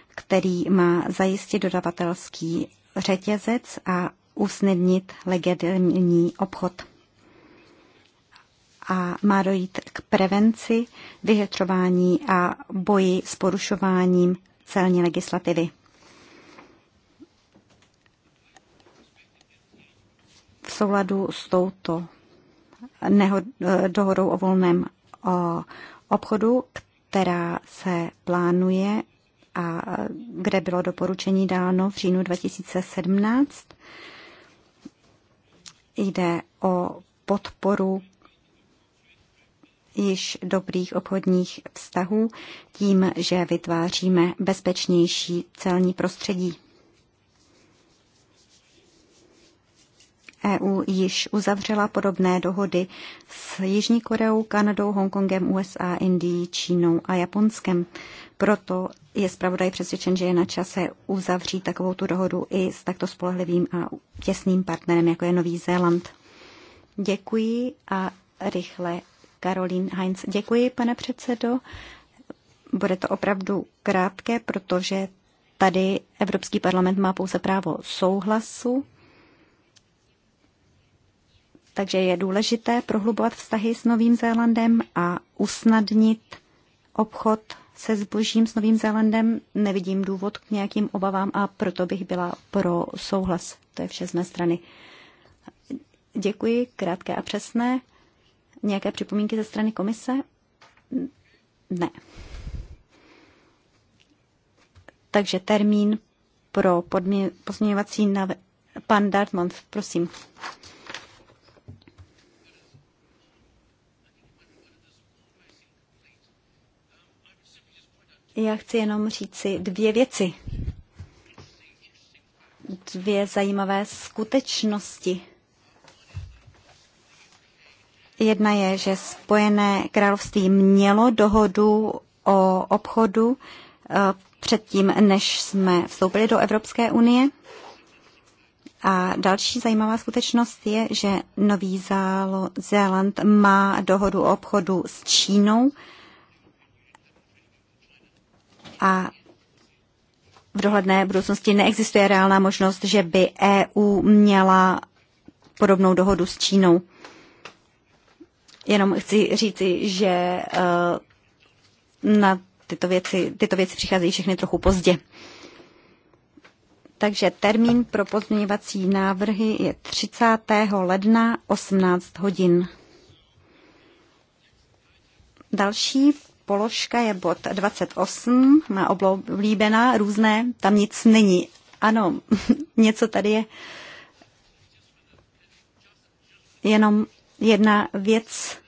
[SPEAKER 3] který má zajistit dodavatelský řetězec a usnadnit legitimní obchod. A má dojít k prevenci, vyhetřování a boji s porušováním celní legislativy. souladu s touto nehod, dohodou o volném o obchodu, která se plánuje a kde bylo doporučení dáno v říjnu 2017. Jde o podporu již dobrých obchodních vztahů tím, že vytváříme bezpečnější celní prostředí. EU již uzavřela podobné dohody s Jižní Koreou, Kanadou, Hongkongem, USA, Indií, Čínou a Japonskem. Proto je zpravodaj přesvědčen, že je na čase uzavřít takovou tu dohodu i s takto spolehlivým a těsným partnerem, jako je Nový Zéland. Děkuji a rychle Karolín Heinz. Děkuji, pane předsedo. Bude to opravdu krátké, protože tady Evropský parlament má pouze právo souhlasu takže je důležité prohlubovat vztahy s Novým Zélandem a usnadnit obchod se zbožím s Novým Zélandem. Nevidím důvod k nějakým obavám a proto bych byla pro souhlas. To je vše z mé strany. Děkuji, krátké a přesné. Nějaké připomínky ze strany komise? Ne. Takže termín pro pozměňovací nav... Pan Dartmouth, prosím. Já chci jenom říci dvě věci. Dvě zajímavé skutečnosti. Jedna je, že Spojené království mělo dohodu o obchodu eh, předtím, než jsme vstoupili do Evropské unie. A další zajímavá skutečnost je, že Nový Zéland má dohodu o obchodu s Čínou, a v dohledné budoucnosti neexistuje reálná možnost, že by EU měla podobnou dohodu s Čínou. Jenom chci říci, že eh, na tyto věci, tyto věci přicházejí všechny trochu pozdě. Takže termín pro pozměňovací návrhy je 30. ledna 18 hodin. Další položka je bod 28, má oblíbená, různé, tam nic není. Ano, něco tady je. Jenom jedna věc.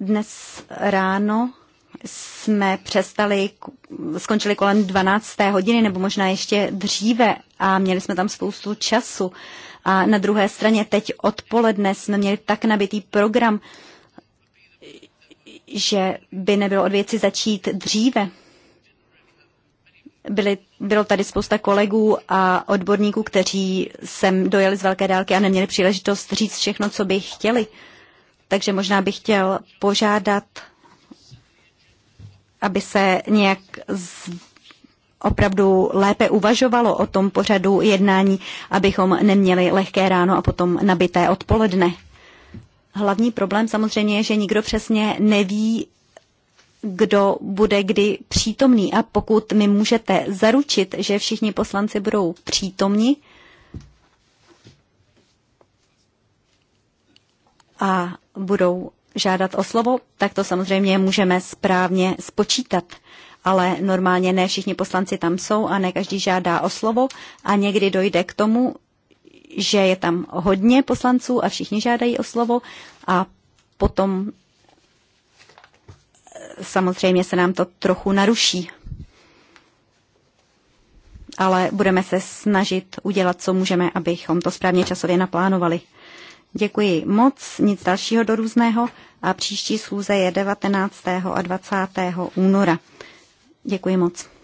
[SPEAKER 3] Dnes ráno jsme přestali, skončili kolem 12. hodiny nebo možná ještě dříve a měli jsme tam spoustu času. A na druhé straně teď odpoledne jsme měli tak nabitý program, že by nebylo od věci začít dříve. Byly, bylo tady spousta kolegů a odborníků, kteří sem dojeli z velké dálky a neměli příležitost říct všechno, co by chtěli. Takže možná bych chtěl požádat, aby se nějak z, opravdu lépe uvažovalo o tom pořadu jednání, abychom neměli lehké ráno a potom nabité odpoledne. Hlavní problém samozřejmě je, že nikdo přesně neví, kdo bude kdy přítomný. A pokud mi můžete zaručit, že všichni poslanci budou přítomni a budou žádat o slovo, tak to samozřejmě můžeme správně spočítat. Ale normálně ne všichni poslanci tam jsou a ne každý žádá o slovo a někdy dojde k tomu, že je tam hodně poslanců a všichni žádají o slovo a potom eh, samozřejmě se nám to trochu naruší. Ale budeme se snažit udělat, co můžeme, abychom to správně časově naplánovali. Děkuji moc, nic dalšího do různého a příští schůze je 19. a 20. února. Děkuji moc.